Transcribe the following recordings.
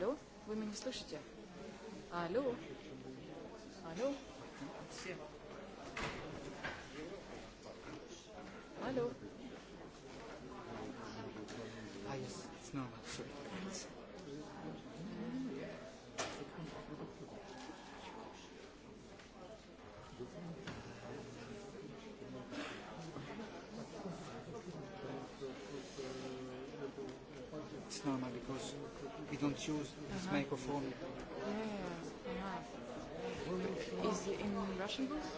Алло, вы меня слышите? Алло. it's normal because we don't use this uh-huh. microphone. Yeah, yeah. Uh-huh. Is it in Russian booth?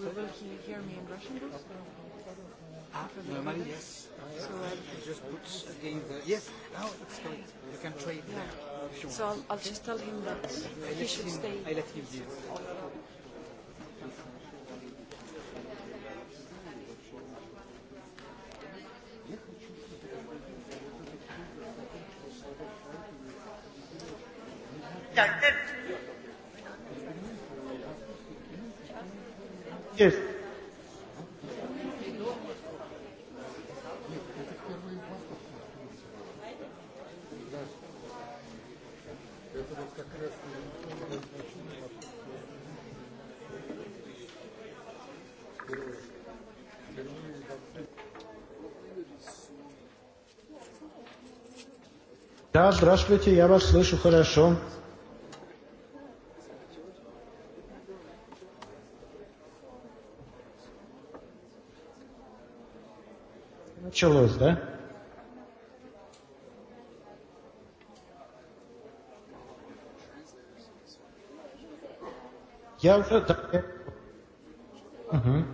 Will, will he hear me in Russian booth? Ah, normally, yes. So uh, just put again the yes. Now it's going. You can trade yeah. there. If you want. So I'll, I'll just tell him that I he should him, stay. I let him here. здравствуйте, я вас слышу хорошо. Началось, да? Я уже... Угу.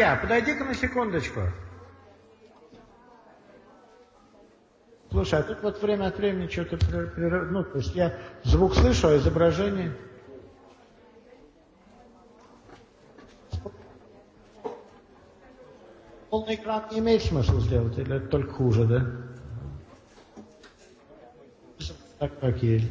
Илья, подойди-ка на секундочку. Слушай, а тут вот время от времени что-то прерыв... Ну, то есть я звук слышу, а изображение... Полный экран не имеет смысла сделать, или это только хуже, да? Так, как есть.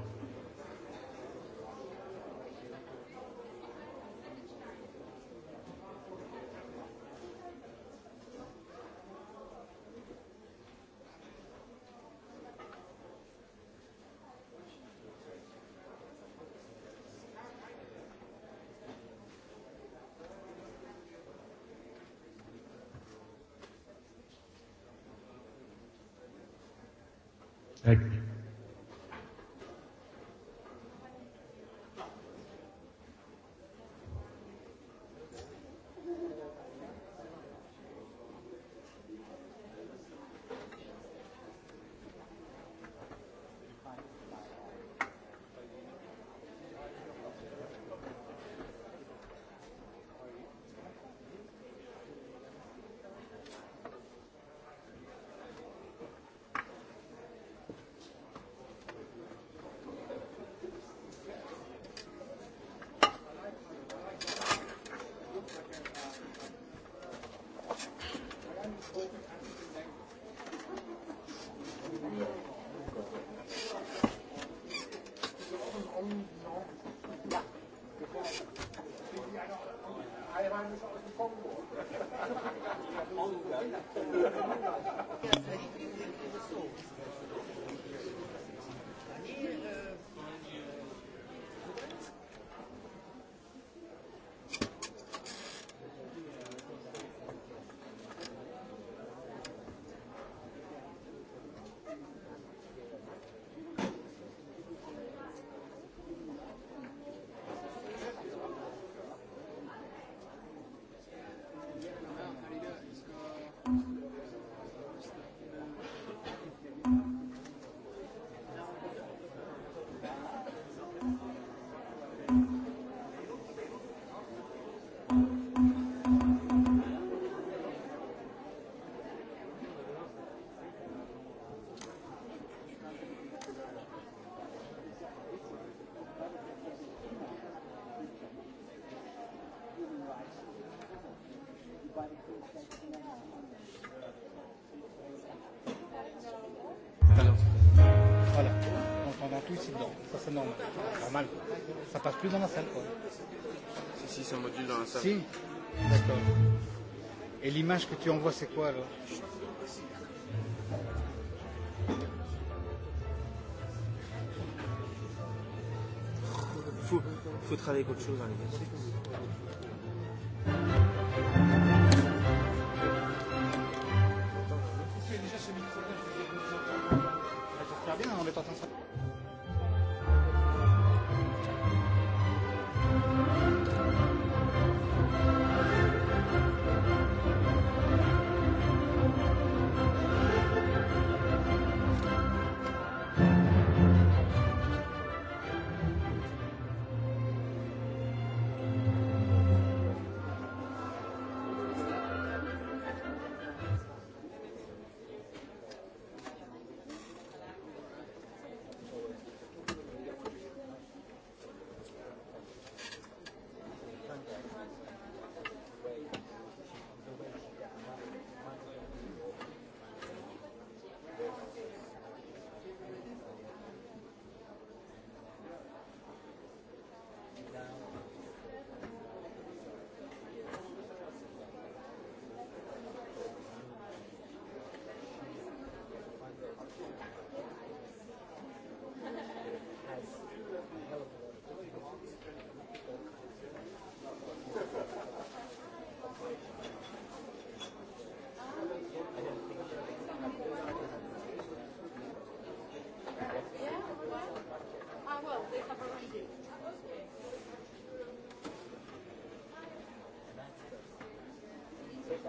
Ça c'est normal. normal. Ça passe plus dans la salle quoi. Si, si, c'est un module dans la salle. Si. D'accord. Et l'image que tu envoies, c'est quoi alors faut, faut travailler avec autre chose dans les métiers.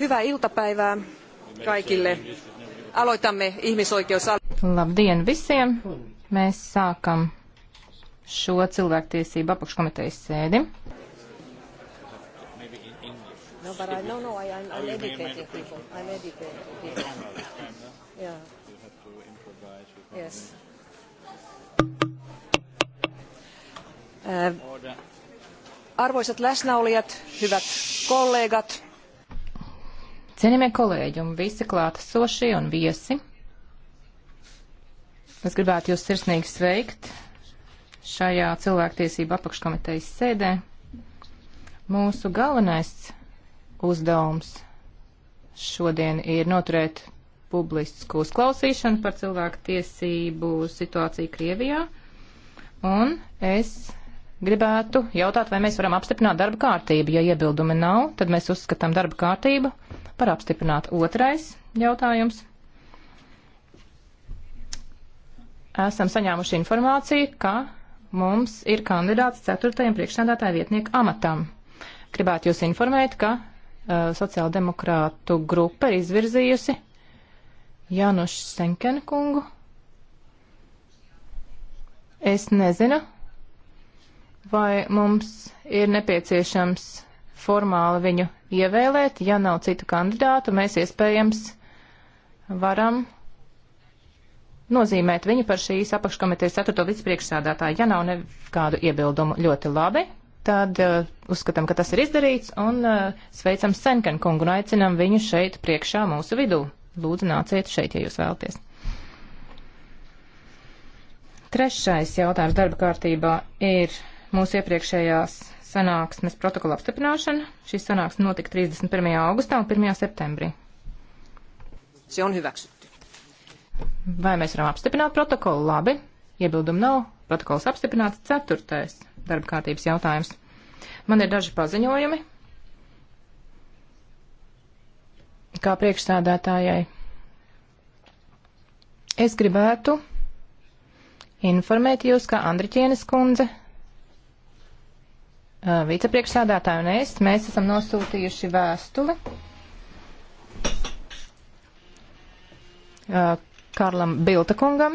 Hyvää iltapäivää kaikille. Aloitamme ihmisoikeus... Labdien visiem! Mēs sākam šo cilvēktiesību apakškomitejas sēdi. No, but I, no, no, I, I'm, I'm educating people. I'm educating people. Yeah. You have to improvise. Yes. Uh, arvoisat läsnäolijat, hyvät kollegat. Cienījamie kolēģi un visi klātesošie un viesi, es gribētu jūs sirsnīgi sveikt šajā cilvēktiesība apakškomitejas sēdē. Mūsu galvenais uzdevums šodien ir noturēt publisku uzklausīšanu par cilvēku tiesību situāciju Krievijā. Un es gribētu jautāt, vai mēs varam apstiprināt darba kārtību. Ja iebildumi nav, tad mēs uzskatām darba kārtību par apstiprināt. Otrais jautājums. Esam saņēmuši informāciju, ka mums ir kandidāts ceturtajam priekšsēdētāja vietnieku amatam. Gribētu jūs informēt, ka uh, sociāldemokrātu grupa ir izvirzījusi Janušu Senkenu kungu. Es nezinu, vai mums ir nepieciešams formāli viņu ievēlēt, ja nav citu kandidātu, mēs iespējams varam nozīmēt viņu par šīs apakškomitejas 4. vicepriekšsādātāju, ja nav nekādu iebildumu. Ļoti labi, tad uh, uzskatām, ka tas ir izdarīts un uh, sveicam Senken kungu un aicinam viņu šeit priekšā mūsu vidū. Lūdzu, nāciet šeit, ja jūs vēlaties. Trešais jautājums darba kārtībā ir mūsu iepriekšējās sanāksmes protokola apstiprināšana. Šī sanāksme notika 31. augustā un 1. septembrī. Vai mēs varam apstiprināt protokolu? Labi. Iebildumu nav. Protokols apstiprināts. Ceturtais darba kārtības jautājums. Man ir daži paziņojumi. Kā priekšsādātājai es gribētu informēt jūs, ka Andriķienes kundze Uh, vicepriekšsādātāju un es, mēs esam nosūtījuši vēstuli uh, Karlam Biltakungam.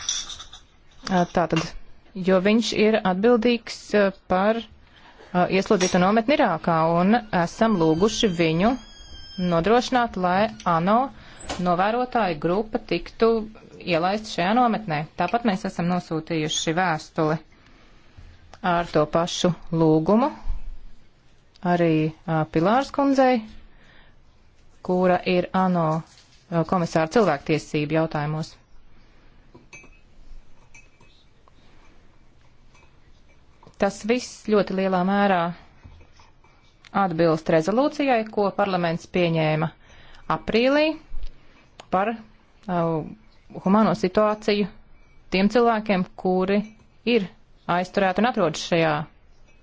Uh, tātad, jo viņš ir atbildīgs par ieslodzītu nometni Irākā un esam lūguši viņu nodrošināt, lai ANO novērotāju grupa tiktu ielaist šajā nometnē. Tāpat mēs esam nosūtījuši vēstuli ar to pašu lūgumu arī uh, Pilārs kundzei, kura ir ANO uh, komisāra cilvēktiesību jautājumos. Tas viss ļoti lielā mērā atbilst rezolūcijai, ko parlaments pieņēma aprīlī par uh, humano situāciju tiem cilvēkiem, kuri ir aizturēti un atrodas šajā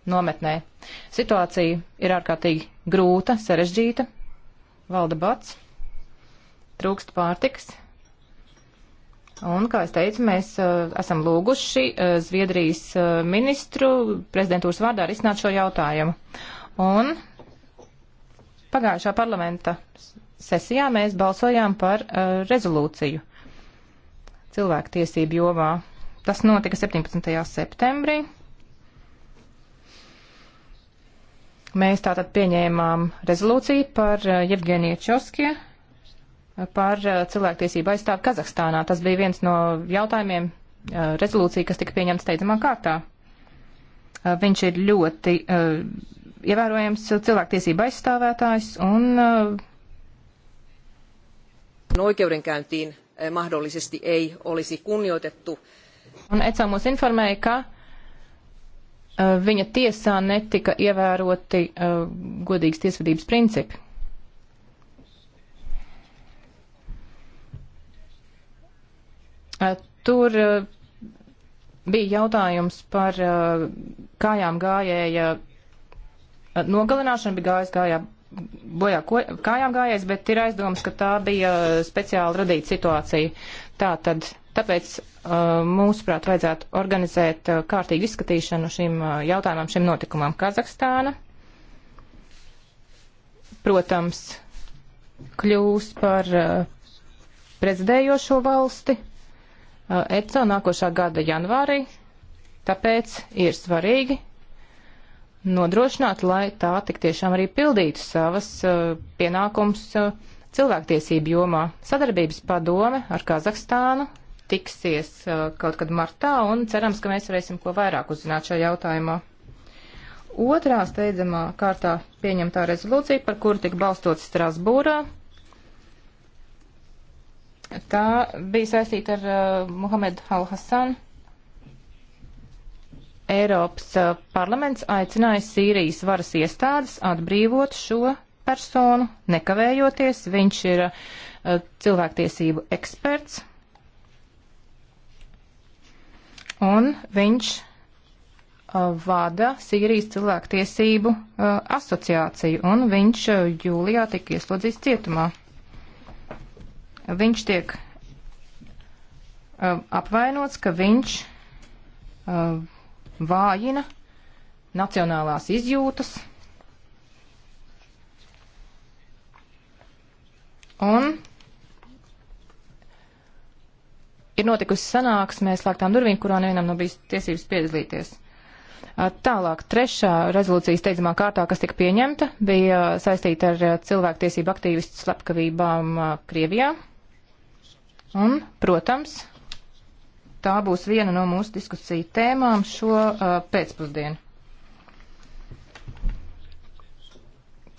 nometnē. Situācija ir ārkārtīgi grūta, sarežģīta, valda bats, trūkst pārtikas. Un, kā es teicu, mēs uh, esam lūguši uh, Zviedrijas uh, ministru prezidentūras vārdā risināt šo jautājumu. Un pagājušā parlamenta sesijā mēs balsojām par uh, rezolūciju cilvēku tiesību jomā. Tas notika 17. septembrī. Mēs tātad pieņēmām rezolūciju par eh, Jevgeniju Čoskie, eh, par eh, cilvēktiesību aizstāvu Kazahstānā. Tas bija viens no jautājumiem rezolūcija, kas tika pieņemta steidzamā kārtā. Viņš ir ļoti ievērojams cilvēktiesība aizstāvētājs un. No oikeudenkäyntiin mahdollisesti ei olisi kunnioitettu Un ECA mūs informēja, ka uh, viņa tiesā netika ievēroti uh, godīgas tiesvedības principi. Uh, tur uh, bija jautājums par uh, kājām gājēja uh, nogalināšanu, bija gājis gājā bojā ko, kājām gājējis, bet ir aizdoms, ka tā bija uh, speciāli radīta situācija. Tā tad, tāpēc Uh, mūsuprāt, vajadzētu organizēt uh, kārtīgu izskatīšanu šīm uh, jautājumam, šim notikumam Kazahstāna. Protams, kļūs par prezidējošo valsti ECO nākošā gada janvārī, tāpēc ir svarīgi nodrošināt, lai tā tik tiešām arī pildītu savas pienākums cilvēktiesību jomā. Sadarbības padome ar Kazahstānu tiksies uh, kaut kad martā, un cerams, ka mēs varēsim ko vairāk uzzināt šajā jautājumā. Otrā steidzamā kārtā pieņemtā rezolūcija, par kuru tika balstots Strasbūrā, tā bija saistīta ar uh, Muhamedu Al-Hasanu. Eiropas uh, parlaments aicināja Sīrijas varas iestādes atbrīvot šo personu, nekavējoties. Viņš ir uh, cilvēktiesību eksperts, un viņš uh, vada Sīrijas cilvēktiesību uh, asociāciju, un viņš uh, jūlijā tika ieslodzīts cietumā. Viņš tiek apvainots, ka viņš vājina nacionālās izjūtas un ir notikusi sanāksme slēgtām durvīm, kurā nevienam nav bijis tiesības piedalīties. Tālāk, trešā rezolūcijas steidzamā kārtā, kas tika pieņemta, bija saistīta ar cilvēktiesību aktīvistu slepkavībām Krievijā. Un, protams, tā būs viena no mūsu diskusiju tēmām šo pēcpusdienu.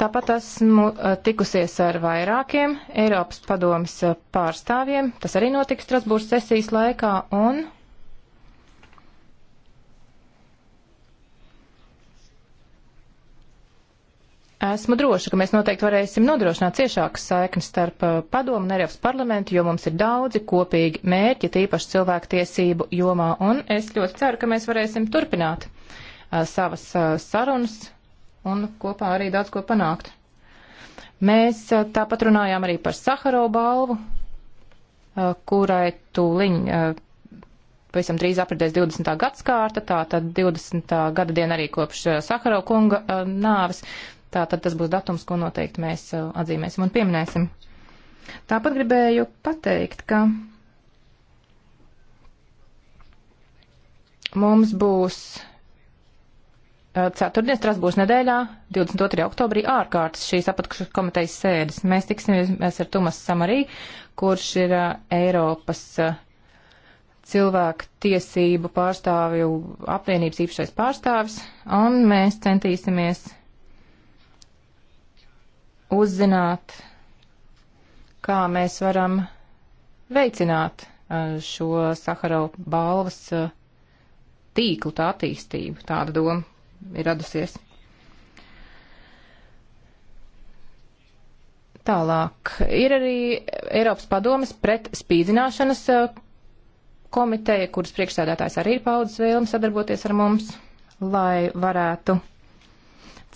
Tāpat esmu tikusies ar vairākiem Eiropas padomas pārstāvjiem, tas arī notika Strasbūras sesijas laikā, un Esmu droša, ka mēs noteikti varēsim nodrošināt ciešākas saiknes starp padomu un Eiropas parlamentu, jo mums ir daudzi kopīgi mērķi, tīpaši cilvēktiesību jomā, un es ļoti ceru, ka mēs varēsim turpināt uh, savas uh, sarunas un kopā arī daudz ko panākt. Mēs eh, tāpat runājām arī par Saharo balvu, eh, kurai tūliņ eh, pavisam drīz apritēs 20. gadsimta, tā tad 20. gada diena arī kopš Sakaro kunga nāves. Tā tad tas būs datums, ko noteikti mēs atzīmēsim un pieminēsim. Tāpat gribēju pateikt, ka mums būs Eh, ceturtdien Strasbūras nedēļā, 22. oktobrī, ārkārtas šīs apakškomitejas sēdes. Mēs tiksimies ar Tumas Samarī, kurš ir uh, Eiropas uh, cilvēku tiesību pārstāvju apvienības īpašais pārstāvis, un mēs centīsimies uzzināt, kā mēs varam veicināt uh, šo Saharau balvas tīklu tā attīstību, tāda doma ir radusies. Tālāk ir arī Eiropas padomas pret spīdzināšanas eh, komiteja, kuras priekšsēdētājs arī ir paudzes vēlmi sadarboties ar mums, lai varētu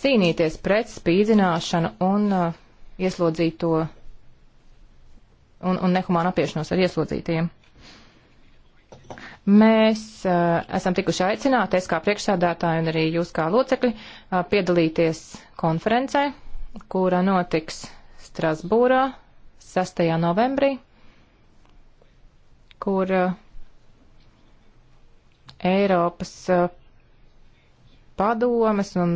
cīnīties pret spīdzināšanu un uh, ieslodzīto un, un nehumānu apiešanos ar ieslodzītiem. Mēs uh, esam tikuši aicināti, es kā priekšsādātāji un arī jūs kā locekļi, uh, piedalīties konferencē, kura notiks Strasbūrā 6. novembrī, kur uh, Eiropas uh, padomes un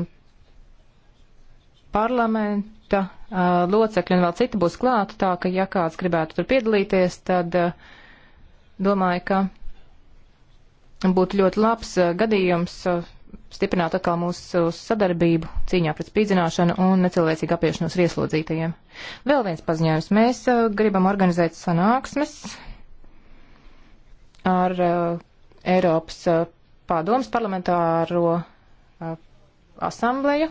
parlamenta uh, locekļi un vēl citi būs klāti, tā ka, ja kāds gribētu tur piedalīties, tad uh, domāju, ka būtu ļoti labs eh, gadījums eh, stiprināt atkal mūsu sadarbību cīņā pret spīdzināšanu un necilvēcīgu apiešanos ar ieslodzītajiem. Vēl viens paziņojums. Mēs eh, gribam organizēt sanāksmes ar Eiropas padomas parlamentāro asambleju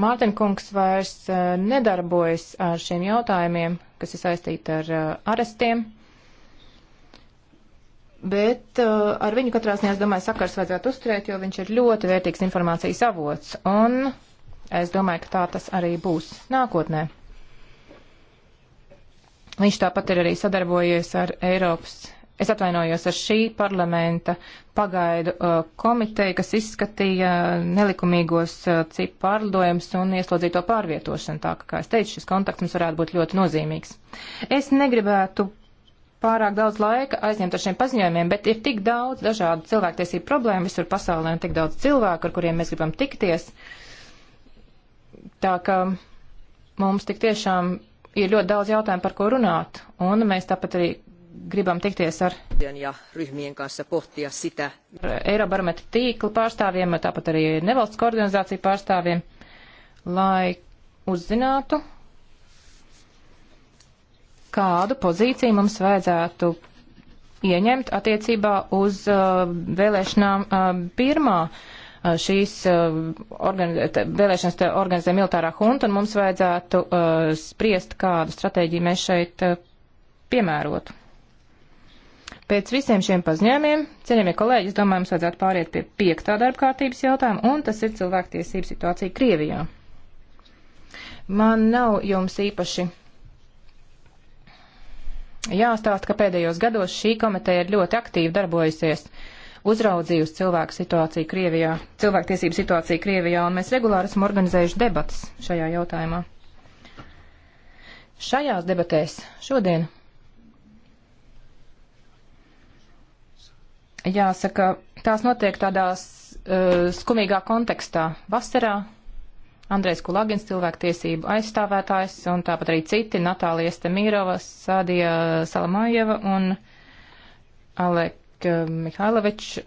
Mārtiņkungs vairs eh, nedarbojas ar šiem jautājumiem, kas ir saistīti ar eh, arestiem, bet eh, ar viņu katrā ziņā, es domāju, sakars vajadzētu uzturēt, jo viņš ir ļoti vērtīgs informācijas avots, un es domāju, ka tā tas arī būs nākotnē. Viņš tāpat ir arī sadarbojies ar Eiropas Es atvainojos ar šī parlamenta pagaidu uh, komiteju, kas izskatīja nelikumīgos uh, cipu pārlidojumus un ieslodzīto pārvietošanu. Tā kā, kā es teicu, šis kontakts mums varētu būt ļoti nozīmīgs. Es negribētu pārāk daudz laika aizņemt ar šiem paziņojumiem, bet ir tik daudz dažādu cilvēktiesību problēmu visur pasaulē un tik daudz cilvēku, ar kuriem mēs gribam tikties. Tā ka mums tik tiešām ir ļoti daudz jautājumu, par ko runāt, un mēs tāpat arī gribam tikties ar ja ryhmien kanssa pohtia sitä. Eirobarometra tīkla pārstāvjiem, tāpat arī nevalstisko organizāciju pārstāvjiem, lai uzzinātu, kādu pozīciju mums vajadzētu ieņemt attiecībā uz uh, vēlēšanām uh, Birmā. Uh, šīs uh, organi te, vēlēšanas te organizē militārā hunta, un mums vajadzētu uh, spriest, kādu stratēģiju mēs šeit uh, piemērotu. Pēc visiem šiem paziņojumiem, cienījamie kolēģi, es domāju, mums vajadzētu pāriet pie piektā darba kārtības jautājuma, un tas ir cilvēktiesību situācija Krievijā. Man nav jums īpaši jāstāsta, ka pēdējos gados šī komiteja ir ļoti aktīvi darbojusies, uzraudzījusi cilvēku situāciju Krievijā, cilvēktiesību situāciju Krievijā, un mēs regulāri esam organizējuši debatas šajā jautājumā. Šajās debatēs šodien jāsaka, tās notiek tādā uh, skumīgā kontekstā. Vasarā Andrejs Kulagins, cilvēktiesību aizstāvētājs, un tāpat arī citi - Natālija Stemīrova, Sādija Salamājeva un Alek e, Mihailovičs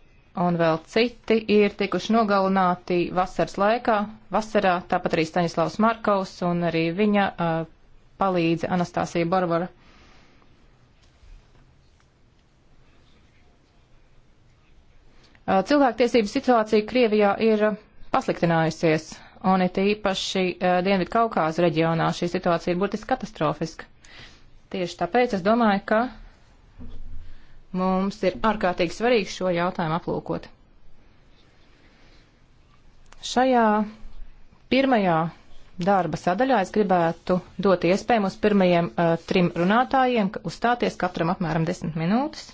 un vēl citi ir tikuši nogalināti vasaras laikā. Vasarā tāpat arī Staņislavs Markovs un arī viņa uh, palīdze Anastāsija Barbara. Uh, cilvēktiesību situācija Krievijā ir uh, pasliktinājusies, un it īpaši uh, Dienvidu Kaukāzu reģionā šī situācija ir burtiski katastrofiska. Tieši tāpēc es domāju, ka mums ir ārkārtīgi svarīgi šo jautājumu aplūkot. Šajā pirmajā darba sadaļā es gribētu dot iespēju mums pirmajiem uh, trim runātājiem uzstāties katram apmēram desmit minūtes.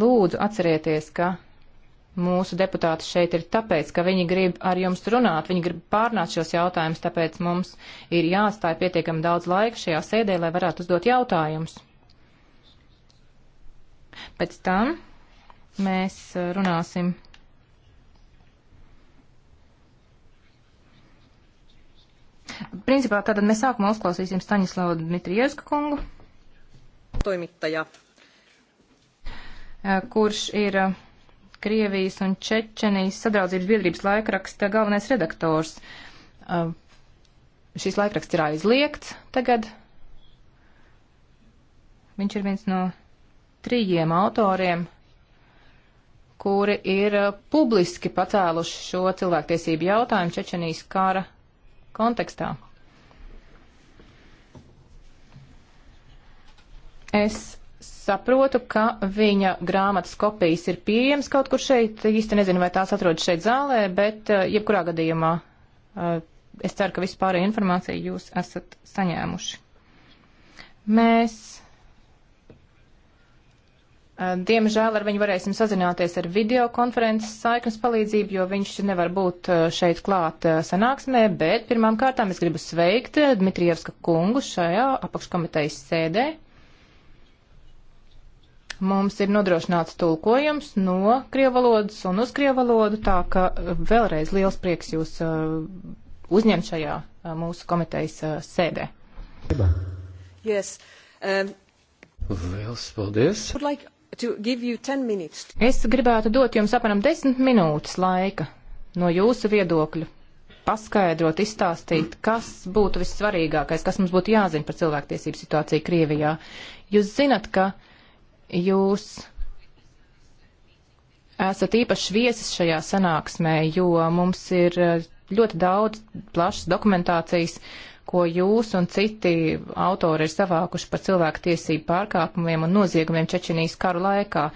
Lūdzu, atcerieties, ka mūsu deputāti šeit ir tāpēc, ka viņi grib ar jums runāt, viņi grib pārnāt šos jautājumus, tāpēc mums ir jāatstāj pietiekami daudz laika šajā sēdē, lai varētu uzdot jautājumus. Pēc tam mēs uh, runāsim. Principā tātad mēs sākumā uzklausīsim Staņislavu Dmitrievsku kungu. Toimittaja Eh, kurš ir eh, Krievijas un Čečenijas sadraudzības biedrības laikraksta galvenais redaktors. Eh, Šīs laikraksts ir aizliegts tagad. Viņš ir viens no trījiem autoriem, kuri ir publiski pacēluši šo cilvēktiesību jautājumu Čečenijas kara kontekstā. Es saprotu, ka viņa grāmatas kopijas ir pieejamas kaut kur šeit. Īsti nezinu, vai tās atrodas šeit zālē, bet eh, jebkurā gadījumā eh, es ceru, ka vispārēja informācija jūs esat saņēmuši. Mēs, eh, diemžēl, ar viņu varēsim sazināties ar videokonferences saiknes palīdzību, jo viņš nevar būt šeit klāt sanāksmē, bet pirmām kārtām es gribu sveikt Dmitrievska kungu šajā apakškomitejas sēdē. Mums ir nodrošināts tulkojums no krievalodas un uz krievalodu, tā ka uh, vēlreiz liels prieks jūs uh, uzņemt šajā uh, mūsu komitejas sēdē. Yes. Um, Liels paldies! Like es gribētu dot jums apmēram desmit minūtes laika no jūsu viedokļu paskaidrot, izstāstīt, kas būtu vissvarīgākais, kas mums būtu jāzina par cilvēktiesību situāciju Krievijā. Jūs zinat, ka uh, jūs esat īpašs viesis šajā sanāksmē, jo mums ir eh, ļoti daudz plašas dokumentācijas, ko jūs un citi autori ir savākuši par cilvēku tiesību pārkāpumiem un noziegumiem Čečenijas karu laikā.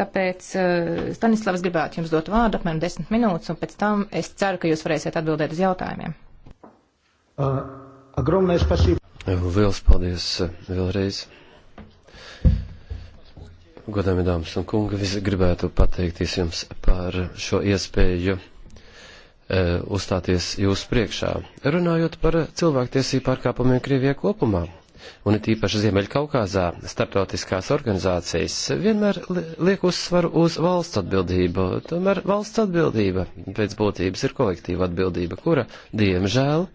Tāpēc uh, eh, Stanislavs gribētu jums dot vārdu apmēram desmit minūtes, un pēc tam es ceru, ka jūs varēsiet atbildēt uz jautājumiem. Uh, Liels paldies eh, vēlreiz. Godami dāmas un kungi, es gribētu pateikties jums par šo iespēju e, uzstāties jūsu priekšā, runājot par cilvēktiesību pārkāpumiem Krievijā kopumā. Un it īpaši Ziemeļkaukāzā starptautiskās organizācijas vienmēr liek uzsvaru uz valsts atbildību. Tomēr valsts atbildība pēc būtības ir kolektīva atbildība, kura, diemžēl,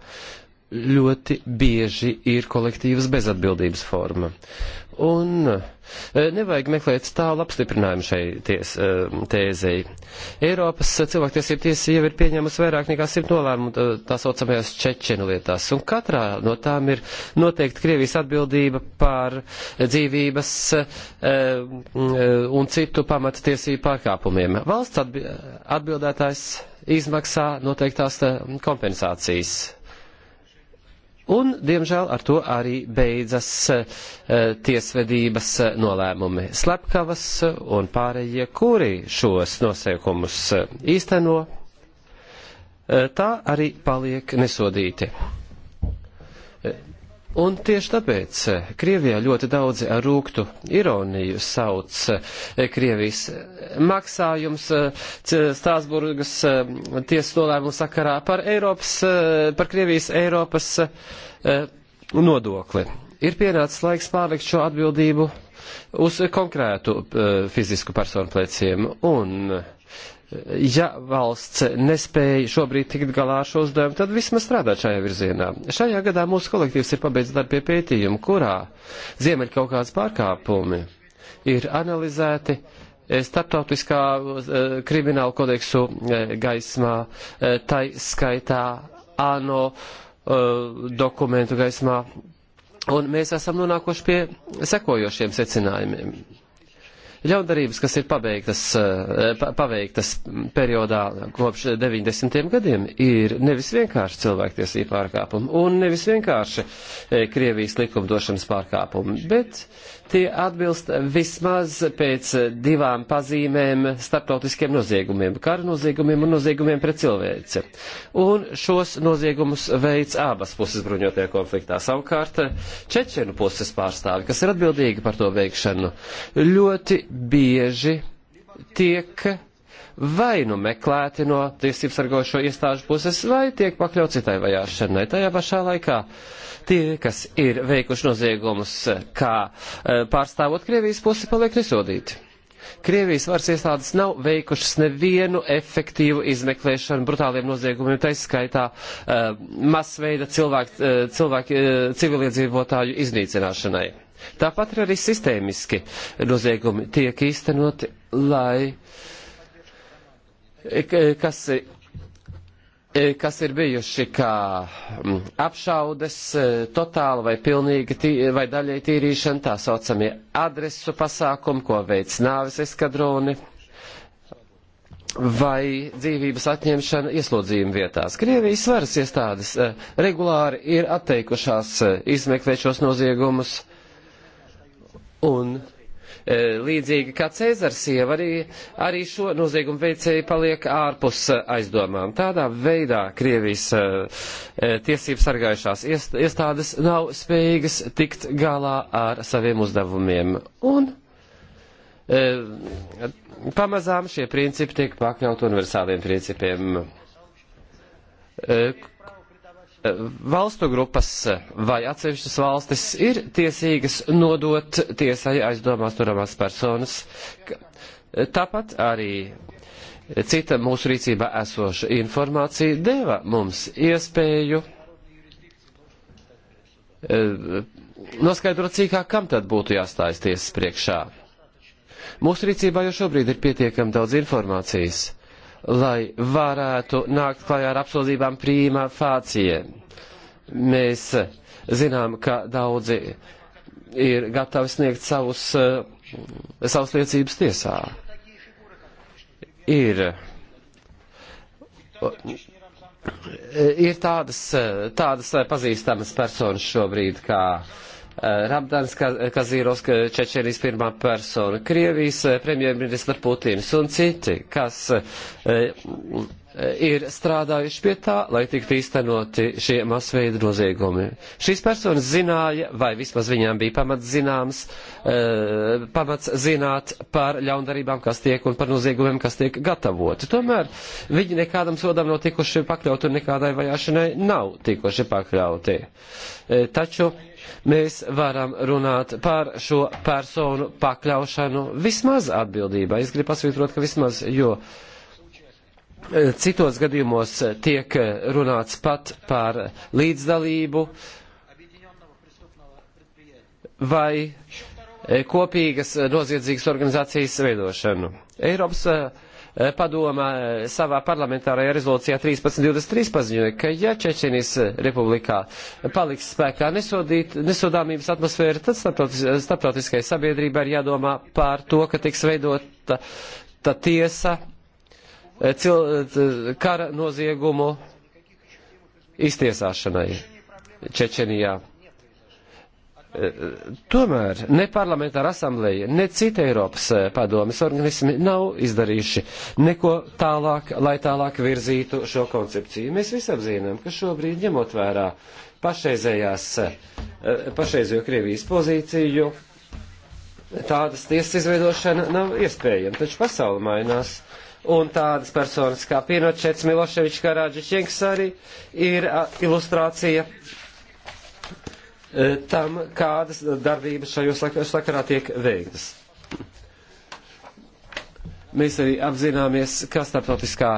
ļoti bieži ir kolektīvas bezatbildības forma. Un e, nevajag meklēt tālu apstiprinājumu šai ties, e, tēzei. Eiropas cilvēktiesība tiesa jau ir pieņēmusi vairāk nekā simt nolēmumu tā saucamajās čečenu lietās, un katrā no tām ir noteikti Krievijas atbildība par dzīvības e, un citu pamatiesību pārkāpumiem. Valsts atbildētājs izmaksā noteiktās kompensācijas Un, diemžēl, ar to arī beidzas eh, tiesvedības eh, nolēmumi. Slepkavas eh, un pārējie, kuri šos noseikumus īsteno, tā arī paliek nesodīti. Un tieši tāpēc eh, Krievijā ļoti daudzi ar rūktu ironiju sauc eh, Krievijas eh, maksājums Stāsburgas tiesas nolēmumu sakarā par, Eiropas, par Krievijas Eiropas nodokli. Ir pienācis laiks pārlikt šo atbildību uz konkrētu fizisku personu pleciem. Un ja valsts nespēja šobrīd tikt galā ar šo uzdevumu, tad vismaz strādāt šajā virzienā. Šajā gadā mūsu kolektīvs ir pabeidzis darbu pie pētījuma, kurā ziemeļ kaut kāds pārkāpumi ir analizēti eh, starptautiskā eh, krimināla kodeksu eh, gaismā, tai skaitā ANO dokumentu gaismā. Un mēs esam nonākuši pie sekojošiem secinājumiem ļaundarības, kas ir pabeigtas, eh, paveiktas periodā kopš 90. gadiem, ir nevis vienkārši cilvēktiesība pārkāpumi un nevis vienkārši eh, Krievijas likumdošanas pārkāpumi, bet tie atbilst vismaz pēc divām pazīmēm starptautiskiem noziegumiem - kara noziegumiem un noziegumiem pret cilvēci. Un šos noziegumus veids abas puses bruņotajā konfliktā. Savukārt Čečenu puses pārstāvi, kas ir atbildīgi par to veikšanu, ļoti bieži tiek vai nu meklēti no tiesību sargošo iestāžu puses, vai tiek pakļauts citai vajāšanai. Tajā pašā laikā uh, tie, kas ir veikuši noziegumus, kā e, pārstāvot Krievijas pusi, paliek nesodīti. Krievijas varas iestādes nav veikušas nevienu efektīvu izmeklēšanu brutāliem noziegumiem, tā izskaitā uh, masveida cilvēku, uh, cilvēku uh, civiliedzīvotāju iznīcināšanai. Tāpat arī sistēmiski noziegumi tiek īstenoti, lai kas E, kas ir bijuši kā mm, apšaudes, e, totāla vai pilnīga tī, vai daļai tīrīšana, tā saucamie adresu pasākumi, ko veids nāves eskadroni, vai dzīvības atņemšana ieslodzījuma vietās. Krievijas varas iestādes e, regulāri ir atteikušās izmeklēt šos noziegumus, un Eh, līdzīgi kā Cēzars sieva, arī, arī šo noziegumu veicēju paliek ārpus eh, aizdomām. Tādā veidā Krievijas eh, tiesību sargājušās iestādes nav spējīgas tikt galā ar saviem uzdevumiem. Un pamazām šie principi tiek pakļaut universāliem principiem valstu grupas vai atsevišķas valstis ir tiesīgas nodot tiesai aizdomās turamās personas. Tāpat arī cita mūsu rīcībā esoša informācija deva mums iespēju eh, noskaidrot cīkāk, kam tad būtu jāstājas tiesas priekšā. Mūsu rīcībā jau šobrīd ir pietiekami daudz informācijas lai varētu nākt klajā ar apsūdzībām prīmā fācie. Mēs zinām, ka daudzi ir gatavi sniegt savus, eh, savus liecības tiesā. Ir, eh, ir tādas, eh, tādas pazīstamas personas šobrīd, kā uh, Rabdans Kazīros, Čečenijas pirmā persona, Krievijas eh, premjerministra Putins un citi, kas eh, ir strādājuši pie tā, lai tiktu īstenoti šie masveida noziegumi. Šīs personas zināja, vai vismaz viņām bija pamats zināms, eh, pamats zināt par ļaundarībām, kas tiek un par noziegumiem, kas tiek gatavoti. Tomēr viņi nekādam sodam nav tikuši pakļauti un nekādai vajāšanai nav tikuši pakļauti. Taču mēs varam runāt par šo personu pakļaušanu vismaz atbildībā. Es gribu pasvītrot, ka vismaz, jo e, citos gadījumos tiek runāts pat par līdzdalību vai e, kopīgas e, noziedzīgas organizācijas veidošanu. Eiropas uh, Eh, padomā eh, savā parlamentārajā rezolūcijā 1323 paziņoja, ka ja Čečenijas eh, republikā paliks spēkā nesodīt, nesodāmības atmosfēra, tad starptautis, starptautiskai sabiedrībai ir jādomā pār to, ka tiks veidota ta tiesa cil, kara noziegumu iztiesāšanai Čečenijā. Tomēr ne parlamentāra asambleja, ne cita Eiropas eh, padomes organismi nav izdarījuši neko tālāk, lai tālāk virzītu šo koncepciju. Mēs visi apzinām, ka šobrīd, ņemot vērā pašreizējās, eh, pašreizējo Krievijas pozīciju, tādas tiesas izveidošana nav iespējama, taču pasauli mainās un tādas personas kā Pinočets, Miloševičs, Karādžiņš arī ir ilustrācija E, tam, kādas darbības šajos sakarā tiek veiktas. Mēs arī apzināmies, ka starptautiskā,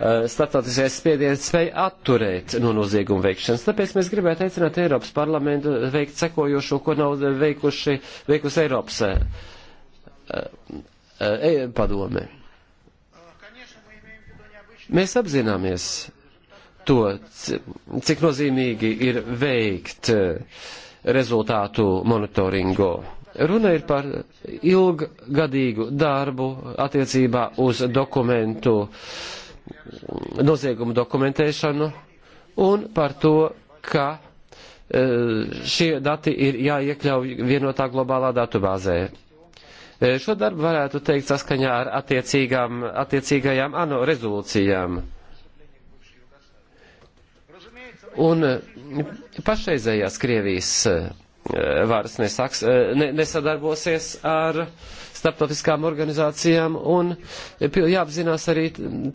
e, starptautiskais spiediens spēj atturēt no nozieguma veikšanas. Tāpēc mēs gribētu aicināt Eiropas parlamentu veikt sekojošo, ko nav veikuši, veikusi Eiropas e, padome. Mēs apzināmies, to, cik nozīmīgi ir veikt eh, rezultātu monitoringu. Runa ir par ilggadīgu darbu attiecībā uz dokumentu, noziegumu dokumentēšanu un par to, ka eh, šie dati ir jāiekļauj vienotā globālā datubāzē. Eh, šo darbu varētu teikt saskaņā ar attiecīgām, attiecīgajām ANO rezolūcijām. Un eh, pašreizējās Krievijas eh, varas nesaks, eh, ne, nesadarbosies ar starptautiskām organizācijām un jāapzinās arī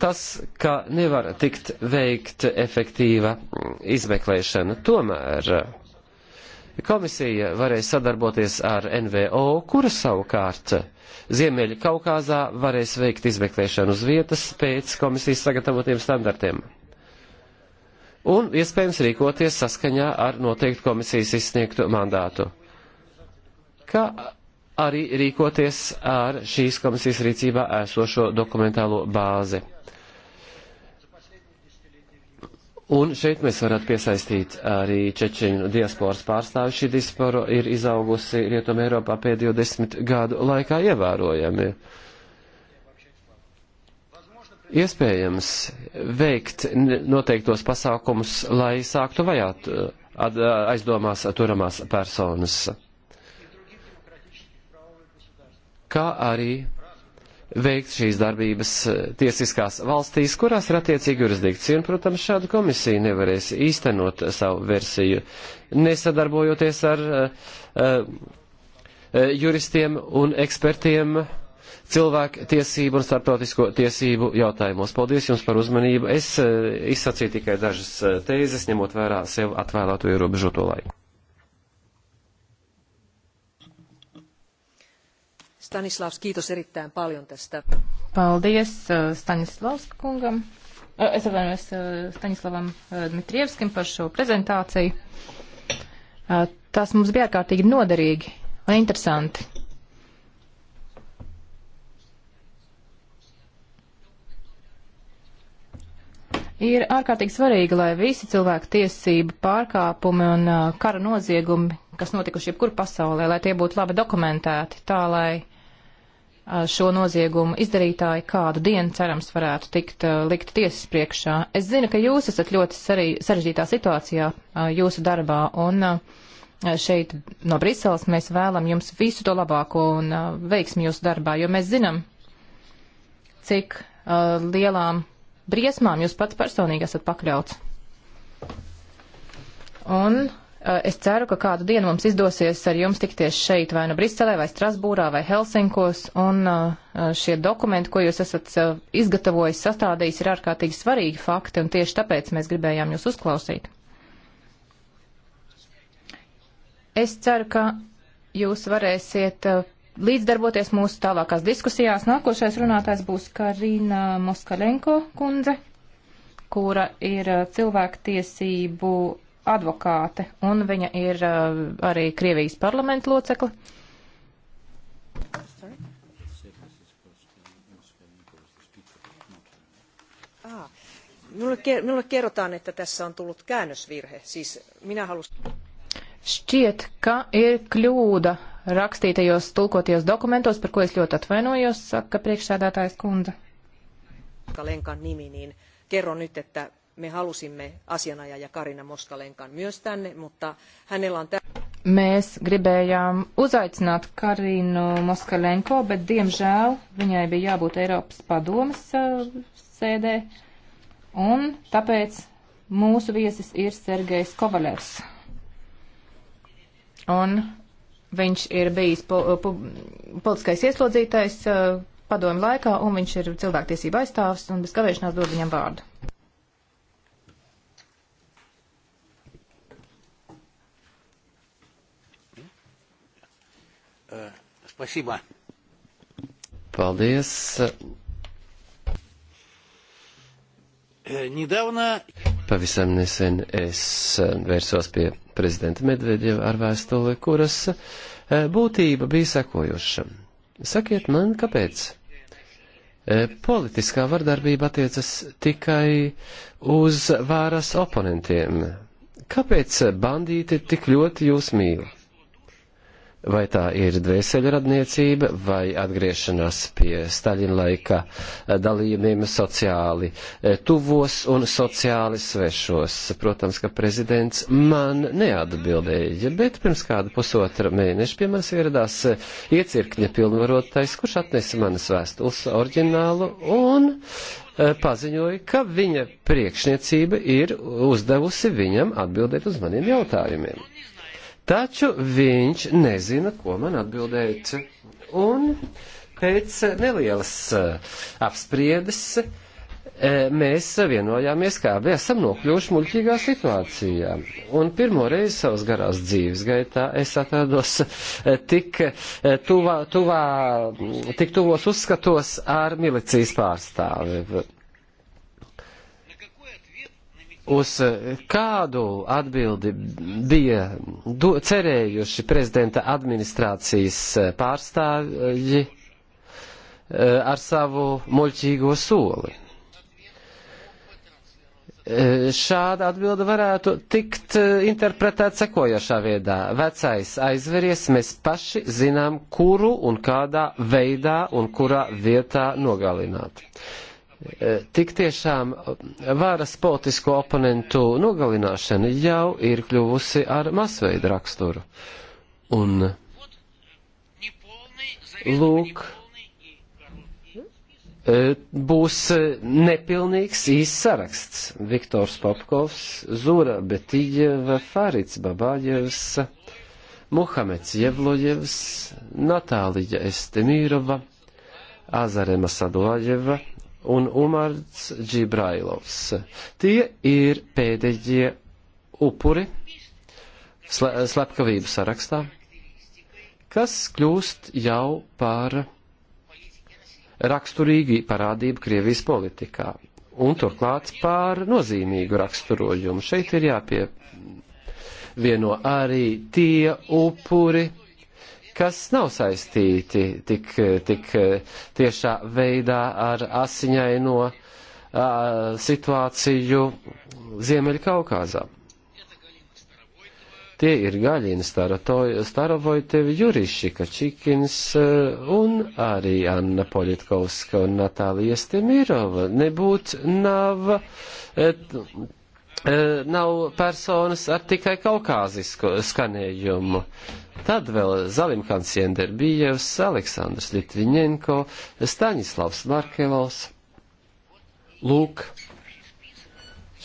tas, ka nevar tikt veikt efektīva mm, izmeklēšana. Tomēr komisija varēs sadarboties ar NVO, kura savukārt Ziemeļa Kaukāzā varēs veikt izmeklēšanu uz vietas pēc komisijas sagatavotiem standartiem un iespējams rīkoties saskaņā ar noteiktu komisijas izsniegtu mandātu. Kā arī rīkoties ar šīs komisijas rīcībā esošo dokumentālo bāzi. Un šeit mēs varētu piesaistīt arī Čečinu diasporas pārstāvi. Šī diaspora ir izaugusi Rietuma Eiropā pēdējo desmit gadu laikā ievērojami. Uh, iespējams veikt noteiktos pasākumus, lai sāktu vajāt eh, eh, aizdomās turamās personas. Kā arī veikt šīs darbības eh, tiesiskās valstīs, kurās ir attiecīga jurisdikcija, un, protams, šāda komisija nevarēs īstenot savu versiju, nesadarbojoties ar uh, uh, juristiem un ekspertiem uh, cilvēku tiesību un starptautisko tiesību jautājumos. Paldies jums par uzmanību. Es eh, izsacīju tikai dažas eh, tēzes, ņemot vērā sev atvēlēto ierobežoto laiku. Stanislavs, kiitos erittäin paljon tästä. Paldies eh, Stanislavska kungam. Es atvainojos Stanislavam Dmitrievskim par šo prezentāciju. Tas mums bija ārkārtīgi noderīgi un interesanti. Ir ārkārtīgi svarīgi, lai visi cilvēku tiesību pārkāpumi un kara noziegumi, kas notikuši jebkur pasaulē, lai tie būtu labi dokumentēti, tā lai šo noziegumu izdarītāji kādu dienu, cerams, varētu tikt likt tiesas priekšā. Es zinu, ka jūs esat ļoti sarežģītā situācijā jūsu darbā un šeit no Briseles mēs vēlam jums visu to labāko un uh, veiksmi jūsu darbā, jo mēs zinām, cik uh, lielām briesmām jūs pats personīgi esat pakļauts. Un uh, es ceru, ka kādu dienu mums izdosies ar jums tikties šeit, vai nu no Briselē, vai Strasbūrā, vai Helsinkos, un uh, šie dokumenti, ko jūs esat uh, izgatavojis, sastādījis, ir ārkārtīgi svarīgi fakti, un tieši tāpēc mēs gribējām jūs uzklausīt. Es ceru, ka jūs varēsiet uh, līdzdarboties mūsu tālākās diskusijās. Nākošais runātājs būs Karina Moskalenko kundze, kura ir uh, cilvēktiesību advokāte, un viņa ir uh, arī Krievijas parlamenta locekla. Ah, minulle, minulle kerrotaan, että tässä on tullut käännösvirhe. Siis minä halusin... Šķiet, ka ir kļūda rakstītajos tulkotajos dokumentos, par ko es ļoti atvainojos, saka priekšsēdētājs kundze. Lenkan nimi, niin kerron nyt, että me halusimme asianajaja Karina Moskalenkan myös tänne, mutta hänellä on Mēs gribējām uzaicināt Karinu Moskalenko, bet diemžēl viņai bija jābūt Eiropas padomas uh, sēdē, un tāpēc mūsu viesis ir Sergejs Kovalevs un viņš ir bijis po, po, politiskais ieslodzītais uh, padomu laikā, un viņš ir cilvēktiesība aizstāvs, un bez kavēšanās dod viņam vārdu. Спасибо. Uh, Paldies. Недавно... Uh, Pavisam nesen es eh, vērsos pie prezidenta Medvedeva ar vēstuli, kuras eh, būtība bija sekojoša. Sakiet man, kāpēc? Eh, politiskā vardarbība attiecas tikai uz vāras oponentiem. Kāpēc bandīti tik ļoti jūs mīl? vai tā ir dvēseļradniecība, vai atgriešanās pie Staļina laika eh, dalījumiem sociāli eh, tuvos un sociāli svešos. Protams, ka prezidents man neatbildēja, bet pirms kāda pusotra mēneša pie manis ieradās eh, iecirkņa pilnvarotais, kurš atnesa manas vēstules oriģinālu un paziņoja, ka viņa priekšniecība ir uzdevusi viņam atbildēt uz maniem jautājumiem. Taču viņš nezina, ko man atbildēt. Un pēc nelielas eh, apspriedes eh, mēs vienojāmies, kā bija esam nokļuvuši muļķīgā situācijā. Un pirmo reizi savas garās dzīves gaitā es atrados eh, tik, tuvā, tuvā, tik tuvos uzskatos ar milicijas pārstāvi uz eh, kādu atbildi bija cerējuši prezidenta administrācijas eh, pārstāvji eh, ar savu muļķīgo soli. Šāda atbilde varētu tikt interpretēta sekojošā veidā. Vecais aizveries, mēs paši zinām, kuru un kādā veidā un kurā vietā nogalināt. Eh, tik tiešām eh, varas politisko oponentu nogalināšana jau ir kļuvusi ar masveida raksturu. Un lūk, eh, būs nepilnīgs īsts saraksts. Viktors Popkovs, Zura Betīģeva, Fārits Babāģevs, Muhameds Jevlojevs, Natālija Estemīrova, Azarema Sadojeva, un Umards Džibrailovs. Tie ir pēdējie upuri sle slepkavību sarakstā, kas kļūst jau par raksturīgu parādību Krievijas politikā un turklāt par nozīmīgu raksturojumu. Šeit ir jāpievieno arī tie upuri, kas nav saistīti tik, tik tiešā veidā ar asiņaino uh, situāciju Ziemeļkaukāzā. Tie ir Gaļina, Starovojtevi, Jurišika, Čikins un arī Anna Politkovska un Natālija Stemirova. Nebūt nav, et, nav personas ar tikai kaukāzisku skanējumu. Tad vēl Zalimkans Jenderbijevs, Aleksandrs Litviņenko, Staņislavs Markelovs. Lūk,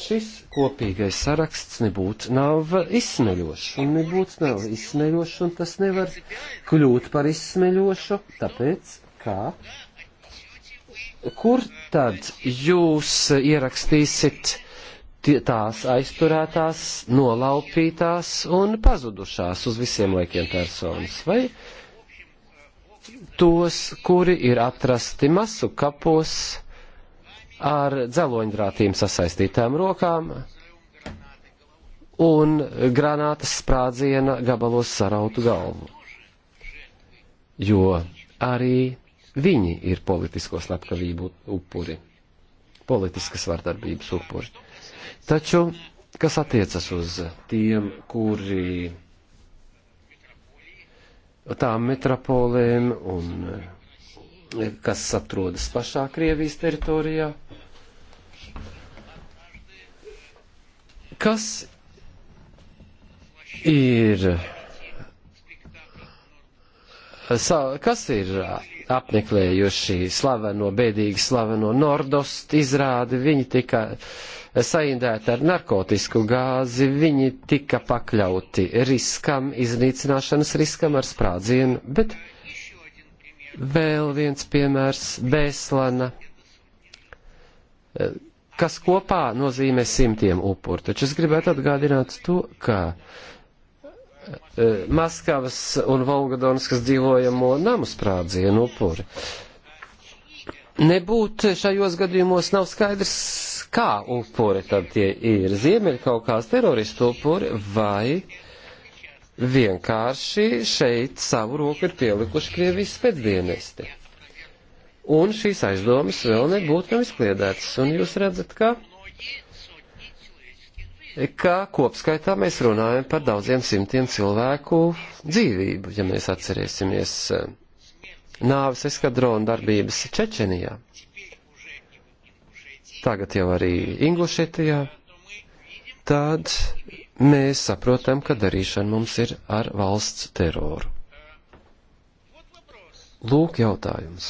šis kopīgais saraksts nebūtu nav izsmeļošs, un nebūtu nav izsmeļošs, un tas nevar kļūt par izsmeļošu, tāpēc kā. Kur tad jūs ierakstīsit tās aizturētās, nolaupītās un pazudušās uz visiem laikiem personas, vai tos, kuri ir atrasti masu kapos ar dzeloņdrātīm sasaistītām rokām un granātas sprādziena gabalos sarautu galvu. Jo arī viņi ir politisko slepkavību upuri, politiskas vardarbības upuri. Taču, kas attiecas uz tiem, kuri tām metropolēm un eh, kas atrodas pašā Krievijas teritorijā, kas ir kas ir apmeklējuši slaveno, bēdīgi slaveno Nordost izrādi, viņi tika saindēti ar narkotisku gāzi, viņi tika pakļauti riskam, iznīcināšanas riskam ar sprādzienu, bet vēl viens piemērs - Bēslana, kas kopā nozīmē simtiem upuru. Taču es gribētu atgādināt to, ka e, Maskavas un Volgadonskas dzīvojamo namu sprādzienu upuri. Nebūt šajos gadījumos nav skaidrs kā upuri tad tie ir Ziemeļkaukās teroristu upuri vai vienkārši šeit savu roku ir pielikuši Krievijas spēcdienesti. Un šīs aizdomas vēl nebūtu nav izkliedētas. Un jūs redzat, ka, ka kopskaitā mēs runājam par daudziem simtiem cilvēku dzīvību, ja mēs atcerēsimies eh, nāves eskadrona darbības Čečenijā tagad jau arī Inglušetijā, tad mēs saprotam, ka darīšana mums ir ar valsts teroru. Lūk jautājums.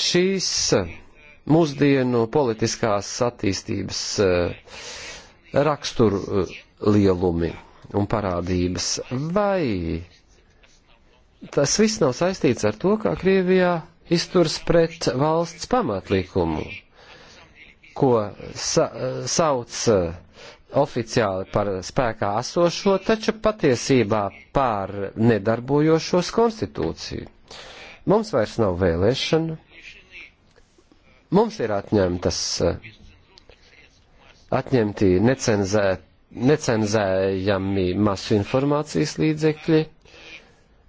Šīs eh, mūsdienu politiskās attīstības eh, raksturu eh, lielumi un parādības vai tas viss nav saistīts ar to, kā Krievijā izturs pret valsts pamatlikumu, ko sa sauc eh, oficiāli par spēkā esošo, taču patiesībā par nedarbojošos konstitūciju. Mums vairs nav vēlēšana, mums ir atņemtas, eh, atņemti necenzē, necenzējami masu informācijas līdzekļi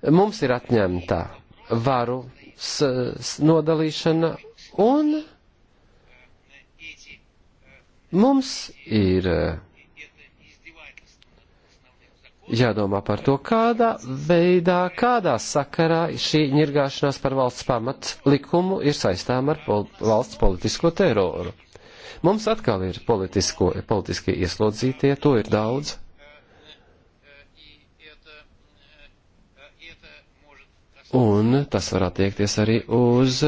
mums ir atņemta varu nodalīšana un mums ir eh, jādomā par to, kādā veidā, kādā sakarā šī ņirgāšanās par valsts pamat likumu ir saistām ar pol valsts politisko teroru. Mums atkal ir politisko, politiski ieslodzītie, to ir daudz. un tas var attiekties arī uz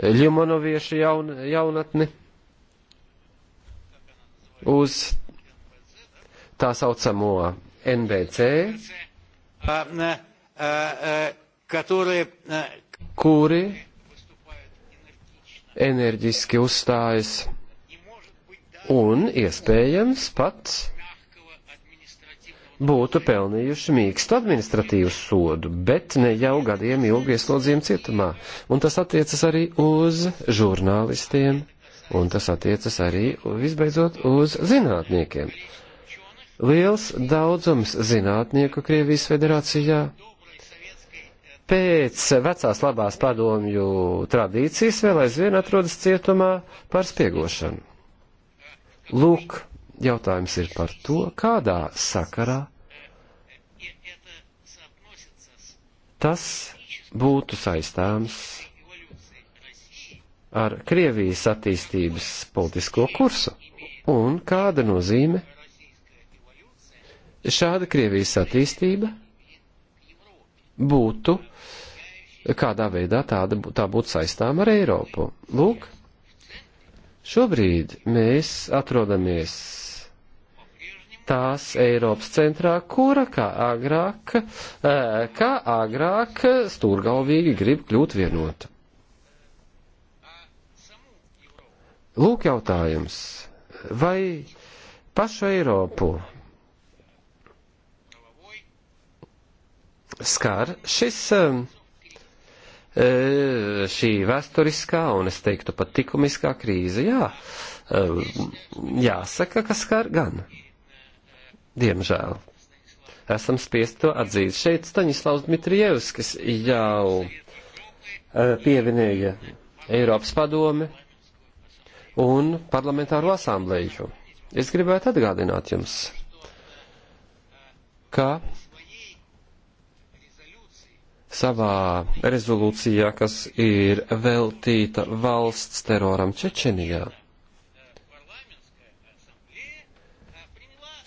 ļumanoviešu jaun, jaunatni, uz tā saucamo NBC, kuri enerģiski uzstājas un iespējams pats būtu pelnījuši mīkstu administratīvu sodu, bet ne jau gadiem ilgi ieslodzījumu cietumā. Un tas attiecas arī uz žurnālistiem, un tas attiecas arī visbeidzot uz zinātniekiem. Liels daudzums zinātnieku Krievijas federācijā pēc vecās labās padomju tradīcijas vēl aizvien atrodas cietumā par spiegošanu. Lūk, jautājums ir par to, kādā sakarā tas būtu saistāms ar Krievijas attīstības politisko kursu un kāda nozīme šāda Krievijas attīstība būtu, kādā veidā tāda, tā būtu saistāma ar Eiropu. Lūk, šobrīd mēs atrodamies tās Eiropas centrā, kura kā agrāk, eh, kā agrāk stūrgalvīgi grib kļūt vienota. Lūk jautājums, vai pašu Eiropu skar šis eh, eh, šī vēsturiskā un es teiktu pat tikumiskā krīze, jā, jāsaka, ka skar gan. Diemžēl. Esam spiest to atzīt. Šeit Staņislavs Dmitrievskis jau e, pievienīja Eiropas padome un parlamentāro asamblēju. Es gribētu atgādināt jums, ka savā rezolūcijā, kas ir veltīta valsts teroram Čečenijā,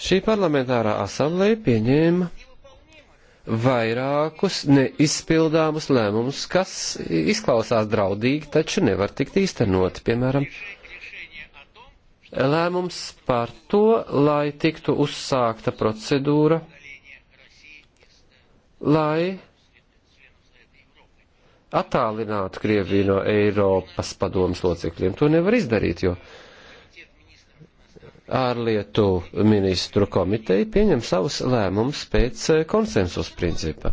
Šī parlamentārā asambleja pieņēma vairākus neizpildāmus lēmumus, kas izklausās draudīgi, taču nevar tikt īstenot. Piemēram, lēmums par to, lai tiktu uzsākta procedūra, lai attālinātu Krieviju no Eiropas padomas locekļiem. To nevar izdarīt, jo ārlietu ministru komiteja pieņem savus lēmumus pēc eh, konsensus principa.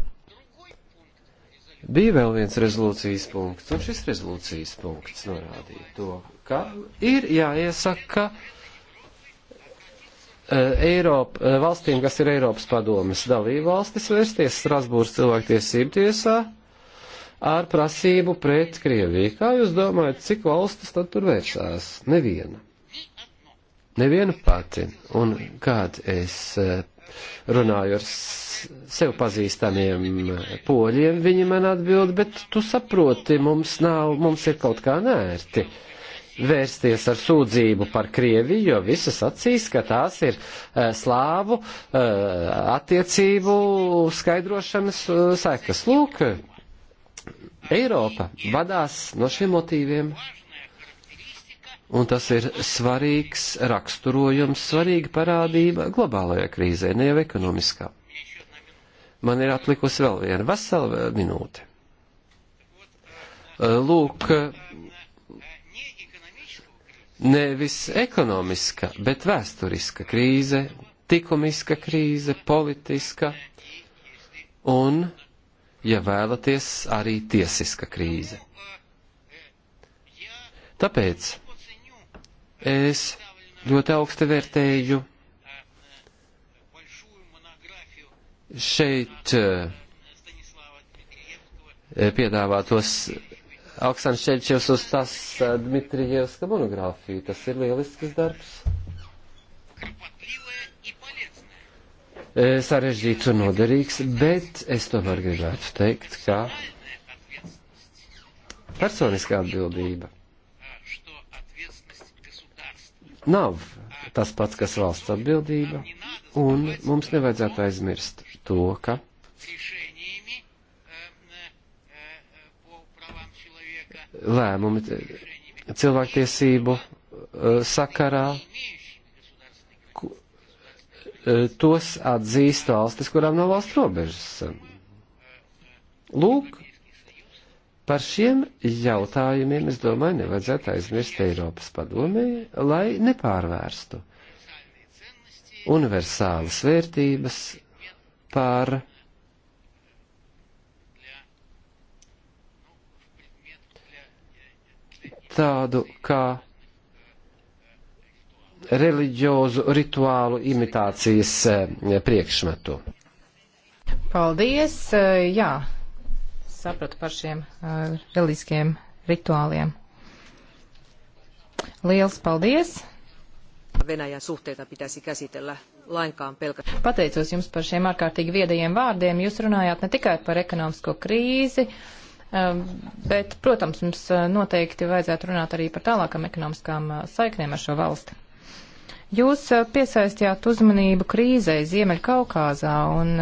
Bija vēl viens rezolūcijas punkts, un šis rezolūcijas punkts norādīja to, ka ir jāiesaka eh, Eiropa, eh, valstīm, kas ir Eiropas padomes dalībvalstis, vērsties Strasbūras cilvēktiesību tiesā ar prasību pret Krieviju. Kā jūs domājat, cik valstis tad tur vēršās? Neviena nevienu pati. Un kad es eh, runāju ar sev pazīstamiem eh, poļiem, viņi man atbild, bet tu saproti, mums nav, mums ir kaut kā nērti vērsties ar sūdzību par Krieviju, jo visas acīs, ka tās ir eh, slāvu attiecību skaidrošanas sekas. Lūk, Eiropa vadās no šiem motīviem Un tas ir svarīgs raksturojums, svarīga parādība globālajā krīzē, ne jau ekonomiskā. Man ir atlikusi vēl viena vesela minūte. Lūk, nevis ekonomiska, bet vēsturiska krīze, tikumiska krīze, politiska un, ja vēlaties, arī tiesiska krīze. Tāpēc es ļoti augsti vērtēju šeit eh, piedāvātos Aleksands Šeļčevs uz tas eh, Dmitrijevska monogrāfiju. Tas ir lielisks darbs. Eh, sarežģīts un noderīgs, bet es tomēr gribētu teikt, ka personiskā atbildība nav tas pats, kas valsts atbildība, un mums nevajadzētu aizmirst to, ka lēmumi cilvēktiesību e, sakarā e, tos atzīst valstis, kurām nav valsts robežas. Lūk, Par šiem jautājumiem, es domāju, nevajadzētu aizmirst Eiropas padomē, lai nepārvērstu universālas vērtības par tādu kā reliģiozu rituālu imitācijas eh, priekšmetu. Paldies! Eh, jā, sapratu par šiem uh, reliģiskiem rituāliem. Liels paldies! Venäjän suhteita pitäisi käsitellä lainkaan pelkästään. Pateicos jums par šiem ārkārtīgi viedajiem vārdiem. Jūs runājāt ne tikai par ekonomisko krīzi, eh, bet, protams, mums eh, noteikti vajadzētu runāt arī par tālākam ekonomiskām saiknēm ar šo valsti. Jūs piesaistījāt uzmanību krīzei Ziemeļkaukāzā un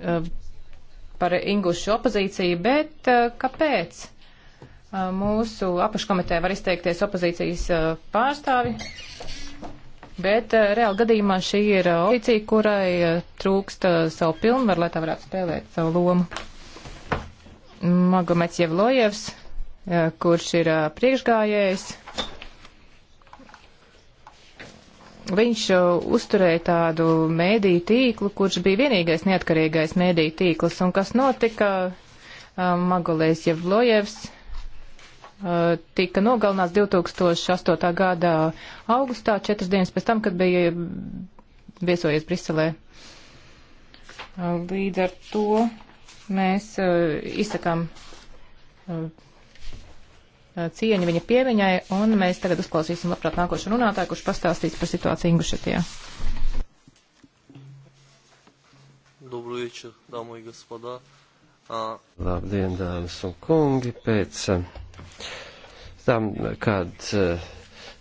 Eh, par ingušu opozīciju, bet eh, kāpēc? Eh, mūsu apakškomitē var izteikties opozīcijas pārstāvi, bet reāli gadījumā šī ir opozīcija, kurai trūkst savu pilnvaru, lai tā varētu spēlēt savu lomu. Magomets Jevlojevs, kurš ir priekšgājējs viņš uh, uzturēja tādu mēdīju tīklu, kurš bija vienīgais neatkarīgais mēdīju tīkls. Un kas notika? Uh, Magolēs Jevlojevs uh, tika nogalināts 2008. gada augustā, četras dienas pēc tam, kad bija viesojies Briselē. Līdz ar to mēs izsakām Eh, cieņu viņa pieviņai, un mēs tagad uzklausīsim labprāt nākošo runātāju, kurš pastāstīs par situāciju Ingušetijā. Добрый вечер, дамы и господа. А... Labdien, dāmas un kungi, pēc э, tam, kad э,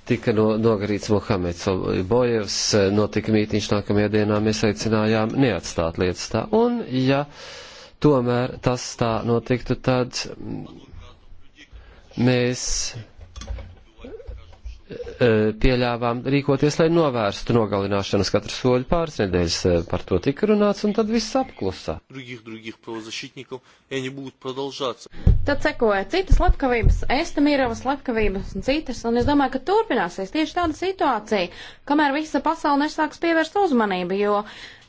tika no, nogarīts Mohameds Bojevs, eh, notika mītīņš nākamajā dienā, mēs aicinājām neatstāt lietas tā. Un, ja tomēr tas tā notiktu, tad mm, mēs e, pieļāvām rīkoties, lai novērstu nogalināšanas katru soļu pāris nedēļas e, par to tika runāts, un tad viss apklusa. Tad sekoja citas slepkavības, Estamīrovas slepkavības un citas, un es domāju, ka turpināsies tieši tāda situācija, kamēr visa pasaule nesāks pievērst uzmanību, jo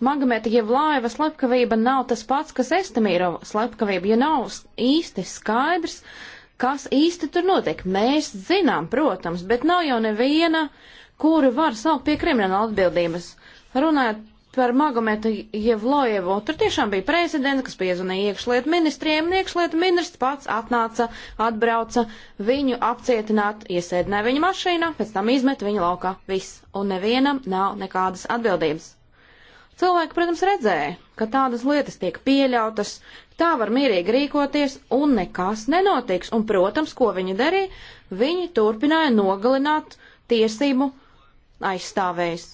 Magometa Jevlājeva slepkavība nav tas pats, kas Estamīrova slepkavība, ja nav īsti skaidrs, uh, kas īsti tur notiek. Mēs zinām, protams, bet nav jau neviena, kuru var saukt pie krimināla atbildības. Runājot par Magometu Jevlojevu, tur tiešām bija prezidents, kas piezvanīja iekšlietu ministriem, un iekšlietu ministrs pats atnāca, atbrauca viņu apcietināt, iesēdināja viņu mašīnā, pēc tam izmet viņu laukā. Viss. Un nevienam nav nekādas atbildības. Cilvēki, protams, redzēja, ka tādas lietas tiek pieļautas, tā var mierīgi rīkoties un nekas nenotiks. Un, protams, ko viņi darīja? Viņi turpināja nogalināt tiesību aizstāvējs.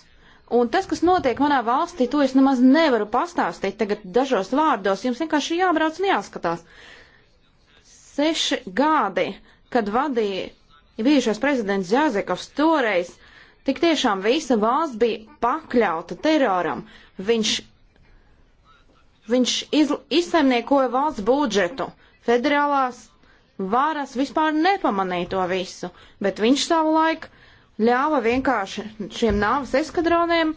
Un tas, kas notiek manā valstī, to es nemaz nevaru pastāstīt tagad dažos vārdos. Jums vienkārši jābrauc un jāskatās. Seši gadi, kad vadīja bijušais prezidents Jāzekovs toreiz Tik tiešām visa valsts bija pakļauta teroram. Viņš, viņš iz, izsaimniekoja valsts budžetu. Federālās varas vispār nepamanīja to visu, bet viņš savulaik ļāva vienkārši šiem nāves eskadroniem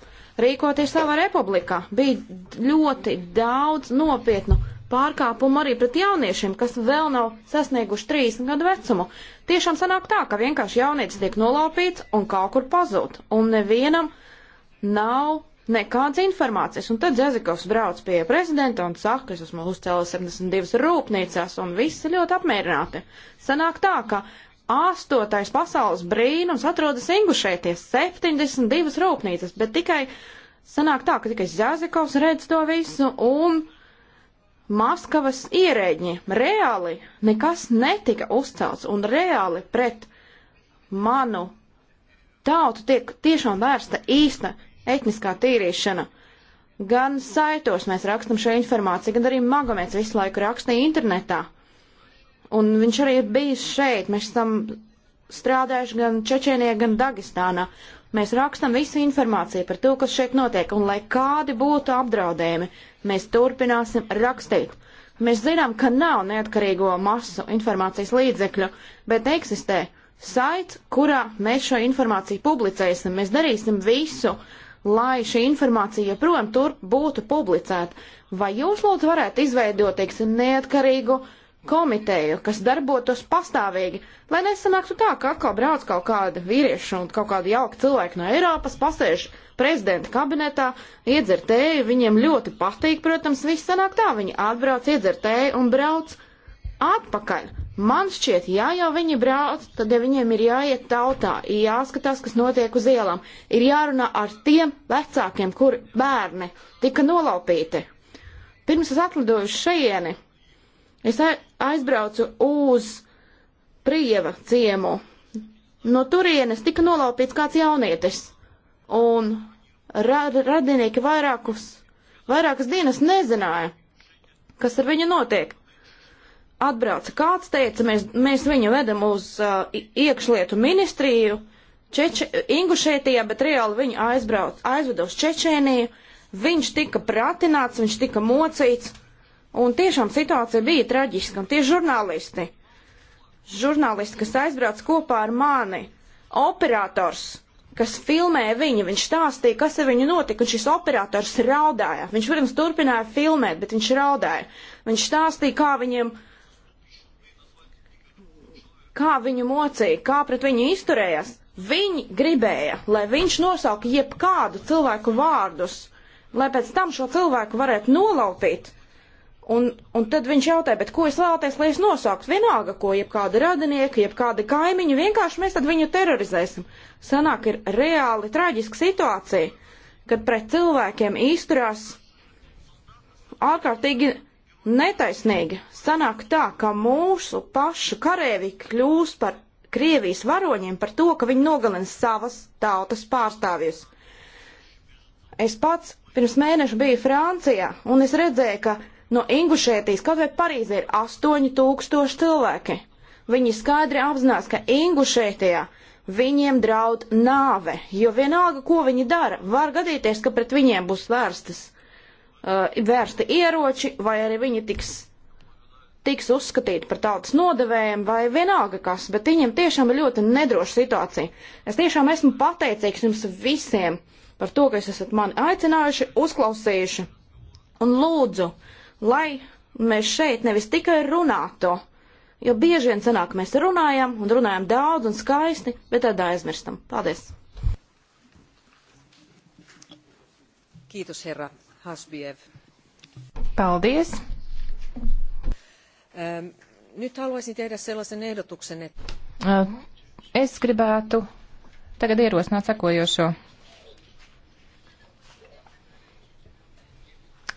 rīkoties savā republikā. Bija ļoti daudz nopietnu pārkāpumu arī pret jauniešiem, kas vēl nav sasnieguši 30 gadu vecumu. Tiešām sanāk tā, ka vienkārši jaunietis tiek nolaupīts un kaut kur pazūd, un nevienam nav nekādas informācijas. Un tad Dzezikovs brauc pie prezidenta un saka, es esmu uzcēlis 72 rūpnīcās, un visi ļoti apmierināti. Sanāk tā, ka astotais pasaules brīnums atrodas Ingušēties, 72 rūpnīcas, bet tikai sanāk tā, ka tikai Dzezikovs redz to visu, un Maskavas ierēģi reāli nekas netika uzcelts un reāli pret manu tautu tiek tiešām vērsta īsta etniskā tīrīšana. Gan saitos mēs rakstam šo informāciju, gan arī Magomets visu laiku rakstīja internetā. Un viņš arī ir bijis šeit. Mēs esam strādājuši gan Čečēnijā, gan Dagestānā. Mēs rakstam visu informāciju par to, kas šeit notiek, un lai kādi būtu apdraudējumi, Mēs turpināsim rakstīt. Mēs zinām, ka nav neatkarīgo masu informācijas līdzekļu, bet eksistē saits, kurā mēs šo informāciju publicēsim. Mēs darīsim visu, lai šī informācija joprojām tur būtu publicēta. Vai jūs lūdzu varētu izveidot, teiksim, neatkarīgu uh, komiteju, kas darbotos pastāvīgi, lai nesanāktu tā, ka atkal brauc kaut kāda vīrieša un kaut kāda jauka cilvēka no Eiropas, pasēž prezidenta kabinetā, iedzer tēju, viņiem ļoti patīk, protams, viss sanāk tā, viņi atbrauc, iedzer tēju un brauc atpakaļ. Man šķiet, ja jau viņi brauc, tad ja viņiem ir jāiet tautā, jāskatās, kas notiek uz ielām, ir jārunā ar tiem vecākiem, kur bērni tika nolaupīti. Pirms es atlidoju šajieni, Es aizbraucu uz Prieva ciemu. No turienes tika nolaupīts kāds jaunietis, un ra radinieki vairākus, vairākas dienas nezināja, kas ar viņu notiek. Atbrauca kāds, teica, mēs, mēs viņu vedam uz uh, iekšlietu ministriju, Čeče, Ingušētijā, bet reāli viņu aizbrauc, aizveda uz Čečēniju, viņš tika pratināts, viņš tika mocīts, Un tiešām situācija bija traģiska. Un tie žurnālisti, žurnālisti, kas aizbrauc kopā ar mani, operators, kas filmēja viņu, viņš stāstīja, kas ar viņu notika, un šis operators raudāja. Viņš, protams, turpināja filmēt, bet viņš raudāja. Viņš stāstīja, kā viņiem, kā viņu mocīja, kā pret viņu izturējās. Viņi gribēja, lai viņš nosauka jebkādu cilvēku vārdus, lai pēc tam šo cilvēku varētu nolaupīt Un, un tad viņš jautāja, bet ko es vēlaties, lai es nosauktu? Vienalga, ko jebkāda radinieka, jebkāda kaimiņa, vienkārši mēs tad viņu terorizēsim. Sanāk ir reāli traģiska situācija, kad pret cilvēkiem izturās ārkārtīgi netaisnīgi. Sanāk tā, ka mūsu pašu karēvi kļūs par Krievijas varoņiem par to, ka viņi nogalina savas tautas pārstāvjus. Es pats pirms mēneša biju Francijā, un es redzēju, ka no Ingušētijas, kaut vai Parīzē ir 8000 cilvēki. Viņi skaidri apzinās, ka Ingušētijā viņiem draud nāve, jo vienalga, ko viņi dara, var gadīties, ka pret viņiem būs vērstas, uh, vērsti ieroči, vai arī viņi tiks, tiks uzskatīti par tautas nodevējiem, vai vienalga kas, bet viņiem tiešām ir ļoti nedroša situācija. Es tiešām esmu pateicīgs jums visiem par to, ka jūs esat mani aicinājuši, uzklausījuši un lūdzu lai mēs šeit nevis tikai runātu, jo bieži vien sanāk, mēs runājam un runājam daudz un skaisti, bet tad aizmirstam. Paldies! Kītus, herra Hasbiev. Paldies! Um, nyt haluaisin tehdä sellaisen ehdotuksen, että... Äh, es gribētu tagad ierosināt sekojošo.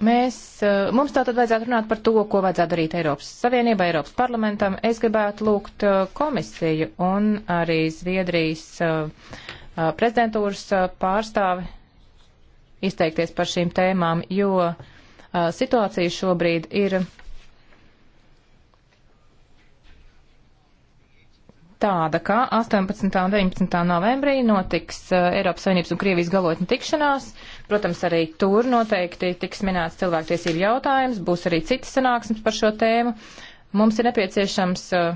Mēs, eh, mums tātad vajadzētu runāt par to, ko vajadzētu darīt Eiropas Savienībai, Eiropas parlamentam. Es gribētu lūgt eh, komisiju un arī Zviedrijas eh, prezidentūras pārstāvi izteikties par šīm tēmām, jo situācija šobrīd ir tāda, ka 18. un 19. novembrī notiks eh, Eiropas Savienības un Krievijas galotņu tikšanās. Protams, arī tur noteikti tiks minēts cilvēktiesību jautājums, būs arī citas sanāksmes par šo tēmu. Mums ir nepieciešams eh,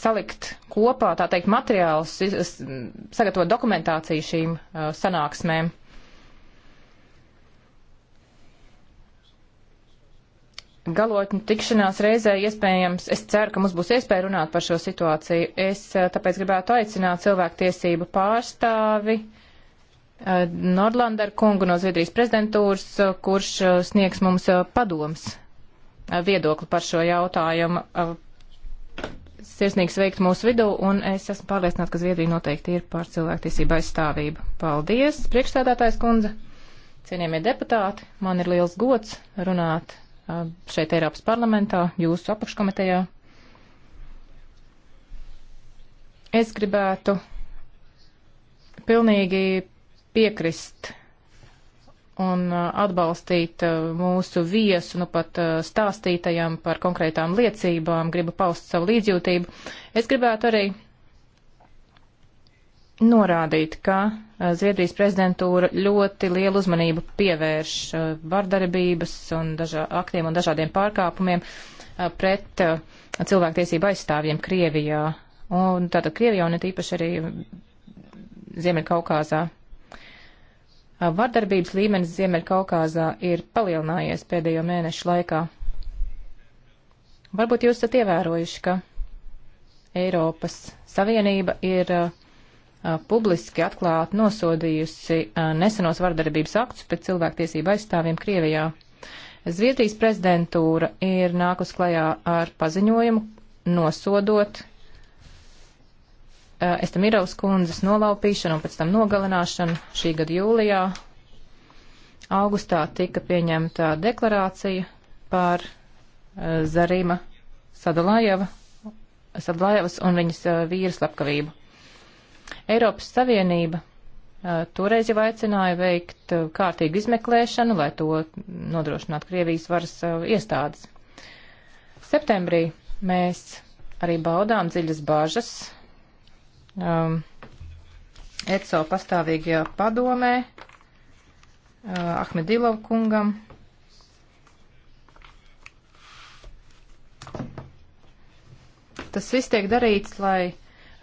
salikt kopā, tā teikt, materiālus, sagatavot dokumentāciju šīm eh, sanāksmēm. galotņu tikšanās reizē iespējams, es ceru, ka mums būs iespēja runāt par šo situāciju. Es eh, tāpēc gribētu aicināt cilvēktiesību pārstāvi eh, Nordlander kungu no Zviedrijas prezidentūras, eh, kurš sniegs mums padoms viedokli par šo jautājumu. Sirsnīgi sveikt mūsu vidū, un es esmu pārliecināta, ka Zviedrija noteikti ir par cilvēktiesību aizstāvību. Paldies, priekšstādātājs kundze! Cienījamie deputāti, man ir liels gods runāt Uh, šeit Eiropas parlamentā, jūsu apakškomitejā. Es gribētu pilnīgi piekrist un uh, atbalstīt uh, mūsu viesu, nu pat stāstītajam par konkrētām liecībām, gribu paust savu līdzjūtību. Es gribētu arī norādīt, ka eh, Zviedrijas prezidentūra ļoti lielu uzmanību pievērš eh, vardarbības un dažā, aktiem un dažādiem pārkāpumiem eh, pret cilvēktiesību aizstāvjiem Krievijā. Un tātad Krievijā un it īpaši arī Ziemeļkaukāzā. Vardarbības līmenis Ziemeļkaukāzā ir palielinājies pēdējo mēnešu laikā. Varbūt jūs esat ievērojuši, ka Eiropas Savienība ir uh, publiski atklāti nosodījusi nesenos vardarbības aktus pret cilvēktiesību aizstāvjiem Krievijā. Zviedrijas prezidentūra ir nākus klajā ar paziņojumu nosodot Estamirovas kundzes nolaupīšanu un pēc tam nogalināšanu šī gada jūlijā. Augustā tika pieņemta deklarācija par Zarima Sadalājeva, Sadalājevas un viņas vīra slepkavību. Eiropas Savienība toreiz jau aicināja veikt kārtīgu izmeklēšanu, lai to nodrošinātu Krievijas varas iestādes. Septembrī mēs arī baudām dziļas bažas um, ECO pastāvīgajā padomē uh, Ahmedilov kungam. Tas viss tiek darīts, lai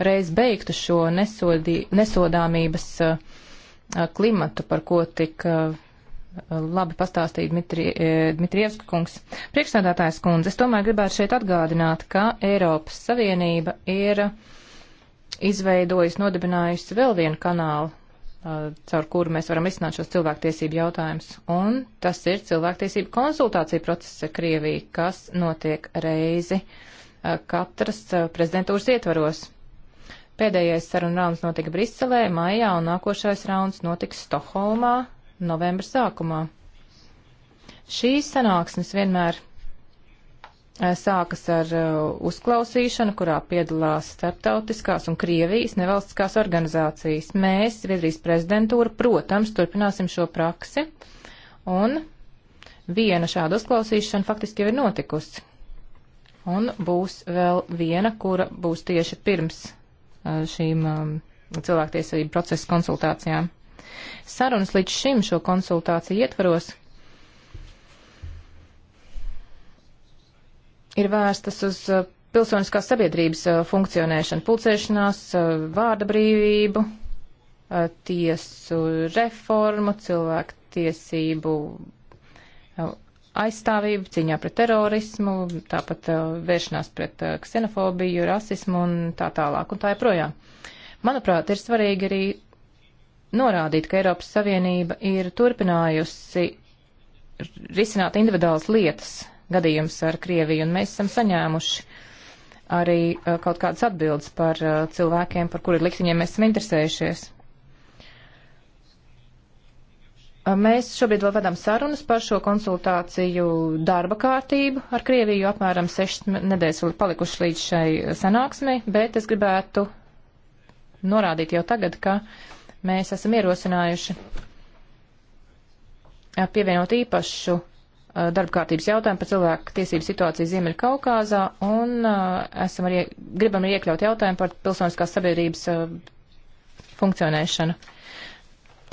reiz beigtu šo nesodī, nesodāmības uh, klimatu, par ko tik uh, labi pastāstīja Dmitri, uh, Dmitrievska kungs. Priekšsēdētājs kundze, es tomēr gribētu šeit atgādināt, ka Eiropas Savienība ir izveidojusi, nodibinājusi vēl vienu kanālu, caur kuru mēs varam izsnāt šos cilvēktiesību jautājumus. Un tas ir cilvēktiesību konsultācija process ar Krieviju, kas notiek reizi katras prezidentūras ietvaros. Pēdējais saruna rauns notika Briselē maijā un nākošais rauns notiks Stokholmā novembra sākumā. Šīs sanāksmes vienmēr eh, sākas ar eh, uzklausīšanu, kurā piedalās starptautiskās un Krievijas nevalstiskās organizācijas. Mēs, Zviedrijas prezidentūra, protams, turpināsim šo praksi, un viena šāda uzklausīšana faktiski jau ir notikusi. Un būs vēl viena, kura būs tieši pirms Eh, šīm um, cilvēktiesību procesu konsultācijām. Sarunas līdz šim šo konsultāciju ietvaros ir vērstas uz eh, pilsoniskās sabiedrības eh, funkcionēšanu, pulcēšanās, vārda brīvību, tiesu reformu, cilvēku tiesību aizstāvību, cīņā pret terorismu, tāpat uh, vēršanās pret uh, ksenofobiju, rasismu un tā tālāk un tā joprojām. Manuprāt, ir svarīgi arī norādīt, ka Eiropas Savienība ir turpinājusi risināt individuālas lietas gadījums ar Krieviju, un mēs esam saņēmuši arī uh, kaut kādas atbildes par cilvēkiem, par kuri likteņiem mēs esam interesējušies. Mēs šobrīd vēl vedam sarunas par šo konsultāciju darba kārtību ar Krieviju. Apmēram sešas nedēļas vēl palikušas līdz šai sanāksmei, bet es gribētu norādīt jau tagad, ka mēs esam ierosinājuši pievienot īpašu darba kārtības jautājumu par cilvēku tiesību situāciju Ziemeļa Kaukāzā un esam arī, gribam arī iekļaut jautājumu par pilsoniskās sabiedrības funkcionēšanu.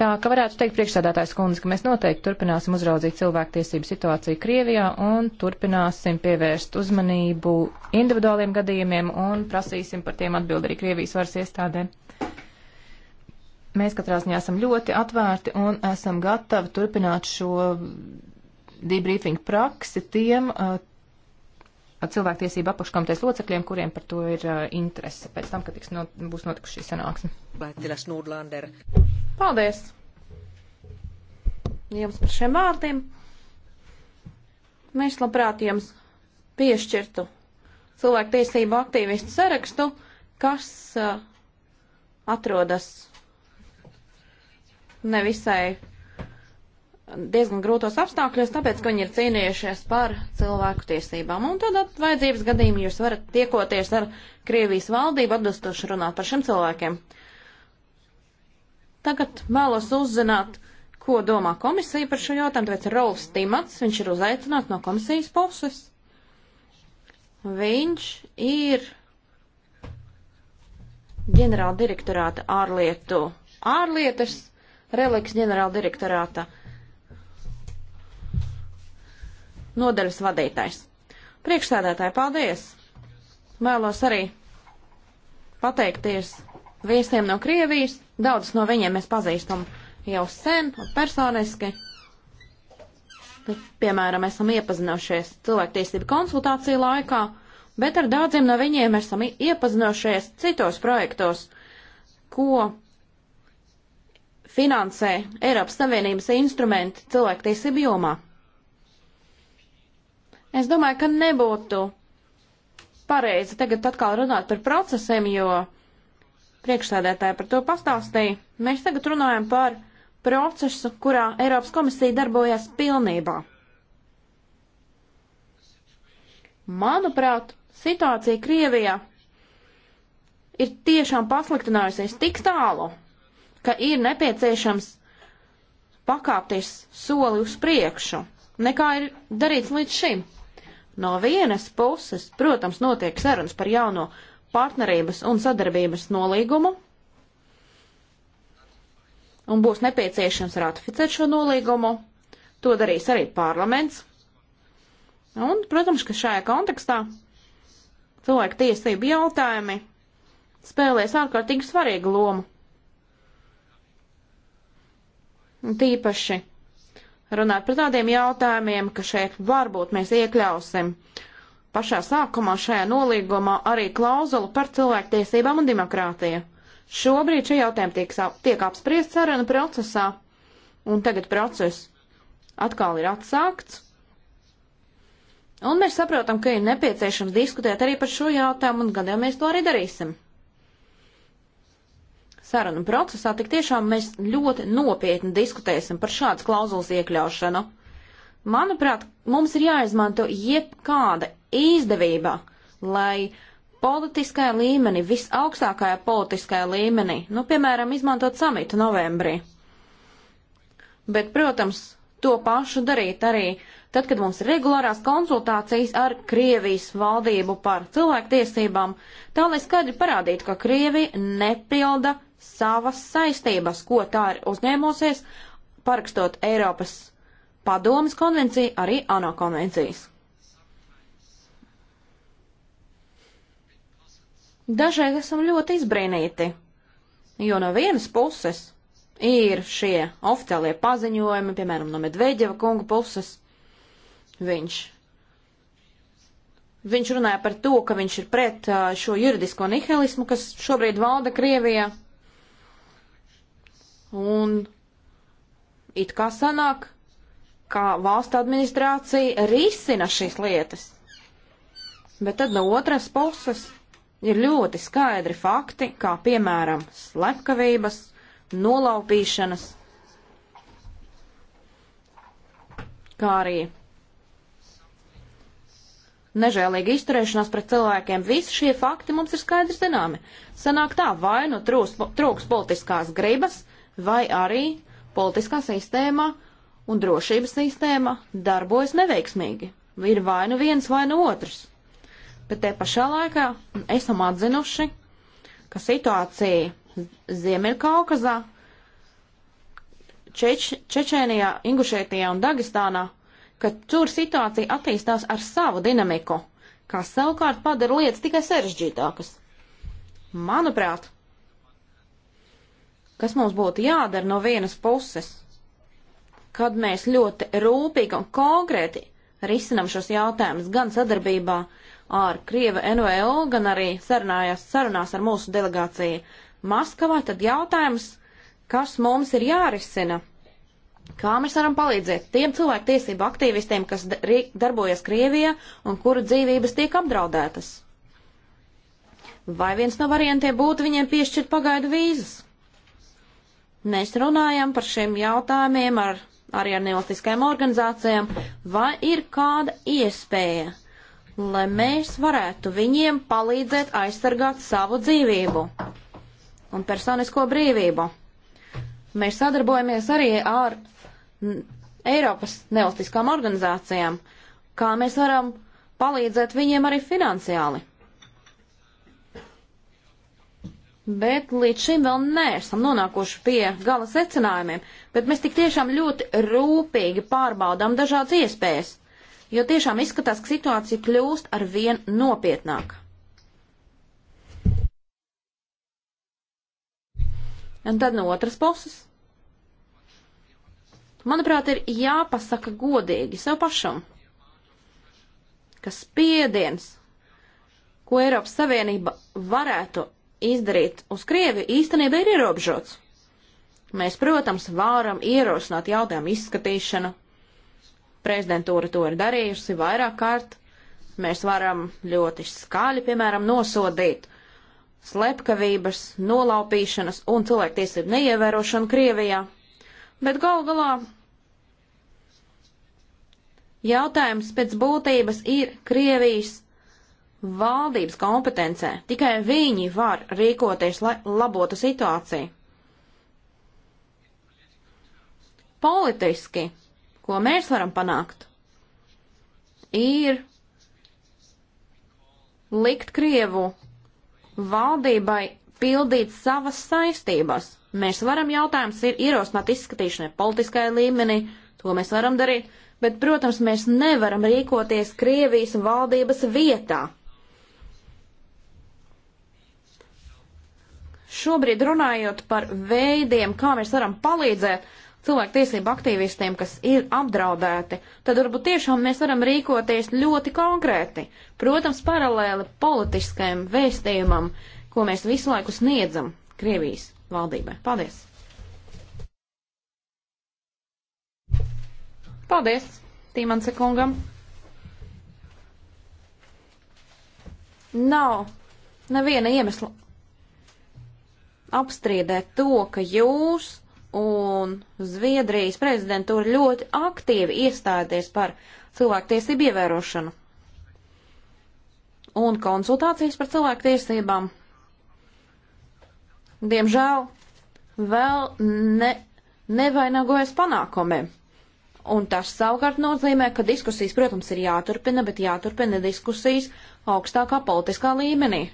Tā ka varētu teikt priekšsēdētājs kundze, ka mēs noteikti turpināsim uzraudzīt cilvēktiesību situāciju Krievijā un turpināsim pievērst uzmanību individuāliem gadījumiem un prasīsim par tiem atbildi arī Krievijas varas iestādēm. Mēs katrā ziņā esam ļoti atvērti un esam gatavi turpināt šo debriefing praksi tiem, cilvēktiesību apakškomitejas locekļiem, kuriem par to ir uh, interese pēc tam, kad tiks not, būs notikuši šī sanāksme. Paldies! Jums par šiem vārdiem. Mēs labprāt jums piešķirtu cilvēktiesību aktīvistu sarakstu, kas uh, atrodas nevisai diezgan grūtos apstākļos, tāpēc, ka viņi ir cīnījušies par cilvēku tiesībām. Un tad vajadzības gadījumā jūs varat tiekoties ar Krievijas valdību atbilstoši runāt par šiem cilvēkiem. Tagad vēlos uzzināt, ko domā komisija par šo jautājumu, tāpēc Rolfs Timats, viņš ir uzaicināts no komisijas puses. Viņš ir ģenerāldirektorāta ārlietu ārlietas, reliks ģenerāldirektorāta ārlietu nodaļas vadītājs. Priekšsēdētāji, paldies! Vēlos arī pateikties viesiem no Krievijas. Daudz no viņiem mēs pazīstam jau sen un personiski. Tad, nu, piemēram, esam iepazinušies cilvēktiesību konsultāciju laikā, bet ar daudziem no viņiem esam iepazinušies citos projektos, ko finansē Eiropas Savienības instrumenti cilvēktiesību jomā. Es domāju, ka nebūtu pareizi tagad atkal runāt par procesiem, jo priekšsēdētāji par to pastāstīja. Mēs tagad runājam par procesu, kurā Eiropas komisija darbojas pilnībā. Manuprāt, situācija Krievijā ir tiešām pasliktinājusies tik tālu, ka ir nepieciešams pakāpties soli uz priekšu, nekā ir darīts līdz šim. No vienas puses, protams, notiek sarunas par jauno partnerības un sadarbības nolīgumu, un būs nepieciešams ratificēt šo nolīgumu. To darīs arī parlaments. Un, protams, ka šajā kontekstā cilvēku tiesību jautājumi spēlēs ārkārtīgi svarīgu lomu. Tīpaši runāt par tādiem jautājumiem, ka šeit varbūt mēs iekļausim pašā sākumā šajā nolīgumā arī klauzulu par cilvēktiesībām un demokrātiju. Šobrīd šie jautājumi tiek, tiek apspriest saruna procesā, un tagad process atkal ir atsākts. Un mēs saprotam, ka ir nepieciešams diskutēt arī par šo jautājumu, un gadiem mēs to arī darīsim sarunu procesā, tik tiešām mēs ļoti nopietni diskutēsim par šādas klauzulas iekļaušanu. Manuprāt, mums ir jāizmanto jebkāda izdevība, lai politiskajā līmenī, visaugstākajā politiskajā līmenī, nu, piemēram, izmantot samitu novembrī. Bet, protams, to pašu darīt arī tad, kad mums ir regulārās konsultācijas ar Krievijas valdību par cilvēktiesībām, tā lai skaidri parādītu, ka Krievija nepilda savas saistības, ko tā ir uzņēmusies, parakstot Eiropas padomas konvenciju, arī ANO konvencijas. Dažreiz esam ļoti izbrīnīti, jo no vienas puses ir šie oficiālie paziņojumi, piemēram, no Medveģeva kunga puses. Viņš Viņš runāja par to, ka viņš ir pret uh, šo juridisko nihilismu, kas šobrīd valda Krievijā. Un it kā sanāk, ka valsts administrācija risina šīs lietas. Bet tad no otras puses ir ļoti skaidri fakti, kā piemēram slepkavības, nolaupīšanas, kā arī nežēlīga izturēšanās pret cilvēkiem. Visi šie fakti mums ir skaidri zināmi. Sanāk tā, vai nu trūks, trūks politiskās gribas, vai arī politiskā sistēma un drošības sistēma darbojas neveiksmīgi. Ir vai nu viens, vai nu otrs. Bet te pašā laikā esam atzinuši, ka situācija Ziemeļkaukazā, Čeč, Čečēnijā, Ingušētijā un Dagestānā, ka tur situācija attīstās ar savu dinamiku, kas savukārt padara lietas tikai sarežģītākas. Manuprāt, kas mums būtu jādara no vienas puses, kad mēs ļoti rūpīgi un konkrēti risinam šos jautājumus gan sadarbībā ar Krieva NVO, gan arī sarunājās, sarunās ar mūsu delegāciju Maskavā, tad jautājums, kas mums ir jārisina, kā mēs varam palīdzēt tiem cilvēktiesību aktīvistiem, kas darbojas Krievijā un kuru dzīvības tiek apdraudētas. Vai viens no variantiem būtu viņiem piešķirt pagaidu vīzas? Mēs runājam par šiem jautājumiem ar, arī ar nevalstiskajām organizācijām, vai ir kāda iespēja, lai mēs varētu viņiem palīdzēt aizsargāt savu dzīvību un personisko brīvību. Mēs sadarbojamies arī ar Eiropas nevalstiskām organizācijām, kā mēs varam palīdzēt viņiem arī finansiāli. bet līdz šim vēl neesam nonākuši pie gala secinājumiem, bet mēs tik tiešām ļoti rūpīgi pārbaudām dažādas iespējas, jo tiešām izskatās, ka situācija kļūst ar vien nopietnāka. Un tad no otras puses. Manuprāt, ir jāpasaka godīgi sev pašam, ka spiediens, ko Eiropas Savienība varētu izdarīt uz Krieviju, īstenībā ir ierobežots. Mēs, protams, varam ierosināt jautājumu izskatīšanu. Prezidentūra to ir darījusi vairāk kārt. Mēs varam ļoti skaļi, piemēram, nosodīt slepkavības, nolaupīšanas un cilvēktiesību neievērošanu Krievijā. Bet gal galā jautājums pēc būtības ir Krievijas valdības kompetencē. Tikai viņi var rīkoties, lai labotu situāciju. Politiski, ko mēs varam panākt, ir likt Krievu valdībai pildīt savas saistības. Mēs varam jautājums ir ierosināt izskatīšanai politiskajā līmenī, to mēs varam darīt, bet, protams, mēs nevaram rīkoties Krievijas valdības vietā. Šobrīd runājot par veidiem, kā mēs varam palīdzēt cilvēku tiesību aktīvistiem, kas ir apdraudēti, tad varbūt tiešām mēs varam rīkoties ļoti konkrēti. Protams, paralēli politiskajam vēstījumam, ko mēs visu laiku sniedzam Krievijas valdībai. Paldies! Paldies, Tīmanse kungam. Nav neviena iemesla apstrīdēt to, ka jūs un Zviedrijas prezidentūra ļoti aktīvi iestājaties par cilvēktiesību ievērošanu un konsultācijas par cilvēktiesībām. Diemžēl vēl ne, nevainagojas panākumiem. Un tas savukārt nozīmē, ka diskusijas, protams, ir jāturpina, bet jāturpina diskusijas augstākā politiskā līmenī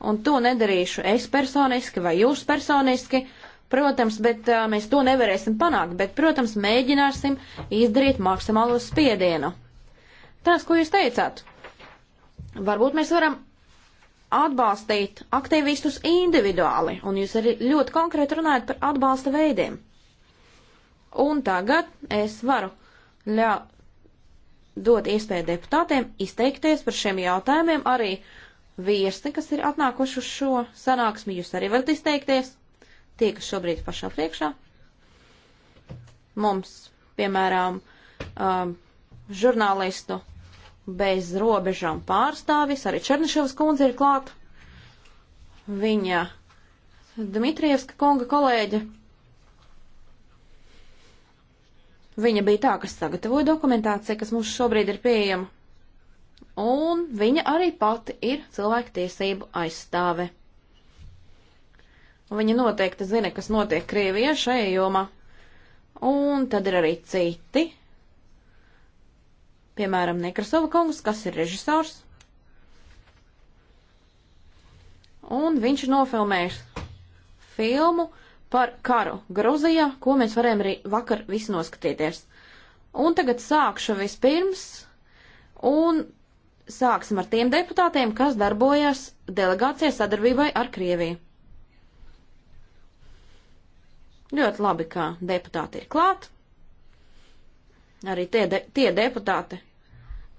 un to nedarīšu es personiski vai jūs personiski, protams, bet uh, mēs to nevarēsim panākt, bet, protams, mēģināsim izdarīt maksimālo spiedienu. Tas, ko jūs teicāt, varbūt mēs varam atbalstīt aktīvistus individuāli, un jūs arī ļoti konkrēti runājat par atbalsta veidiem. Un tagad es varu ļaut dot iespēju deputātiem izteikties par šiem jautājumiem arī uh, viesi, kas ir atnākuši uz šo sanāksmi. Jūs arī varat izteikties. Tie, kas šobrīd pašā priekšā. Mums, piemēram, um, žurnālistu bez robežām pārstāvis, arī Černiševas kundze ir klāt. Viņa Dmitrievska kunga kolēģe. Viņa bija tā, kas sagatavoja dokumentāciju, kas mums šobrīd ir pieejama un viņa arī pati ir cilvēktiesību aizstāve. Viņa noteikti zina, kas notiek Krievijā šajā jomā. Un tad ir arī citi, piemēram, Nekrasova kungs, kas ir režisors. Un viņš ir nofilmējis filmu par karu Gruzijā, ko mēs varējām arī vakar visi noskatīties. Un tagad sākšu vispirms, un sāksim ar tiem deputātiem, kas darbojas delegācijas sadarbībai ar Krieviju. Ļoti labi, ka deputāti ir klāt. Arī tie, de, tie deputāti,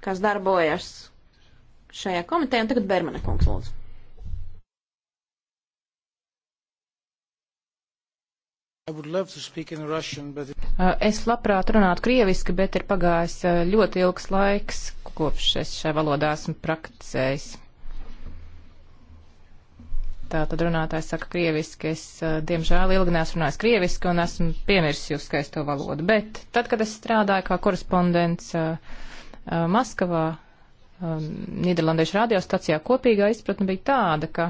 kas darbojas šajā komitejā, un tagad Bermane kungs lūdzu. Russian, but... Uh, es labprāt runātu krieviski, bet ir pagājis uh, ļoti ilgs laiks, kopš es šai valodā esmu prakticējis. Tā tad runātājs saka krieviski, es uh, diemžēl ilgi neesmu runājis krieviski un esmu piemirsis jūs skaisto valodu, bet tad, kad es strādāju kā korespondents Maskavā, um, Nīderlandiešu radiostacijā kopīgā izpratne bija tāda, ka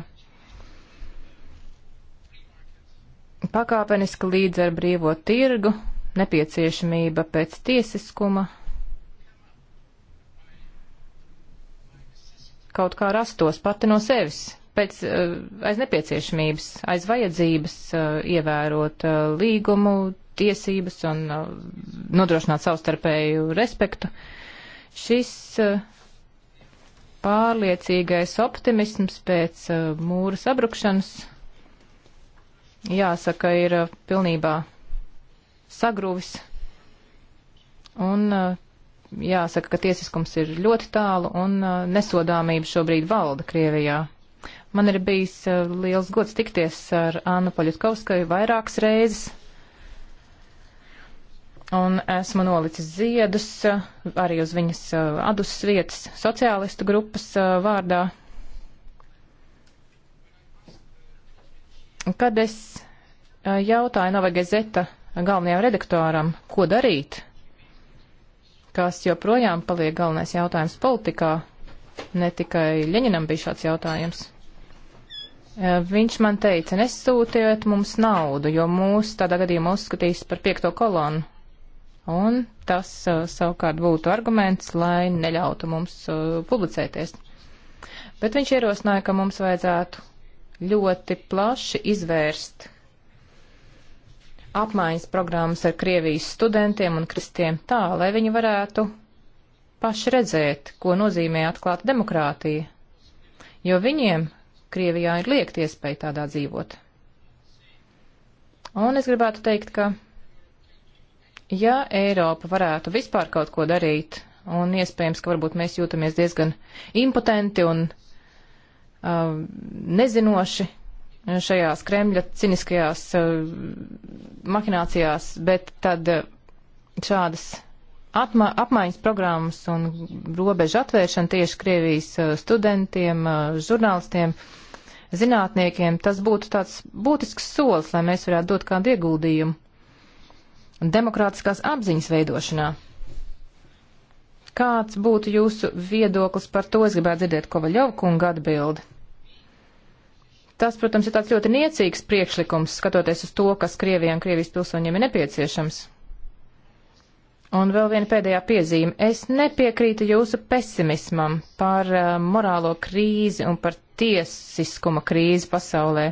pakāpeniski līdz ar brīvo tirgu, nepieciešamība pēc tiesiskuma, kaut kā rastos pati no sevis, pēc, eh, aiz nepieciešamības, aiz vajadzības eh, ievērot eh, līgumu, tiesības un nodrošināt savstarpēju respektu. Šis pārliecīgais optimisms pēc mūra sabrukšanas jāsaka, ir uh, pilnībā sagrūvis. Un uh, jāsaka, ka tiesiskums ir ļoti tālu un uh, nesodāmība šobrīd valda Krievijā. Man ir bijis liels gods tikties ar Annu Paļutkovskaju vairākas reizes. Un esmu nolicis ziedus arī uz viņas adus vietas sociālistu grupas vārdā, Kad es jautāju Novagazeta galvenajam redaktoram, ko darīt, kas joprojām paliek galvenais jautājums politikā, ne tikai Ļeņinam bija šāds jautājums. Viņš man teica, nesūtiet mums naudu, jo mūs tādā gadījumā uzskatīs par piekto kolonu. Un tas savukārt būtu arguments, lai neļautu mums publicēties. Bet viņš ierosināja, ka mums vajadzētu ļoti plaši izvērst apmaiņas programmas ar Krievijas studentiem un kristiem tā, lai viņi varētu paši redzēt, ko nozīmē atklāta demokrātija, jo viņiem Krievijā ir liekt iespēja tādā dzīvot. Un es gribētu teikt, ka ja Eiropa varētu vispār kaut ko darīt, un iespējams, ka varbūt mēs jūtamies diezgan impotenti un Um, nezinoši šajās Kremļa ciniskajās um, mahinācijās, bet tad uh, šādas Atma, apmaiņas programmas un robežu atvēršana tieši Krievijas uh, studentiem, uh, žurnālistiem, zinātniekiem, tas būtu tāds būtisks solis, lai mēs varētu dot kādu ieguldījumu demokrātiskās apziņas veidošanā. Kāds būtu jūsu viedoklis par to? Es gribētu dzirdēt Kovaļovu kunga atbildi. Tas, protams, ir tāds ļoti niecīgs priekšlikums, skatoties uz to, kas Krievijai un Krievijas pilsoņiem ir nepieciešams. Un vēl viena pēdējā piezīme. Es nepiekrītu jūsu pesimismam par uh, morālo krīzi un par tiesiskuma krīzi pasaulē.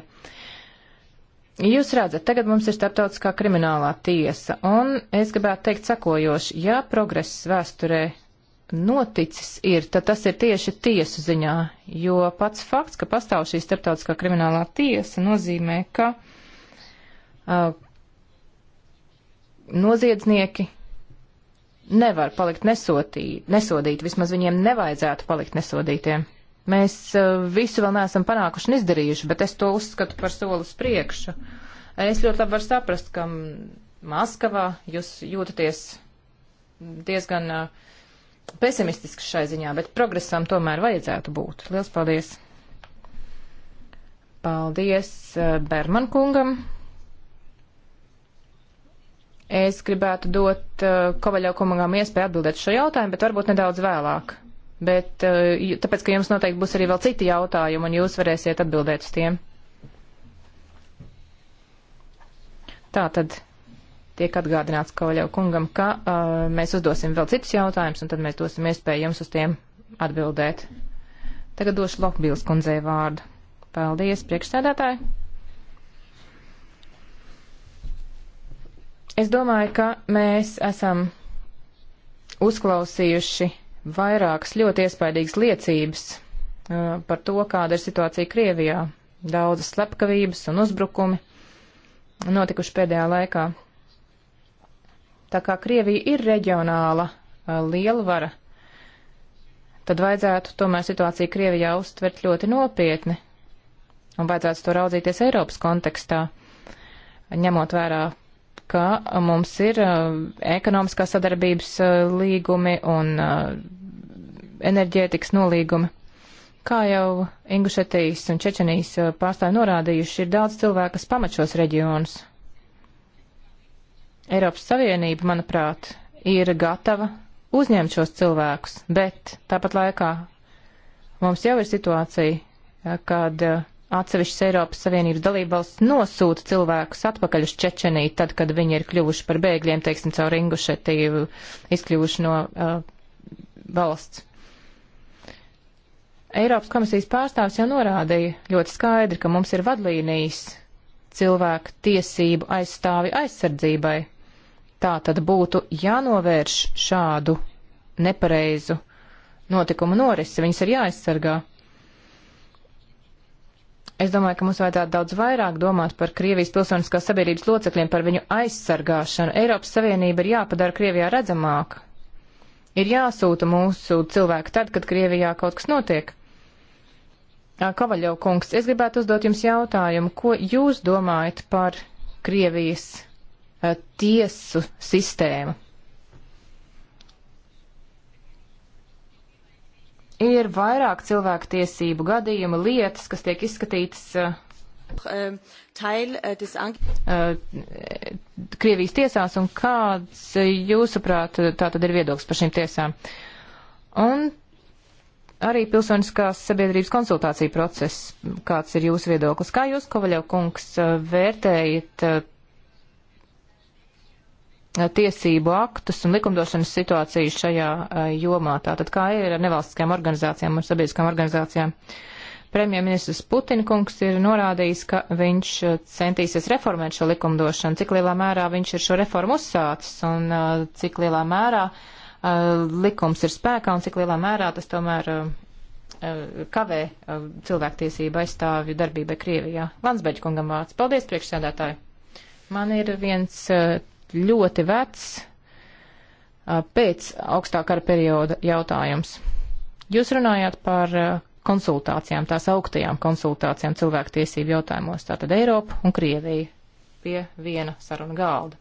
Jūs redzat, tagad mums ir starptautiskā kriminālā tiesa, un es gribētu teikt sakojoši, ja progress vēsturē noticis ir, tad tas ir tieši tiesu ziņā, jo pats fakts, ka pastāv šī starptautiskā kriminālā tiesa, nozīmē, ka uh, noziedznieki nevar palikt nesotī, nesodīti, vismaz viņiem nevajadzētu palikt nesodītiem. Mēs uh, visu vēl neesam panākuši un izdarījuši, bet es to uzskatu par soli uz priekšu. Es ļoti labi varu saprast, ka Maskavā jūs jūtaties diezgan uh, pesimistisks šai ziņā, bet progresam tomēr vajadzētu būt. Lielas paldies! Paldies eh, Berman kungam! Es gribētu dot uh, eh, Kovaļo kungam iespēju atbildēt šo jautājumu, bet varbūt nedaudz vēlāk. Bet, uh, tāpēc, ka jums noteikti būs arī vēl citi jautājumi, un jūs varēsiet atbildēt uz tiem. Tā tad tiek atgādināts Kauļev kungam, ka uh, mēs uzdosim vēl citus jautājumus, un tad mēs dosim iespēju jums uz tiem atbildēt. Tagad došu Lokbīls kundzei vārdu. Paldies, priekšsēdētāji! Es domāju, ka mēs esam uzklausījuši vairākas ļoti iespaidīgas liecības uh, par to, kāda ir situācija Krievijā. Daudzas slepkavības un uzbrukumi notikuši pēdējā laikā. Tā kā Krievija ir reģionāla lielvara, tad vajadzētu tomēr situāciju Krievijā uztvert ļoti nopietni un vajadzētu to raudzīties Eiropas kontekstā, ņemot vērā, ka mums ir ekonomiskā sadarbības līgumi un enerģētikas nolīgumi. Kā jau Ingušetijas un Čečenijas pārstāvi norādījuši, ir daudz cilvēku, kas pamat šos reģionus Eiropas Savienība, manuprāt, ir gatava uzņemt šos cilvēkus, bet tāpat laikā mums jau ir situācija, eh, kad eh, atsevišķas Eiropas Savienības dalībvalsts nosūta cilvēkus atpakaļ uz Čečeniju, tad, kad viņi ir kļuvuši par bēgļiem, teiksim, caur Ingušetīvu, izkļuvuši no uh, valsts. Eiropas komisijas pārstāvs jau norādīja ļoti skaidri, ka mums ir vadlīnijas cilvēku tiesību aizstāvi aizsardzībai Tā tad būtu jānovērš šādu nepareizu notikumu norisi, viņas ir jāaizsargā. Es domāju, ka mums vajadzētu daudz vairāk domāt par Krievijas pilsoniskās sabiedrības locekļiem, par viņu aizsargāšanu. Eiropas Savienība ir jāpadara Krievijā redzamāka. Ir jāsūta mūsu cilvēki tad, kad Krievijā kaut kas notiek. Kavaļo kungs, es gribētu uzdot jums jautājumu, ko jūs domājat par Krievijas Eh, tiesu sistēmu. Ir vairāk cilvēktiesību gadījumu lietas, kas tiek izskatītas eh, eh, Krievijas tiesās, un kāds jūsuprāt tā tad ir viedoklis par šīm tiesām? Un arī pilsoniskās sabiedrības konsultācija process, kāds ir jūsu viedoklis? Kā jūs, Kovaļov kungs, vērtējat tiesību aktus un likumdošanas situāciju šajā jomā. Tātad kā ir ar nevalstiskajām organizācijām un sabiedriskām organizācijām? Premjerministrs Putinkungs ir norādījis, ka viņš centīsies reformēt šo likumdošanu, cik lielā mērā viņš ir šo reformu uzsācis un cik lielā mērā likums ir spēkā un cik lielā mērā tas tomēr kavē cilvēktiesība aizstāvju darbībai Krievijā. Landsbeģi kungam vārds. Paldies, priekšsēdētāji! Man ir viens ļoti vecs pēc augstākā perioda jautājums. Jūs runājāt par konsultācijām, tās augstajām konsultācijām cilvēktiesību jautājumos, tātad Eiropa un Krievija pie viena saruna galda.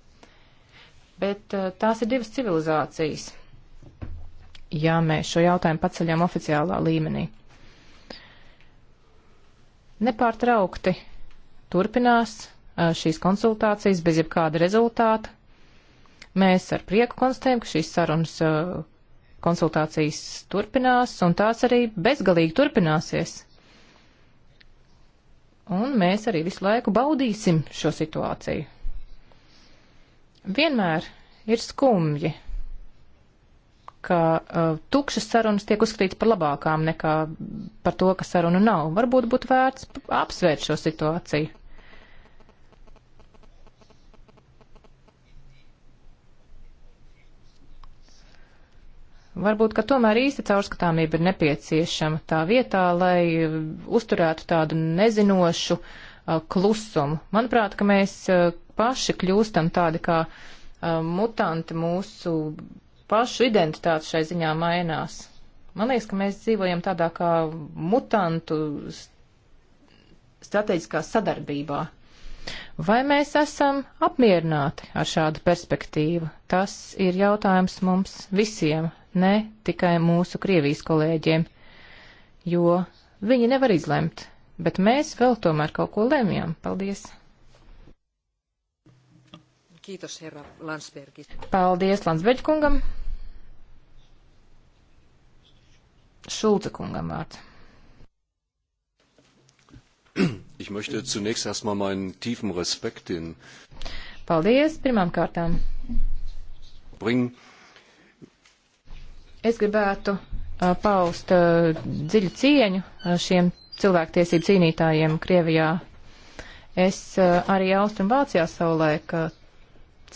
Bet tās ir divas civilizācijas, ja mēs šo jautājumu paceļam oficiālā līmenī. Nepārtraukti turpinās šīs konsultācijas bez jebkāda rezultāta. Mēs ar prieku konstatējam, ka šīs sarunas konsultācijas turpinās, un tās arī bezgalīgi turpināsies. Un mēs arī visu laiku baudīsim šo situāciju. Vienmēr ir skumji, ka uh, tukšas sarunas tiek uzskatītas par labākām nekā par to, ka sarunu nav. Varbūt būtu vērts apsvērt šo situāciju. Varbūt, ka tomēr īsta caurskatāmība ir nepieciešama tā vietā, lai uzturētu tādu nezinošu klusumu. Manuprāt, ka mēs paši kļūstam tādi kā mutanti, mūsu pašu identitāte šai ziņā mainās. Man liekas, ka mēs dzīvojam tādā kā mutantu strateģiskā sadarbībā. Vai mēs esam apmierināti ar šādu perspektīvu? Tas ir jautājums mums visiem ne tikai mūsu Krievijas kolēģiem, jo viņi nevar izlemt, bet mēs vēl tomēr kaut ko lemjam. Paldies! Kītos, herra Landsbergis. Paldies Landsberg kungam. Šulce kungam vārds. Ich möchte zunächst erstmal meinen tiefen Respekt in Paldies pirmām kārtām. Bringen Es gribētu paust dziļu cieņu šiem cilvēktiesību cīnītājiem Krievijā. Es arī Austrumvācijā savulaik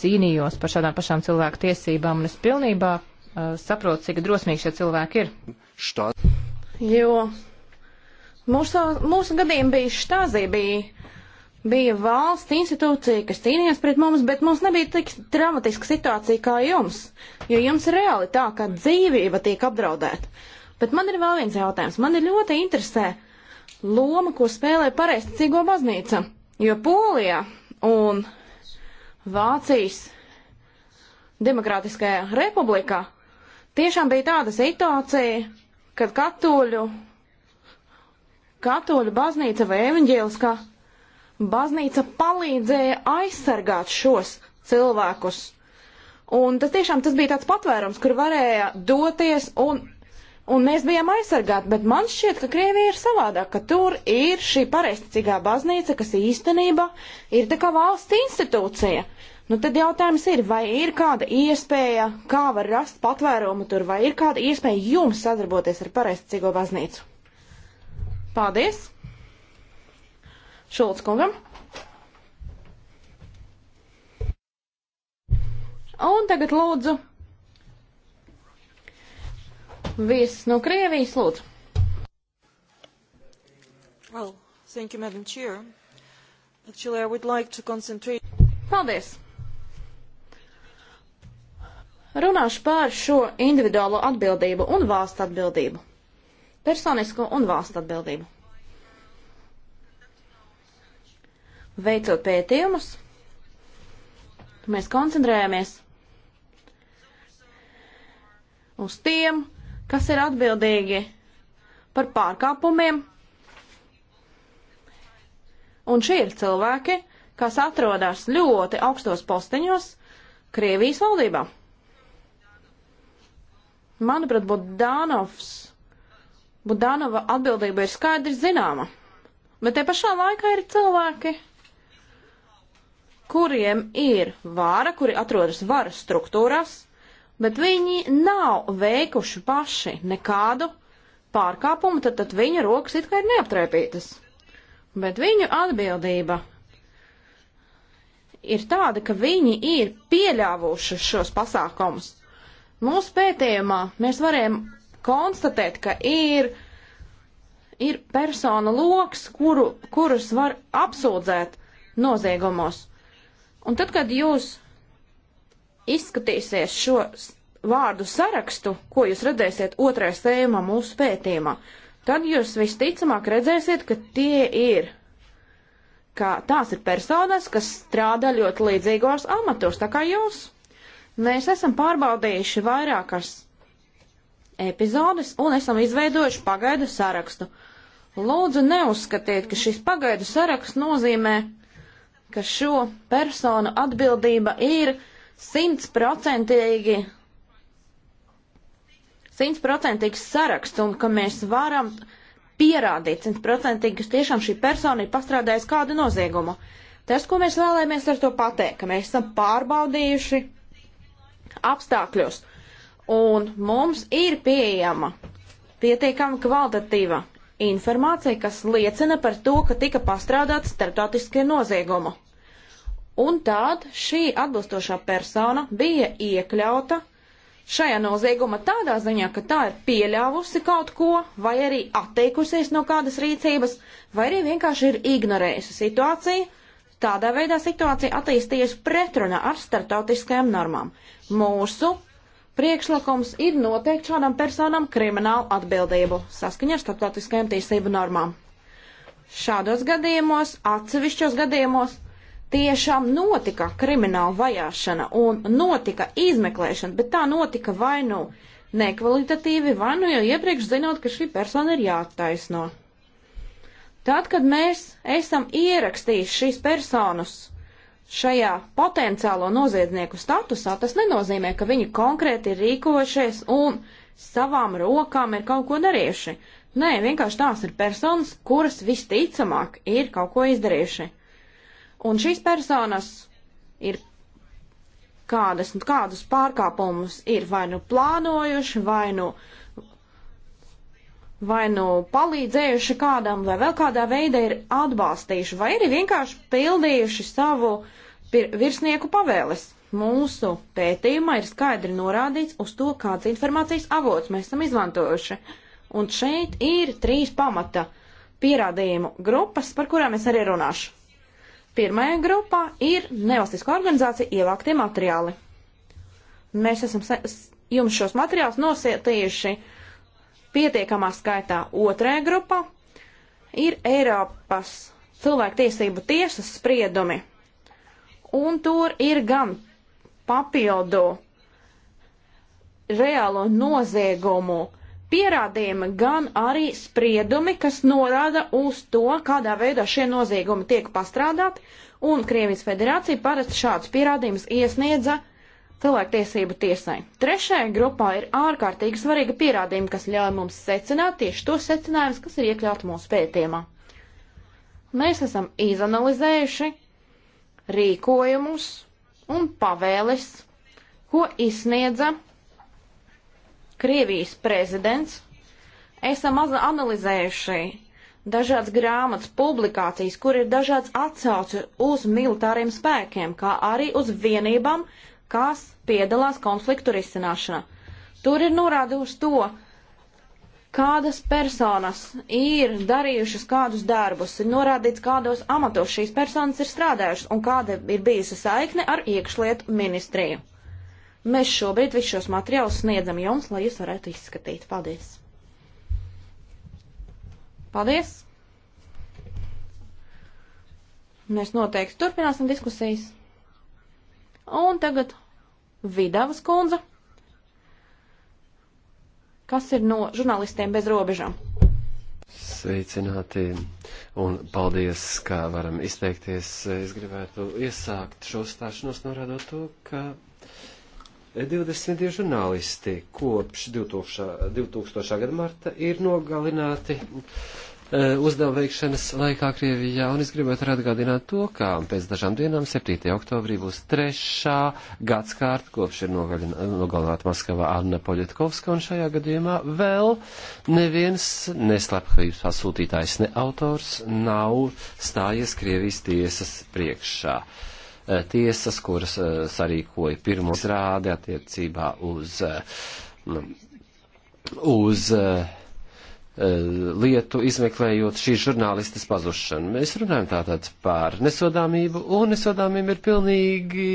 cīnījos par šādām pašām cilvēku tiesībām, un es pilnībā saprotu, cik drosmīgi šie cilvēki ir. Štā. Jo mūsu, mūsu gadījumā bija štāzī, bija bija valsts institūcija, kas cīnījās pret mums, bet mums nebija tik dramatiska situācija kā jums, jo jums reāli tā, ka dzīvība tiek apdraudēta. Bet man ir vēl viens jautājums. Man ir ļoti interesē loma, ko spēlē pareizticīgo baznīca, jo Polijā un Vācijas Demokrātiskajā republikā tiešām bija tāda situācija, kad katoļu, katoļu baznīca vai evaņģēliskā baznīca palīdzēja aizsargāt šos cilvēkus. Un tas tiešām tas bija tāds patvērums, kur varēja doties un, un mēs bijām aizsargāti, bet man šķiet, ka Krievija ir savādāk, ka tur ir šī pareisticīgā baznīca, kas īstenība ir tā kā valsts institūcija. Nu tad jautājums ir, vai ir kāda iespēja, kā var rast patvērumu tur, vai ir kāda iespēja jums sadarboties ar pareisticīgo baznīcu? Paldies! Šulc kungam. Un tagad lūdzu. Viss no Krievijas lūdzu. Well, thank you, Madam Chair. Actually, I would like to concentrate. Paldies. Runāšu pār šo individuālo atbildību un valstu atbildību. Personisko un valstu atbildību. Veicot pētījumus, mēs koncentrējamies uz tiem, kas ir atbildīgi par pārkāpumiem. Un šie ir cilvēki, kas atrodas ļoti augstos posteņos Krievijas valdībā. Manuprāt, Budanovs, Budanova atbildība ir skaidri zināma, bet te pašā laikā ir cilvēki, kuriem ir vāra, kuri atrodas varas struktūrās, bet viņi nav veikuši paši nekādu pārkāpumu, tad, tad viņa rokas it kā ir neaptrēpītas. Bet viņu atbildība ir tāda, ka viņi ir pieļāvuši šos pasākumus. Mūsu pētījumā mēs varējām konstatēt, ka ir, ir persona loks, kuru, kurus var apsūdzēt noziegumos. Un tad, kad jūs izskatīsiet šo vārdu sarakstu, ko jūs redzēsiet otrajā sējumā mūsu pētījumā, tad jūs visticamāk redzēsiet, ka tie ir, ka tās ir personas, kas strādā ļoti līdzīgos amatos, tā kā jūs. Mēs esam pārbaudījuši vairākas epizodes un esam izveidojuši pagaidu sarakstu. Lūdzu, neuzskatiet, ka šis pagaidu saraksts nozīmē ka šo personu atbildība ir simtprocentīgi simtprocentīgs saraksts un ka mēs varam pierādīt simtprocentīgi, ka tiešām šī persona ir pastrādājusi kādu noziegumu. Tas, ko mēs vēlējāmies ar to pateikt, ka mēs esam pārbaudījuši apstākļus un mums ir pieejama pietiekami kvalitatīva informācija, kas liecina par to, ka tika pastrādāts starptautiskie noziegumu. Un tād šī atbilstošā persona bija iekļauta šajā nozieguma tādā ziņā, ka tā ir pieļāvusi kaut ko, vai arī atteikusies no kādas rīcības, vai arī vienkārši ir ignorējusi situāciju. Tādā veidā situācija attīstījies pretrunā ar starptautiskajām normām. Mūsu priekšlikums ir noteikt šādām personām kriminālu atbildību saskaņā ar starptautiskajām tiesību normām. Šādos gadījumos, atsevišķos gadījumos, tiešām notika krimināla vajāšana un notika izmeklēšana, bet tā notika vai nu nekvalitatīvi, vai nu jau iepriekš zinot, ka šī persona ir jāattaisno. Tad, kad mēs esam ierakstījuši šīs personas šajā potenciālo noziedznieku statusā, tas nenozīmē, ka viņi konkrēti ir rīkojušies un savām rokām ir kaut ko darījuši. Nē, vienkārši tās ir personas, kuras visticamāk ir kaut ko izdarījuši. Un šīs personas ir kādas, kādus pārkāpumus ir vai nu plānojuši, vai nu, vai nu palīdzējuši kādam, vai vēl kādā veidā ir atbalstījuši, vai arī vienkārši pildījuši savu uh, virsnieku pavēles. Mūsu pētījumā ir skaidri norādīts uz to, kāds informācijas avots mēs esam izmantojuši. Un šeit ir trīs pamata pierādījumu grupas, par kurām es arī runāšu. Pirmajā grupā ir nevalstisko organizāciju ievāktie materiāli. Mēs esam jums šos materiālus nosietījuši pietiekamā skaitā. Otrajā grupā ir Eiropas cilvēktiesību tiesas spriedumi Un tur ir gan papildu reālo noziegumu pierādījumi, gan arī spriedumi, kas norāda uz to, kādā veidā šie noziegumi tiek pastrādāti, un Krievijas federācija parasti šādus pierādījumus iesniedza cilvēktiesību tiesai. Trešajā grupā ir ārkārtīgi svarīga pierādījuma, kas ļauj mums secināt tieši tos secinājumus, kas ir iekļauti mūsu pētījumā. Mēs esam izanalizējuši rīkojumus un pavēles, ko izsniedza Krievijas prezidents. Esam analizējuši dažādas grāmatas, publikācijas, kur ir dažādas atsauces uz militāriem spēkiem, kā arī uz vienībām, kas piedalās konfliktu risināšanā. Tur ir norādījusi to, kādas personas ir darījušas kādus darbus, ir norādīts, kādos amatos šīs personas ir strādājušas un kāda ir bijusi saikne ar iekšlietu ministriju. Mēs šobrīd visus šos materiālus sniedzam jums, lai jūs varētu izskatīt. Paldies! Paldies! Mēs noteikti turpināsim diskusijas. Un tagad Vidavas kundze kas ir no žurnālistiem bez robežām. Sveicināti un paldies, ka varam izteikties. Es gribētu iesākt šo stāšanos norādot to, ka 20 žurnālisti kopš 2000, 2000. gada marta ir nogalināti Eh, uzdevuma veikšanas laikā Krievijā, un es gribētu atgādināt to, ka pēc dažām dienām, 7. oktobrī, būs trešā gadskārta, kopš ir nogalināta Maskavā Anna Poļetkovska, un šajā gadījumā vēl neviens neslepkavības pasūtītājs, ne autors nav stājies Krievijas tiesas priekšā. Eh, tiesas, kuras eh, sarīkoja pirmo izrādi attiecībā uz, uz Eh, lietu, izmeklējot šīs žurnālistas pazušanu. Mēs runājam tātad par nesodāmību, un nesodāmība ir pilnīgi,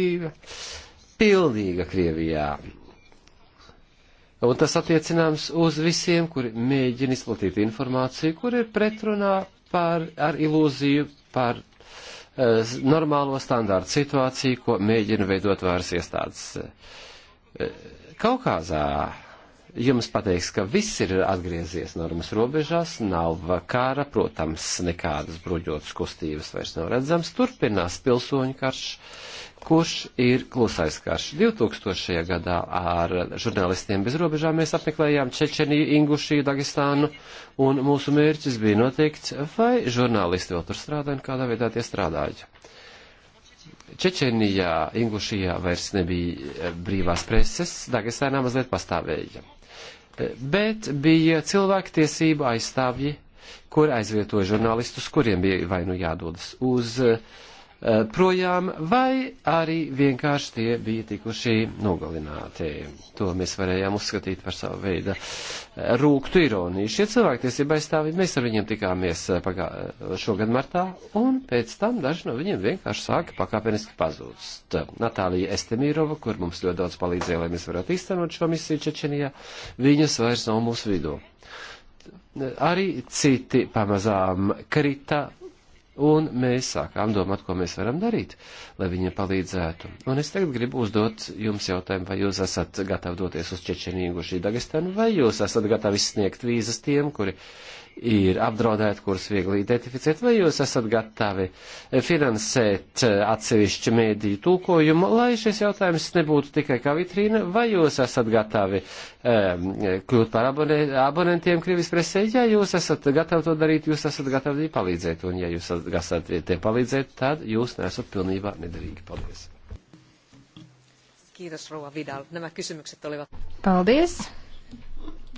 pilnīga Krievijā. Un tas attiecināms uz visiem, kuri mēģina izplatīt informāciju, kur ir pretrunā par, ar ilūziju par uh, normālo standārtu situāciju, ko mēģina veidot vairs iestādes. Uh, eh, Kaukāzā jums pateiks, ka viss ir atgriezies normas robežās, nav kara, protams, nekādas bruģotas kustības vairs nav redzams, turpinās pilsoņu karš, kurš ir klusais karš. 2000. gadā ar žurnālistiem bez robežām mēs apmeklējām Čečeniju, Ingušiju, Dagestānu, un mūsu mērķis bija noteikts, vai žurnālisti vēl tur strādāja un kādā veidā tie strādāja. Čečenijā, Ingušijā vairs nebija brīvās preses, Dagestānā mazliet pastāvēja bet bija cilvēktiesību aizstāvji, kur aizvietoja žurnālistus, kuriem bija vai nu jādodas uz uh, Eh, projām, vai arī vienkārši tie bija tikuši nogalināti. To mēs varējām uzskatīt par savu veidu eh, rūktu ironiju. Šie cilvēktiesība aizstāvji, mēs ar viņiem tikāmies eh, pagā, šogad martā, un pēc tam daži no viņiem vienkārši sāka pakāpeniski pazūst. Natālija Estemīrova, kur mums ļoti daudz palīdzēja, lai mēs varētu īstenot šo misiju Čečenijā, viņas vairs nav mūsu vidū arī citi pamazām krita Un mēs sākām domāt, ko mēs varam darīt, lai viņiem palīdzētu. Un es tagad gribu uzdot jums jautājumu, vai jūs esat gatavi doties uz Čečeniju, Gušī Dagestanu, vai jūs esat gatavi izsniegt vīzas tiem, kuri ir apdraudēti, kurus viegli identificēt, vai jūs esat gatavi finansēt eh, atsevišķu mēdīju tulkojumu, lai šis jautājums nebūtu tikai kā vitrīna, vai jūs esat gatavi um, kļūt par abonē, abonentiem Krievijas presē, ja jūs esat gatavi to darīt, jūs esat gatavi palīdzēt, un ja jūs esat tiem palīdzēt, tad jūs nesat pilnībā nedarīgi. Paldies! Kiitos Rouva Vidal. Nämä kysymykset olivat... Paldies.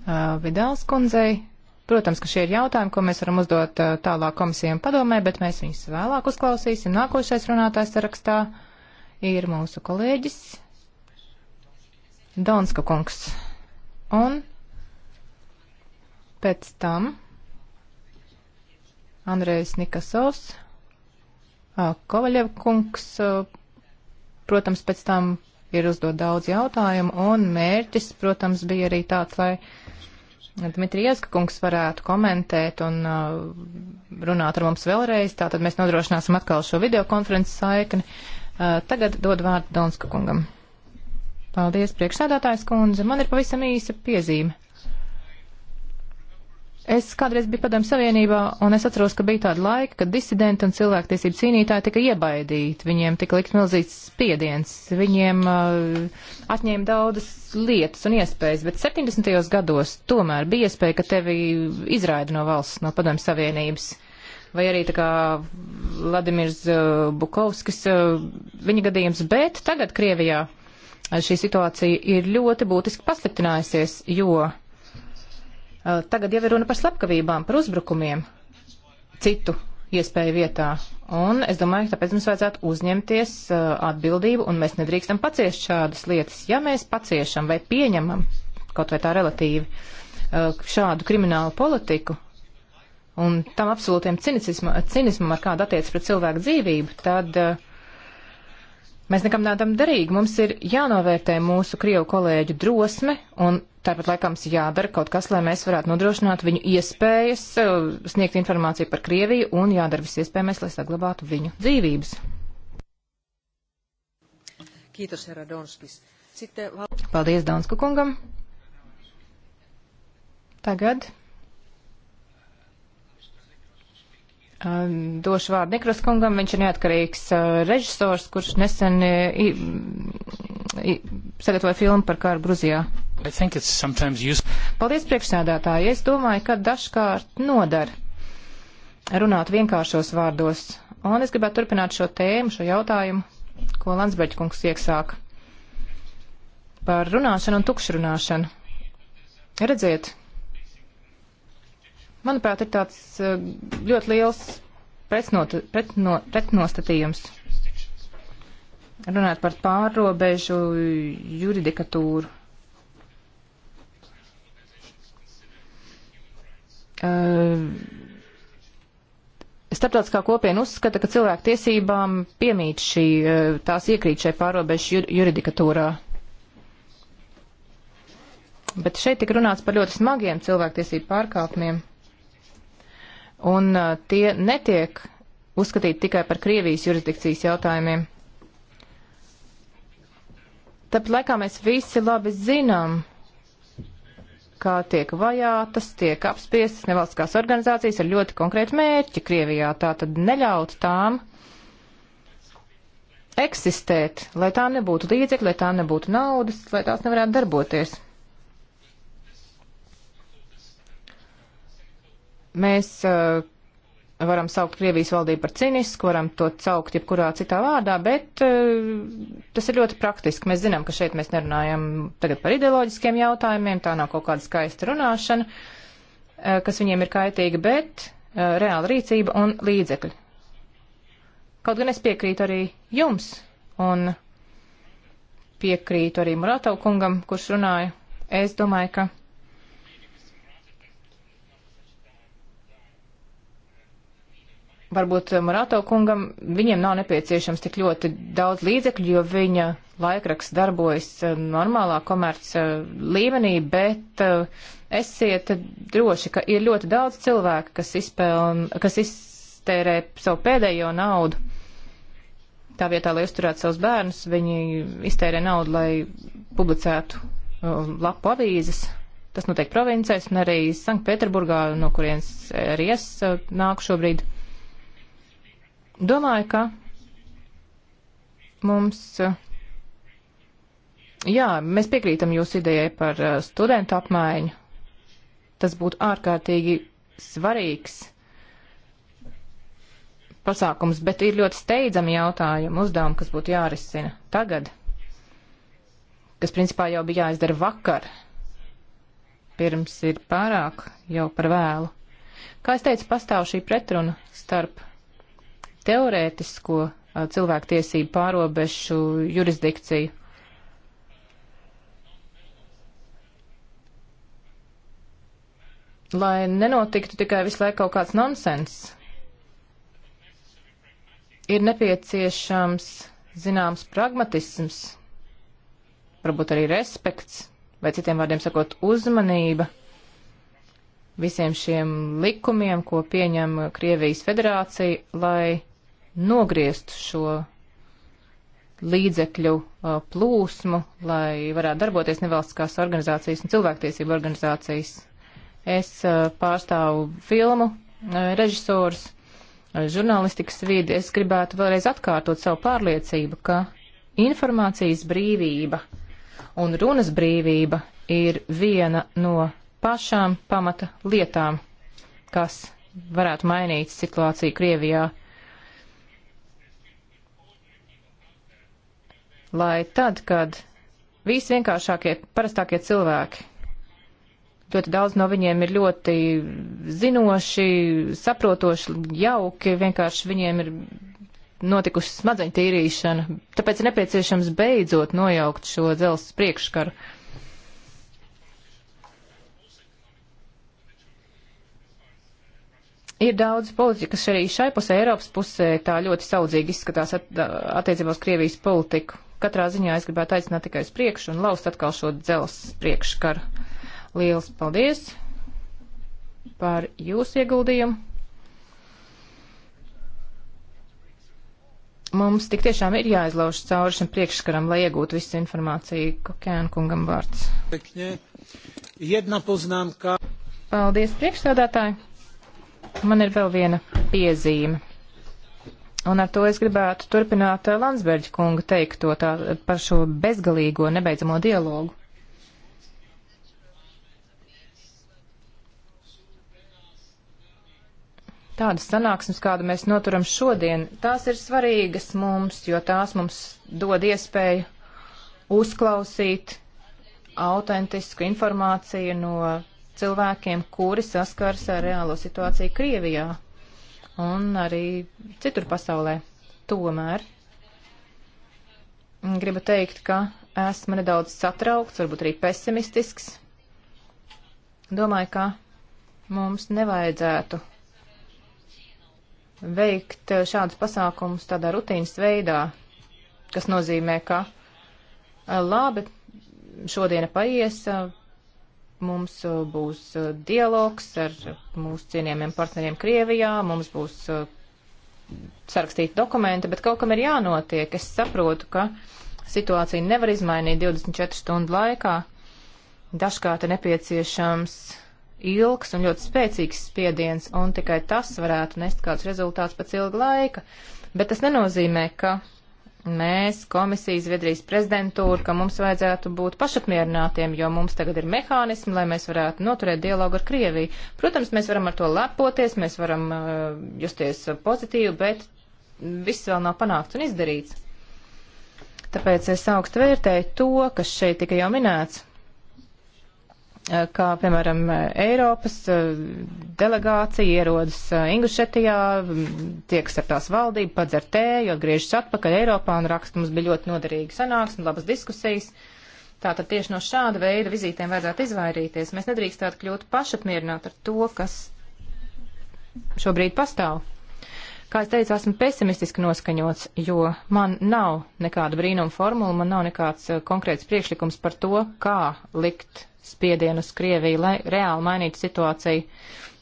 Uh, Vidals kundzei Protams, ka šie ir jautājumi, ko mēs varam uzdot uh, tālāk komisijām padomē, bet mēs viņus vēlāk uzklausīsim. Nākošais runātājs sarakstā ir mūsu kolēģis Donska kungs. Un pēc tam Andrejs Nikasovs, uh, Kovaļev kungs, uh, protams, pēc tam ir uzdot daudz jautājumu, un mērķis, protams, bija arī tāds, lai Dmitrieska kungs varētu komentēt un uh, runāt ar mums vēlreiz, tātad mēs nodrošināsim atkal šo videokonferences saikni. Uh, tagad dod vārdu Donska kungam. Paldies, priekšsēdātājs kundze. Man ir pavisam īsa piezīme. Es kādreiz biju padomju savienībā, un es atceros, ka bija tāda laika, kad disidenti un cilvēktiesību cīnītāji tika iebaidīti, viņiem tika likt milzīgs spiediens, viņiem uh, atņēma daudzas lietas un iespējas, bet 70. gados tomēr bija iespēja, ka tevi izraida no valsts, no padomju savienības. Vai arī tā kā Vladimirs uh, Bukovskis, uh, viņa gadījums, bet tagad Krievijā šī situācija ir ļoti būtiski pasliktinājusies, jo. Uh, Eh, tagad jau ir runa par slepkavībām, par uzbrukumiem citu iespēju vietā. Un es domāju, ka tāpēc mums vajadzētu uzņemties eh, atbildību, un mēs nedrīkstam paciest šādas lietas. Ja mēs paciešam vai pieņemam, kaut vai tā relatīvi, eh, šādu kriminālu politiku, un tam absolūtiem cinismam, cinismam ar kādu attiec pret cilvēku dzīvību, tad uh, Mēs nekam nādam derīgi. Mums ir jānovērtē mūsu krievu kolēģu drosme un Tāpat laikam jādara kaut kas, lai mēs varētu nodrošināt viņu iespējas eh, sniegt informāciju par Krieviju un jādara viss iespējamais, lai saglabātu viņu dzīvības. Kītos, Hera Donskis. Sitten... Paldies Donsku kungam. Tagad eh, Došu vārdu Niklas kungam, viņš ir neatkarīgs eh, režisors, kurš nesen sagatavoja filmu par kāru Gruzijā. Paldies, priekšsēdētāji. Es domāju, ka dažkārt nodara runāt vienkāršos vārdos. Un es gribētu turpināt šo tēmu, šo jautājumu, ko Landsbeģa kungs iesāka par runāšanu un tukšrunāšanu. Redziet, manuprāt, ir tāds eh, ļoti liels pretnot, pretno, pretnostatījums. Runāt par pārrobežu juridikatūru. Eh, starptautiskā kopiena uzskata, ka cilvēku tiesībām piemīt šī, eh, tās iekrīt šai pārobežu juridikatūrā. Bet šeit tik runāts par ļoti smagiem cilvēktiesību pārkāpumiem. Un eh, tie netiek uzskatīti tikai par Krievijas jurisdikcijas jautājumiem. Tāpat laikā mēs visi labi zinām, kā tiek vajātas, tiek apspiestas nevalstiskās organizācijas ar ļoti konkrētu mērķi Krievijā. Tā tad neļaut tām eksistēt, lai tām nebūtu līdzekļi, lai tām nebūtu naudas, lai tās nevarētu darboties. Mēs uh, varam saukt Krievijas valdību par cinisku, varam to saukt jebkurā citā vārdā, bet eh, tas ir ļoti praktiski. Mēs zinām, ka šeit mēs nerunājam tagad par ideoloģiskiem jautājumiem, tā nav kaut kāda skaista runāšana, eh, kas viņiem ir kaitīga, bet eh, reāla rīcība un līdzekļi. Kaut gan es piekrītu arī jums un piekrītu arī Muratau kungam, kurš runāja. Es domāju, ka varbūt eh, Marato kungam, viņiem nav nepieciešams tik ļoti daudz līdzekļu, jo viņa laikraksts darbojas eh, normālā komerc eh, līmenī, bet esiet droši, ka ir ļoti daudz cilvēku, kas, izpeln, kas iztērē savu pēdējo naudu. Tā vietā, lai uzturētu savus bērnus, viņi iztērē naudu, lai publicētu um, lapu avīzes, tas notiek provincēs un arī Sanktpēterburgā, no kurienes arī es nāku šobrīd. Domāju, ka mums. Jā, mēs piekrītam jūsu idejai par eh, studentu apmaiņu. Tas būtu ārkārtīgi svarīgs pasākums, bet ir ļoti steidzami jautājumi, uzdevumi, kas būtu jārisina tagad, kas principā jau bija jāizdara vakar, pirms ir pārāk jau par vēlu. Kā es teicu, pastāv šī pretruna starp teorētisko cilvēktiesību pārobežu jurisdikciju. Lai nenotiktu tikai visu laiku kaut kāds nonsens, ir nepieciešams zināms pragmatisms, varbūt arī respekts, vai citiem vārdiem sakot, uzmanība visiem šiem likumiem, ko pieņem Krievijas federācija, lai nogriezt šo līdzekļu uh, plūsmu, lai varētu darboties nevalstiskās organizācijas un cilvēktiesību organizācijas. Es uh, pārstāvu filmu uh, režisors, žurnālistikas vidi. Es gribētu vēlreiz atkārtot savu pārliecību, ka informācijas brīvība un runas brīvība ir viena no pašām pamata lietām, kas varētu mainīt situāciju Krievijā. lai tad, kad visvienkāršākie, parastākie cilvēki, ļoti daudz no viņiem ir ļoti zinoši, saprotoši, jauki, vienkārši viņiem ir notikusi smadzeņu tīrīšana, tāpēc ir nepieciešams beidzot nojaukt šo dzelzs priekškaru. Ir daudz politiķu, kas arī šai pusē, Eiropas pusē, tā ļoti saudzīgi izskatās at, attiecībā uz Krievijas politiku. Katrā ziņā es gribētu aicināt tikai uz priekšu un laust atkal šo dzels priekškaru. Liels paldies par jūsu ieguldījumu. Mums tik tiešām ir jāizlauž cauri šim priekšskaram, lai iegūtu visu informāciju, ko Kēna kungam vārds. Paldies, priekšstādātāji. Man ir vēl viena piezīme. Un ar to es gribētu turpināt eh, Landsberģa kunga teikto tā, par šo bezgalīgo, nebeidzamo dialogu. Tādas sanāksmes, kādu mēs noturam šodien, tās ir svarīgas mums, jo tās mums dod iespēju uzklausīt autentisku informāciju no cilvēkiem, kuri saskars ar reālo situāciju Krievijā un arī citur pasaulē. Tomēr gribu teikt, ka esmu nedaudz satraukts, varbūt arī pesimistisks. Domāju, ka mums nevajadzētu veikt šādus pasākumus tādā rutīnas veidā, kas nozīmē, ka labi, šodiena paies, Mums uh, būs uh, dialogs ar uh, mūsu cienījamiem partneriem Krievijā, mums būs sarakstīti dokumenti, bet kaut kam ir jānotiek. Es saprotu, ka situācija nevar izmainīt 24 stundu laikā. Dažkārt ir nepieciešams ilgs un ļoti spēcīgs spiediens, un tikai tas varētu nest kāds rezultāts pēc ilga laika. Bet tas nenozīmē, ka mēs, komisijas, Zviedrijas prezidentūra, ka mums vajadzētu būt pašapmierinātiem, jo mums tagad ir mehānismi, lai mēs varētu noturēt dialogu ar Krieviju. Protams, mēs varam ar to lepoties, mēs varam uh, justies pozitīvi, bet viss vēl nav panākts un izdarīts. Tāpēc es augstu vērtēju to, kas šeit tika jau minēts. Eh, kā piemēram Eiropas eh, delegācija ierodas eh, Ingušetijā, mm, tieks ar tās valdību, padzer tēju, atgriežas atpakaļ Eiropā un raksta, mums bija ļoti noderīga sanāksme, labas diskusijas. Tātad tieši no šāda veida vizītēm vajadzētu izvairīties. Mēs nedrīkstētu kļūt pašapmierināti ar to, kas šobrīd pastāv. Kā es teicu, esmu pesimistiski noskaņots, jo man nav nekāda brīnuma formula, man nav nekāds konkrēts priekšlikums par to, kā likt spiedienu uz Krieviju, lai reāli mainītu situāciju.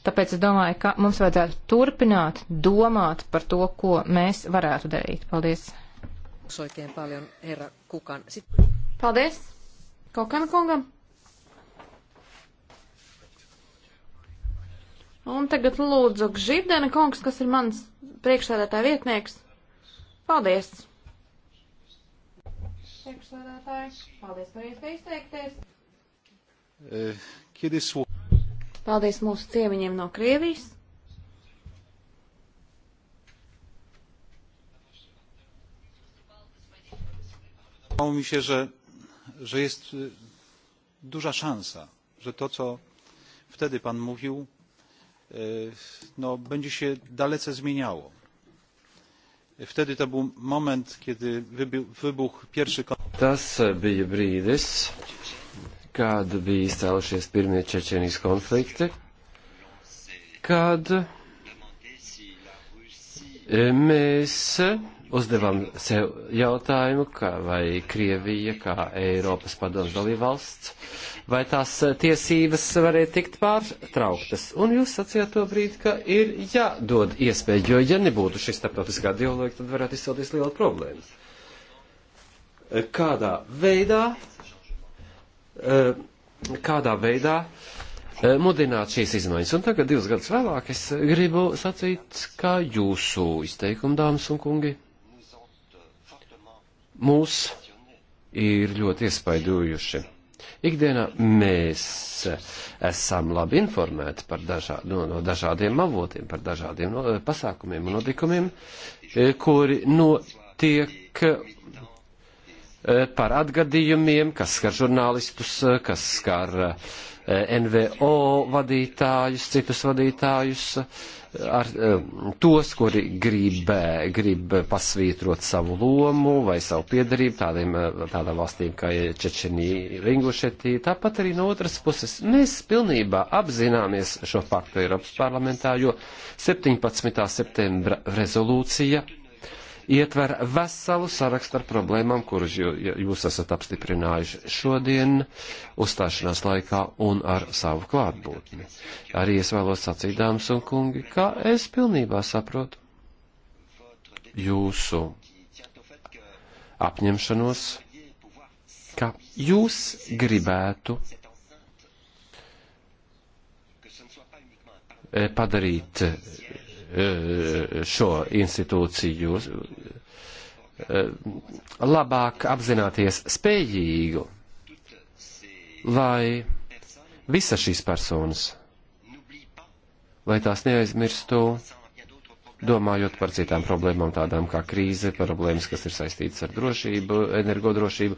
Tāpēc es domāju, ka mums vajadzētu turpināt domāt par to, ko mēs varētu darīt. Paldies! Paldies! Kokan kungam! Un tagad lūdzu Gžibdena kungs, kas ir mans priekšsēdētāja vietnieks. Paldies! Priekšsēdētāji, paldies par iespēju izteikties! Kiedy słucham. Paldies mūsu ciemiņiem no Krievijas. Wydawało mi się, że, że jest duża szansa, że to, co wtedy Pan mówił, no, będzie się dalece zmieniało. Wtedy to był moment, kiedy wybuchł pierwszy konflikt. Tas e, bija brīdis, kad bija izcēlušies pirmie Čečenijas konflikti, kad mēs uzdevām sev jautājumu, kā vai Krievija, kā Eiropas padomus dalībvalsts, vai tās tiesības varēja tikt pārtrauktas. Un jūs sacījāt to brīdi, ka ir jādod iespēja, jo ja nebūtu šis starptautiskā dialoga, tad varētu izcelties liela problēma. Kādā veidā Eh, kādā veidā eh, mudināt šīs izmaiņas. Un tagad, divus gadus vēlāk, es gribu sacīt, kā jūsu izteikumi, dāmas un kungi, mūs ir ļoti iespaidojuši. Ikdienā mēs esam labi informēti par dažā, no, no dažādiem avotiem, par dažādiem no, eh, pasākumiem un notikumiem, kuri notiek Eh, par atgadījumiem, kas skar žurnālistus, eh, kas skar eh, NVO vadītājus, citus vadītājus, ar tos, kuri grib, grib pasvītrot savu lomu vai savu piedarību tādiem, tādām valstīm kā Čečenija, Ingušetī. Tāpat arī no otras puses mēs pilnībā apzināmies šo faktu Eiropas parlamentā, jo 17. septembra rezolūcija ietver veselu sarakstu ar problēmām, kuras jūs esat apstiprinājuši šodien uzstāšanās laikā un ar savu klātbūtni. Arī es vēlos sacīt, dāmas un kungi, ka es pilnībā saprotu jūsu apņemšanos, ka jūs gribētu eh, padarīt šo institūciju eh, labāk apzināties spējīgu, lai visa šīs personas, lai tās neaizmirstu, domājot par citām problēmām, tādām kā krīze, problēmas, kas ir saistītas ar drošību, energodrošību,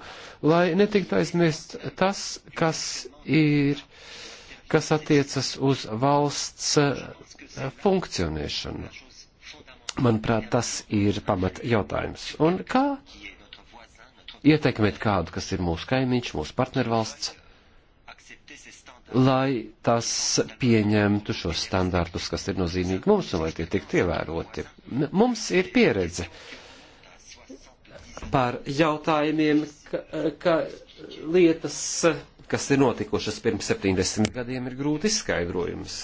lai netikt aizmirst tas, kas ir, kas attiecas uz valsts funkcionēšanu. Manuprāt, tas ir pamat jautājums. Un kā ietekmēt kādu, kas ir mūsu kaimiņš, mūsu partnervalsts, lai tas pieņemtu šos standartus, kas ir nozīmīgi mums un lai tie tiktu ievēroti. Mums ir pieredze par jautājumiem, ka, ka lietas kas ir notikušas pirms 70 gadiem, ir grūti izskaidrojums.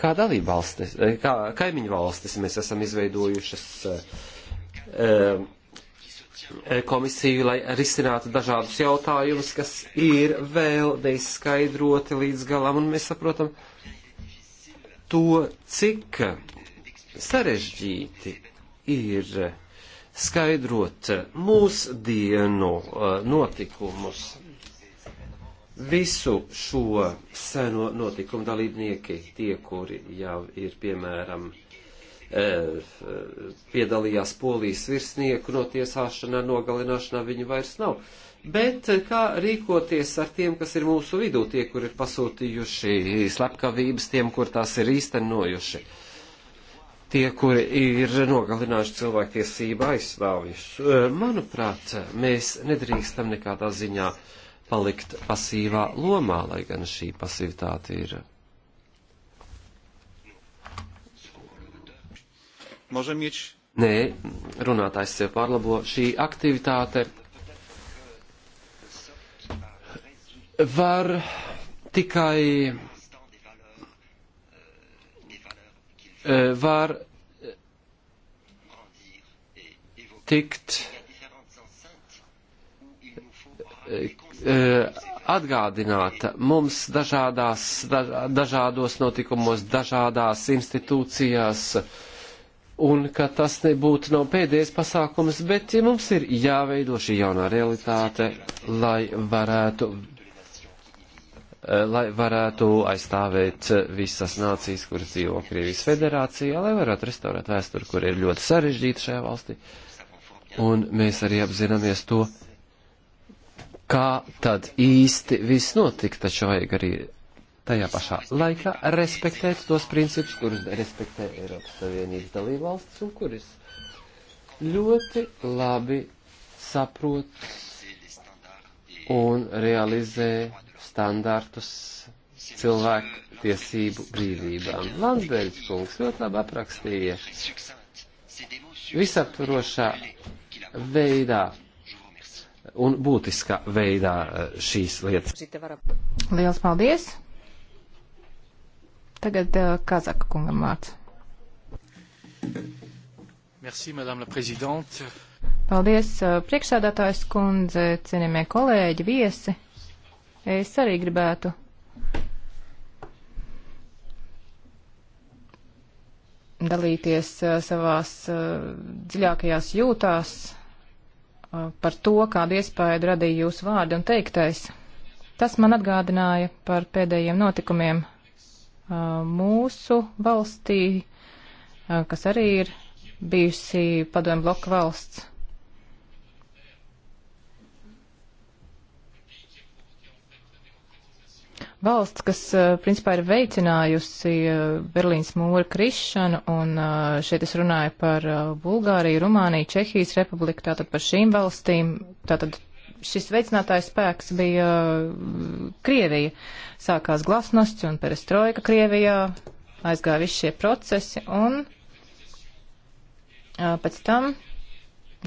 Kā dalība valstis, eh, kā kaimiņu valstis mēs esam izveidojušas eh, eh, komisiju, lai risinātu dažādus jautājumus, kas ir vēl neizskaidroti līdz galam, un mēs saprotam to, cik sarežģīti ir skaidrot mūsdienu notikumus visu šo seno notikumu dalībnieki, tie, kuri jau ir, piemēram, e, piedalījās polijas virsnieku notiesāšanā, nogalināšanā, viņu vairs nav. Bet e, kā rīkoties ar tiem, kas ir mūsu vidū, tie, kur ir pasūtījuši slepkavības, tiem, kur tās ir īstenojuši, tie, kuri ir nogalinājuši cilvēktiesību aizstāvjus? E, manuprāt, mēs nedrīkstam nekādā ziņā uh, palikt pasīvā lomā, lai gan šī pasivitāte ir. Nē, runātājs sev pārlabo šī aktivitāte. Var tikai. Eh, var tikt eh, E, atgādināta mums dažādās, dažādos notikumos, dažādās institūcijās, un ka tas nebūtu nav pēdējais pasākums, bet ja mums ir jāveido šī jaunā realitāte, lai varētu, e, lai varētu aizstāvēt visas nācijas, kuras dzīvo Krievijas federācijā, lai varētu restaurēt vēsturi, kur ir ļoti sarežģīta šajā valstī. Un mēs arī apzināmies to, kā tad īsti viss notika, taču vajag arī tajā pašā laikā respektēt tos principus, kurus respektē Eiropas Savienības dalībvalstis un kuris ļoti labi saprot un realizē standartus cilvēku tiesību brīvībām. Landsbergs kungs ļoti labi aprakstīja visaptvarošā veidā un būtiskā veidā eh, šīs lietas. Liels paldies! Tagad eh, Kazaka kungam vārds. Merci, madame la présidente. Paldies, eh, priekšsēdētājs kundze, cienījamie kolēģi, viesi. Es arī gribētu. Dalīties savās dziļākajās jūtās par to, kādu iespēju radīja jūsu vārdi un teiktais. Tas man atgādināja par pēdējiem notikumiem uh, mūsu valstī, uh, kas arī ir bijusi padomju bloka valsts. valsts, kas eh, principā ir veicinājusi eh, Berlīnas mūra krišanu, un eh, šeit es runāju par Bulgāriju, Rumāniju, Čehijas republiku, tātad par šīm valstīm. Tātad šis veicinātājs spēks bija Krievija. Sākās glasnosts un perestroika Krievijā, aizgāja visi šie procesi, un pēc tam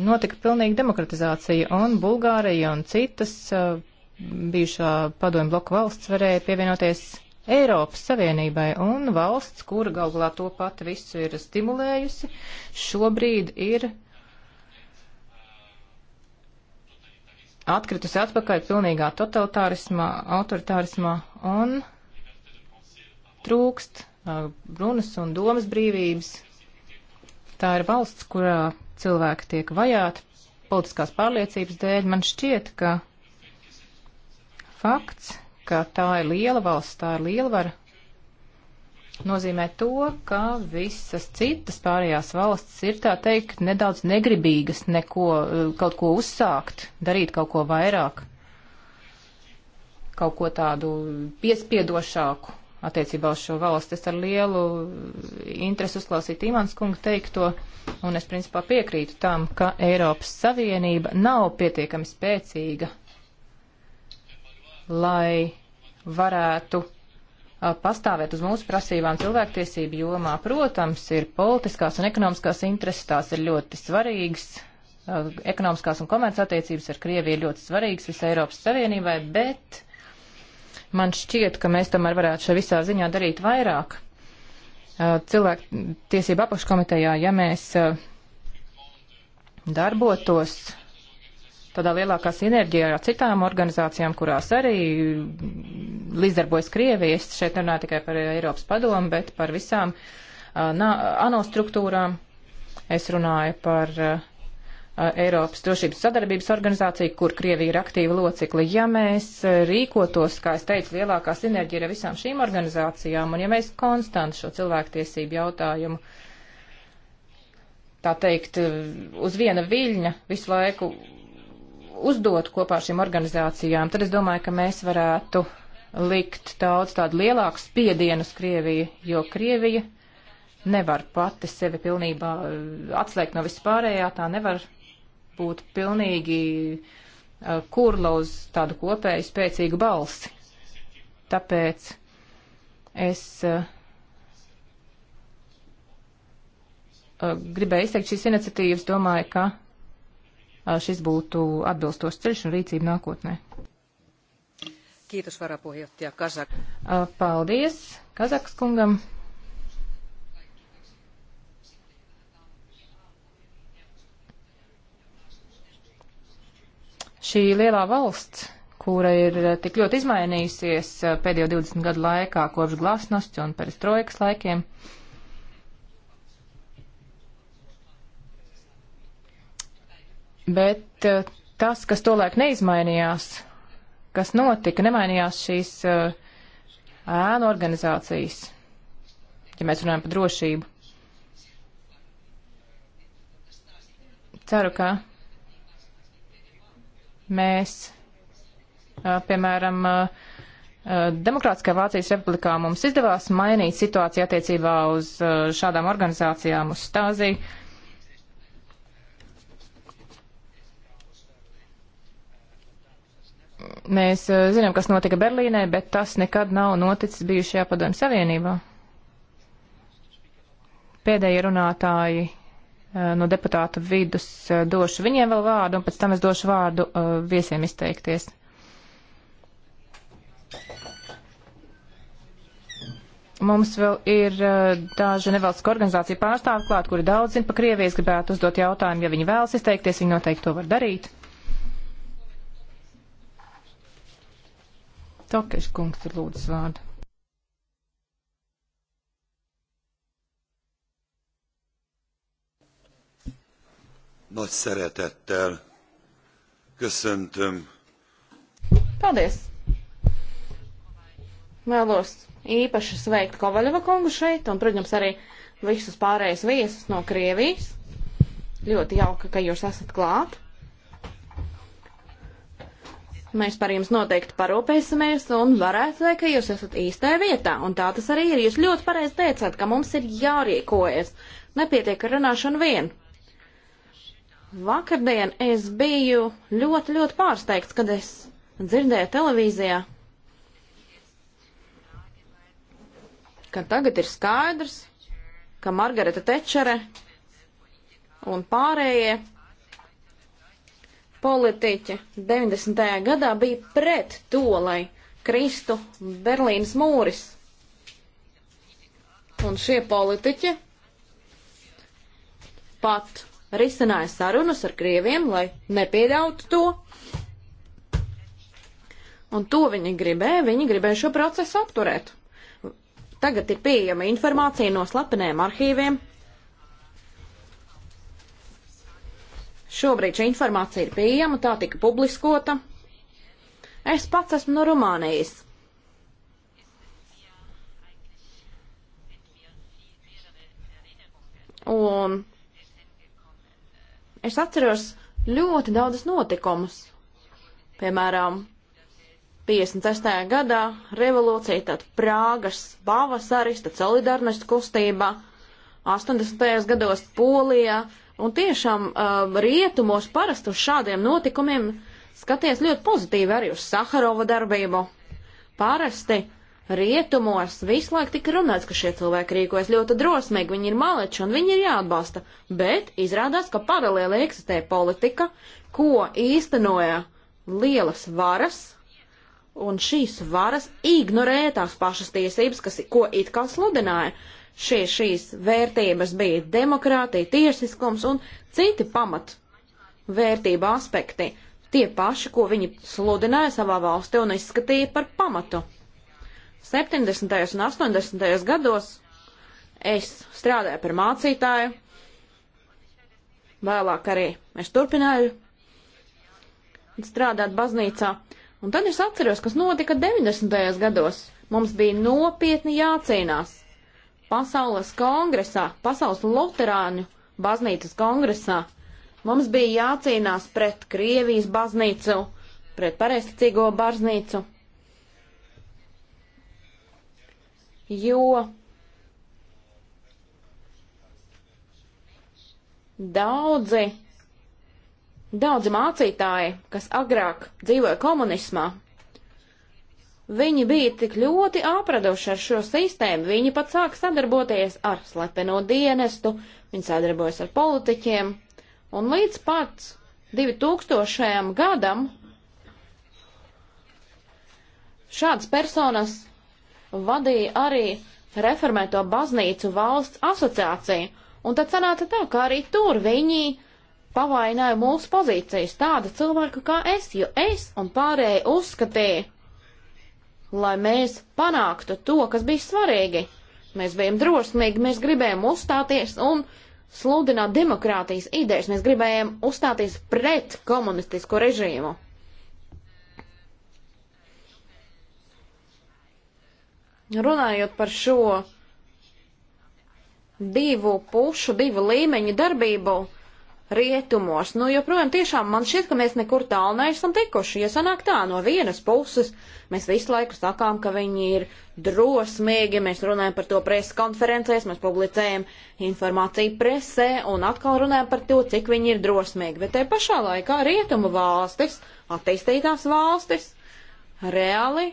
notika pilnīga demokratizācija, un Bulgārija un citas bijušā padomju bloka valsts varēja pievienoties Eiropas Savienībai, un valsts, kura galvā to pati visu ir stimulējusi, šobrīd ir atkritusi atpakaļ pilnīgā totalitārismā, autoritārismā, un trūkst uh, runas un domas brīvības. Tā ir valsts, kurā cilvēki tiek vajāti politiskās pārliecības dēļ. Man šķiet, ka fakts, ka tā ir liela valsts, tā ir lielvara, nozīmē to, ka visas citas pārējās valsts ir tā teikt nedaudz negribīgas neko, eh, kaut ko uzsākt, darīt kaut ko vairāk, kaut ko tādu piespiedošāku attiecībā uz šo valsti. Es ar lielu eh, interesi uzklausīju Tīmāns kungu teikto, un es principā piekrītu tam, ka Eiropas Savienība nav pietiekami spēcīga lai varētu pastāvēt uz mūsu prasībām cilvēktiesību jomā. Protams, ir politiskās un ekonomiskās intereses, tās ir ļoti svarīgas. Ekonomiskās un komercattiecības ar Krieviju ir ļoti svarīgas visai Eiropas Savienībai, bet man šķiet, ka mēs tomēr varētu šajā visā ziņā darīt vairāk. Cilvēku tiesību apakškomitejā, ja mēs darbotos tādā lielākā sinerģijā ar citām organizācijām, kurās arī līdzdarbojas Krievija. Es šeit runāju tikai par Eiropas padomu, bet par visām ANO struktūrām. Es runāju par Eiropas drošības sadarbības organizāciju, kur Krievija ir aktīva locekli. Ja mēs rīkotos, kā es teicu, lielākā sinerģija ar visām šīm organizācijām, un ja mēs konstanti šo cilvēktiesību jautājumu, tā teikt, uz viena viļņa visu laiku uzdot kopā šīm organizācijām, tad es domāju, ka mēs varētu likt daudz tādu lielāku spiedienu uz Krieviju, jo Krievija nevar pati sevi pilnībā eh, atslēgt no vispārējā, tā nevar būt pilnīgi uh, kurla uz tādu kopēju spēcīgu balsi. Tāpēc es uh, uh, gribēju izteikt šīs iniciatīvas, domāju, ka šis būtu atbilstošs ceļš un rīcība nākotnē. Kītus varapuhjohtaja Kazak. Paldies Kazaks kungam. Šī lielā valsts, kura ir tik ļoti izmainījusies pēdējo 20 gadu laikā kopš glasnosti un perestroikas laikiem, uh, Bet eh, tas, kas tolaik neizmainījās, kas notika, nemainījās šīs eh, ēnu organizācijas, ja mēs runājam par drošību. Ceru, ka mēs, eh, piemēram, Demokrātiskajā Vācijas republikā mums izdevās mainīt situāciju attiecībā uz šādām organizācijām, uz stāziju. Mēs eh, zinām, kas notika Berlīnē, bet tas nekad nav noticis bijušajā padomju savienībā. Pēdējie runātāji eh, no deputātu vidus eh, došu viņiem vēl vārdu, un pēc tam es došu vārdu viesiem izteikties. Mums vēl ir daži nevalstiska organizācija pārstāvi klāt, kuri daudz zina par Krievijas, gribētu uzdot jautājumu, ja viņi vēlas izteikties, viņi noteikti to var darīt. Tokeš kungs ir lūdzu vārdu. Nagy szeretettel köszöntöm. Paldies! Vēlos īpaši sveikt Kovaļeva kungu šeit un, protams, arī visus pārējais viesus no Krievijas. Ļoti jauka, ka jūs esat klāt. Mēs par jums noteikti parūpēsimies un varētu teikt, ka jūs esat īstajā vietā. Un tā tas arī ir. Jūs ļoti pareizi teicāt, ka mums ir jārīkojas. Nepietiek ar runāšanu vien. Vakardien es biju ļoti, ļoti pārsteigts, kad es dzirdēju televīzijā, ka tagad ir skaidrs, ka Margareta Tečere un pārējie politiķe 90. gadā bija pret to, lai kristu Berlīnas mūris. Un šie politiķi pat risināja sarunas ar krieviem, lai nepieļautu to. Un to viņi gribēja, viņi gribēja šo procesu apturēt. Tagad ir pieejama informācija no slepeniem arhīviem, Šobrīd šī informācija ir pieejama, tā tika publiskota. Es pats esmu no Rumānijas. Un es atceros ļoti daudzus notikumus. Piemēram, 56. gadā revolūcija, tad Prāgas pavasaris, tad solidarnost kustība, 80. gados Polijā, Un tiešām uh, rietumos parasti uz šādiem notikumiem skaties ļoti pozitīvi arī uz Saharova darbību. Parasti rietumos visu laiku tika runāts, ka šie cilvēki rīkojas ļoti drosmīgi, viņi ir maleči un viņi ir jāatbalsta. Bet izrādās, ka paralēli eksistē politika, ko īstenoja lielas varas, un šīs varas ignorēja tās pašas tiesības, kas, ko it kā sludināja šie, šīs vērtības bija demokrātija, tiesiskums un citi pamat vērtība aspekti, tie paši, ko viņi sludināja savā valstī un izskatīja par pamatu. 70. un 80. gados es strādāju par mācītāju, vēlāk arī es turpināju strādāt baznīcā, un tad es atceros, kas notika 90. gados. Mums bija nopietni jācīnās Pasaules kongresā, Pasaules Luterāņu baznīcas kongresā, mums bija jācīnās pret Krievijas baznīcu, pret pareizticīgo baznīcu, jo daudzi, daudzi mācītāji, kas agrāk dzīvoja komunismā, Viņi bija tik ļoti apraduši ar šo sistēmu, viņi pat sāk sadarboties ar slepeno dienestu, viņi sadarbojas ar politiķiem, un līdz pat 2000. gadam šāds personas vadīja arī reformēto baznīcu valsts asociāciju, un tad sanāca tā, ka arī tur viņi pavaināja mūsu pozīcijas tāda cilvēka kā es, jo es un pārējie uzskatīja, lai mēs panāktu to, kas bija svarīgi. Mēs bijām drosmīgi, mēs gribējām uzstāties un sludināt demokrātijas idejas, mēs gribējām uzstāties pret komunistisko režīmu. Runājot par šo divu pušu, divu līmeņu darbību, rietumos. Nu, joprojām tiešām man šķiet, ka mēs nekur tālu neesam tikuši. Ja sanāk tā, no vienas puses mēs visu laiku sakām, ka viņi ir drosmīgi, mēs runājam par to preses konferencēs, mēs publicējam informāciju presē un atkal runājam par to, cik viņi ir drosmīgi. Bet te pašā laikā rietumu valstis, attīstītās valstis, reāli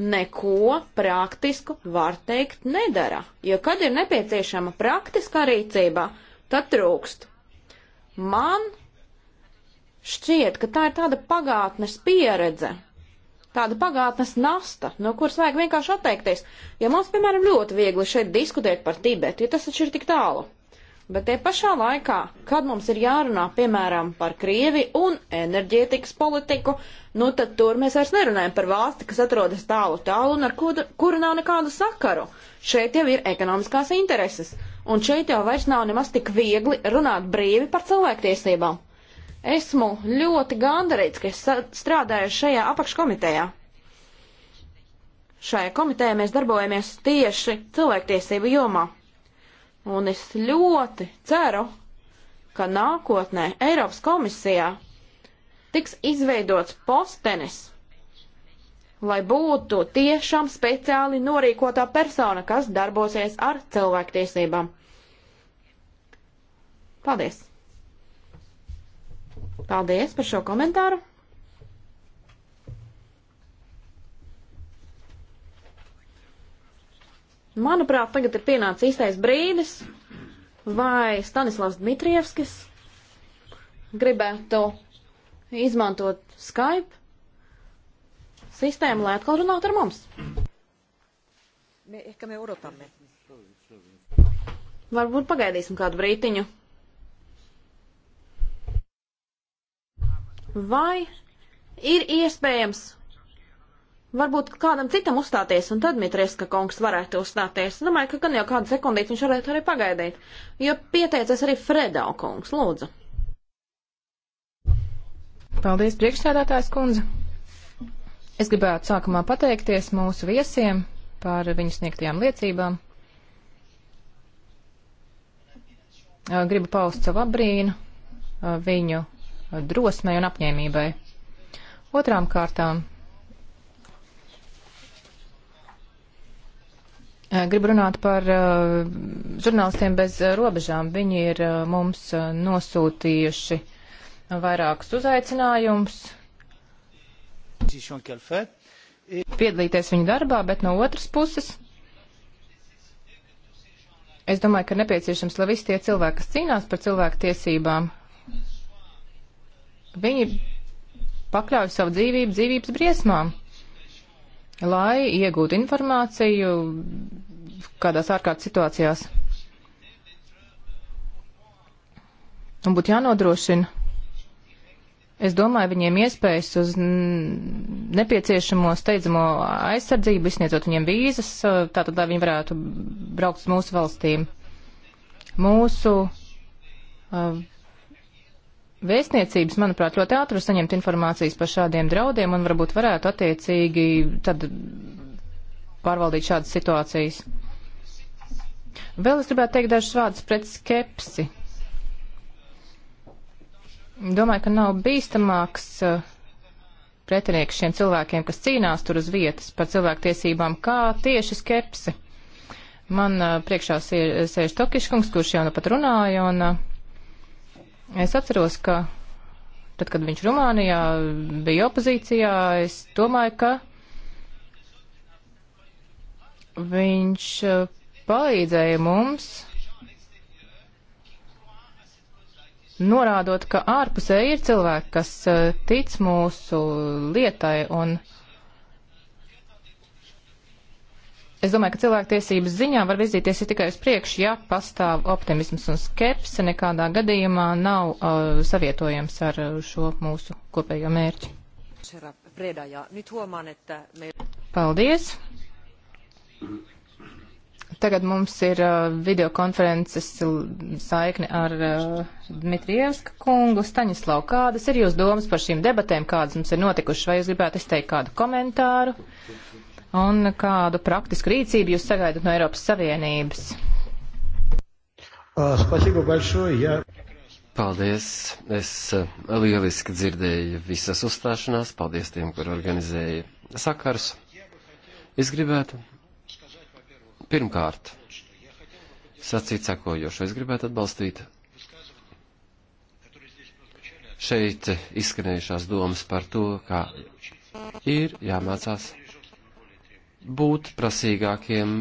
neko praktisku, var teikt, nedara. Jo kad ir nepieciešama praktiskā rīcība, tad trūkst. Man šķiet, ka tā ir tāda pagātnes pieredze, tāda pagātnes nasta, no kuras vajag vienkārši atteikties. Ja mums, piemēram, ļoti viegli šeit diskutēt par Tibetu, jo tas taču ir tik tālu. Bet te pašā laikā, kad mums ir jārunā, piemēram, par Krievi un enerģētikas politiku, nu tad tur mēs vairs nerunājam par valsti, kas atrodas tālu tālu un ar kuru nav nekādu sakaru. Šeit jau ir ekonomiskās intereses. Un šeit jau vairs nav nemaz tik viegli runāt brīvi par cilvēktiesībām. Esmu ļoti gandarīts, ka es strādāju šajā apakškomitejā. Šajā komitejā mēs darbojamies tieši cilvēktiesību jomā. Un es ļoti ceru, ka nākotnē Eiropas komisijā tiks izveidots postenis lai būtu tiešām speciāli norīkotā persona, kas darbosies ar cilvēktiesībām. Paldies! Paldies par šo komentāru! Manuprāt, tagad ir pienācis īstais brīdis, vai Stanislavs Dmitrievskis gribētu izmantot Skype sistēmu, lai atkal runātu ar mums. Varbūt pagaidīsim kādu brītiņu. Vai ir iespējams varbūt kādam citam uzstāties, un tad Mitrieska kungs varētu uzstāties. Domāju, ka gan jau kādu sekundīti viņš varētu arī pagaidīt, jo pieteicies arī Fredau kungs, lūdzu. Paldies, priekšsēdētājs kundze. Es gribētu sākumā pateikties mūsu viesiem par viņu sniegtajām liecībām. Gribu paust savu apbrīnu viņu drosmei un apņēmībai. Otrām kārtām Gribu runāt par uh, žurnālistiem bez robežām. Viņi ir uh, mums nosūtījuši vairākus uzaicinājumus piedalīties viņu darbā, bet no otras puses es domāju, ka nepieciešams, lai visi tie cilvēki, kas cīnās par cilvēku tiesībām, viņi pakļauj savu dzīvību dzīvības briesmām, lai iegūtu informāciju kādās ārkārtas situācijās. Un būtu jānodrošina Es domāju, viņiem iespējas uz nepieciešamo steidzamo aizsardzību, izsniedzot viņiem vīzas, tātad, lai viņi varētu braukt uz mūsu valstīm. Mūsu uh, vēstniecības, manuprāt, ļoti ātri saņemt informācijas par šādiem draudiem un varbūt varētu attiecīgi tad pārvaldīt šādas situācijas. Vēl es gribētu teikt dažus vārdus pret skepsi. Domāju, ka nav bīstamāks uh, pretinieks šiem cilvēkiem, kas cīnās tur uz vietas par cilvēktiesībām, kā tieši skepse. Man uh, priekšā sēž Tokiškungs, kurš jau nu pat runāja, un uh, es atceros, ka tad, kad viņš Rumānijā bija opozīcijā, es domāju, ka viņš palīdzēja mums norādot, ka ārpusē ir cilvēki, kas eh, tic mūsu lietai, un es domāju, ka cilvēktiesības ziņā var virzīties tikai uz priekšu, ja pastāv optimisms un skepse, nekādā gadījumā nav uh, savietojams ar eh, šo mūsu kopējo mērķi. Paldies! Tagad mums ir uh, videokonferences saikne ar uh, Dmitrievska kungu. Staņislau, kādas ir jūsu domas par šīm debatēm, kādas mums ir notikušas, vai jūs gribētu izteikt kādu komentāru un kādu praktisku rīcību jūs sagaidat no Eiropas Savienības? Uh, Paldies! Es uh, lieliski dzirdēju visas uzstāšanās. Paldies tiem, kur organizēja sakars. Es gribētu Pirmkārt, sacīt sakojošo, es gribētu atbalstīt šeit izskanējušās domas par to, kā ir jāmācās būt prasīgākiem,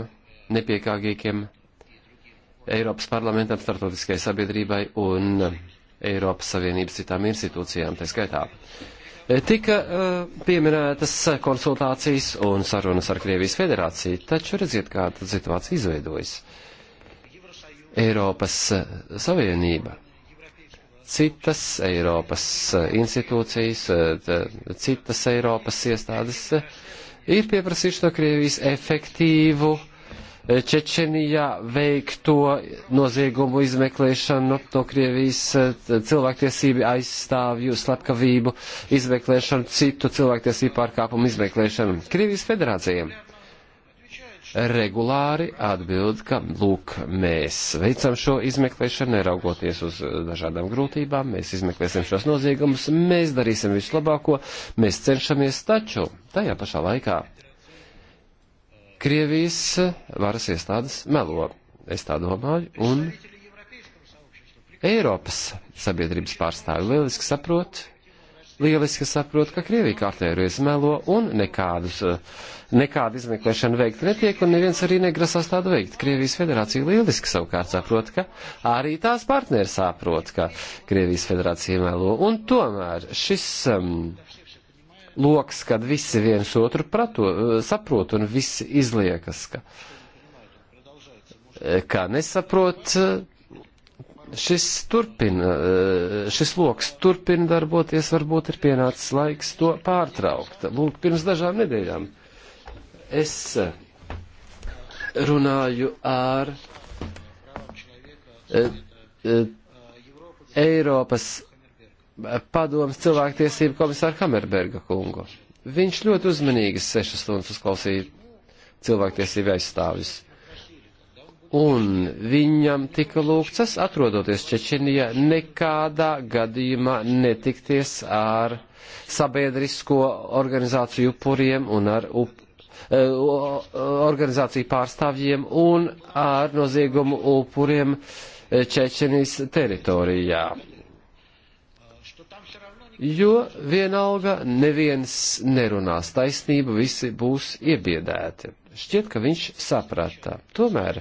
nepiekāgīgiem Eiropas parlamentam, startotiskai sabiedrībai un Eiropas Savienības citām institūcijām, tā skaitā. Uh, Eh, tika eh, pieminētas eh, konsultācijas un sarunas ar Krievijas federāciju, taču redziet, kā tad situācija izveidojas. Eiropas Savienība, citas Eiropas institūcijas, citas Eiropas iestādes ir pieprasījuši no Krievijas efektīvu uh, Čečenijā veikto noziegumu izmeklēšanu no Krievijas eh, cilvēktiesību aizstāvju slepkavību izmeklēšanu, citu cilvēktiesību pārkāpumu izmeklēšanu. Krievijas federācija regulāri atbild, ka lūk, mēs veicam šo izmeklēšanu, neraugoties uz dažādām grūtībām, mēs izmeklēsim šos noziegumus, mēs darīsim visu labāko, mēs cenšamies taču tajā pašā laikā Krievijas varas iestādes melo. Es tā domāju, un Eiropas sabiedrības pārstāvi lieliski saprot, lieliski saprot, ka Krievija kārtēju izmelo un nekādus, eh, nekādu izmeklēšanu veikt netiek, un neviens arī negrasās tādu veikt. Krievijas federācija lieliski savukārt saprot, ka arī tās partneri saprot, ka Krievijas federācija melo, un tomēr šis um, loks, kad visi viens otru prato, saprot un visi izliekas, ka, ka nesaprot, šis, turpina, šis loks turpina darboties, varbūt ir pienācis laiks to pārtraukt. Lūk, pirms dažām nedēļām es runāju ar eh, eh, Eiropas padomas cilvēktiesību komisāru Kamerberga kungu. Viņš ļoti uzmanīgi sešas stundas uzklausīja cilvēktiesību aizstāvis. Un viņam tika lūgts, atrodoties Čečenijā, nekādā gadījumā netikties ar sabiedrisko organizāciju upuriem un ar up, e, organizāciju pārstāvjiem un ar noziegumu upuriem e, Čečenijas teritorijā jo vienalga neviens nerunās taisnību, visi būs iebiedēti. Šķiet, ka viņš saprata. Tomēr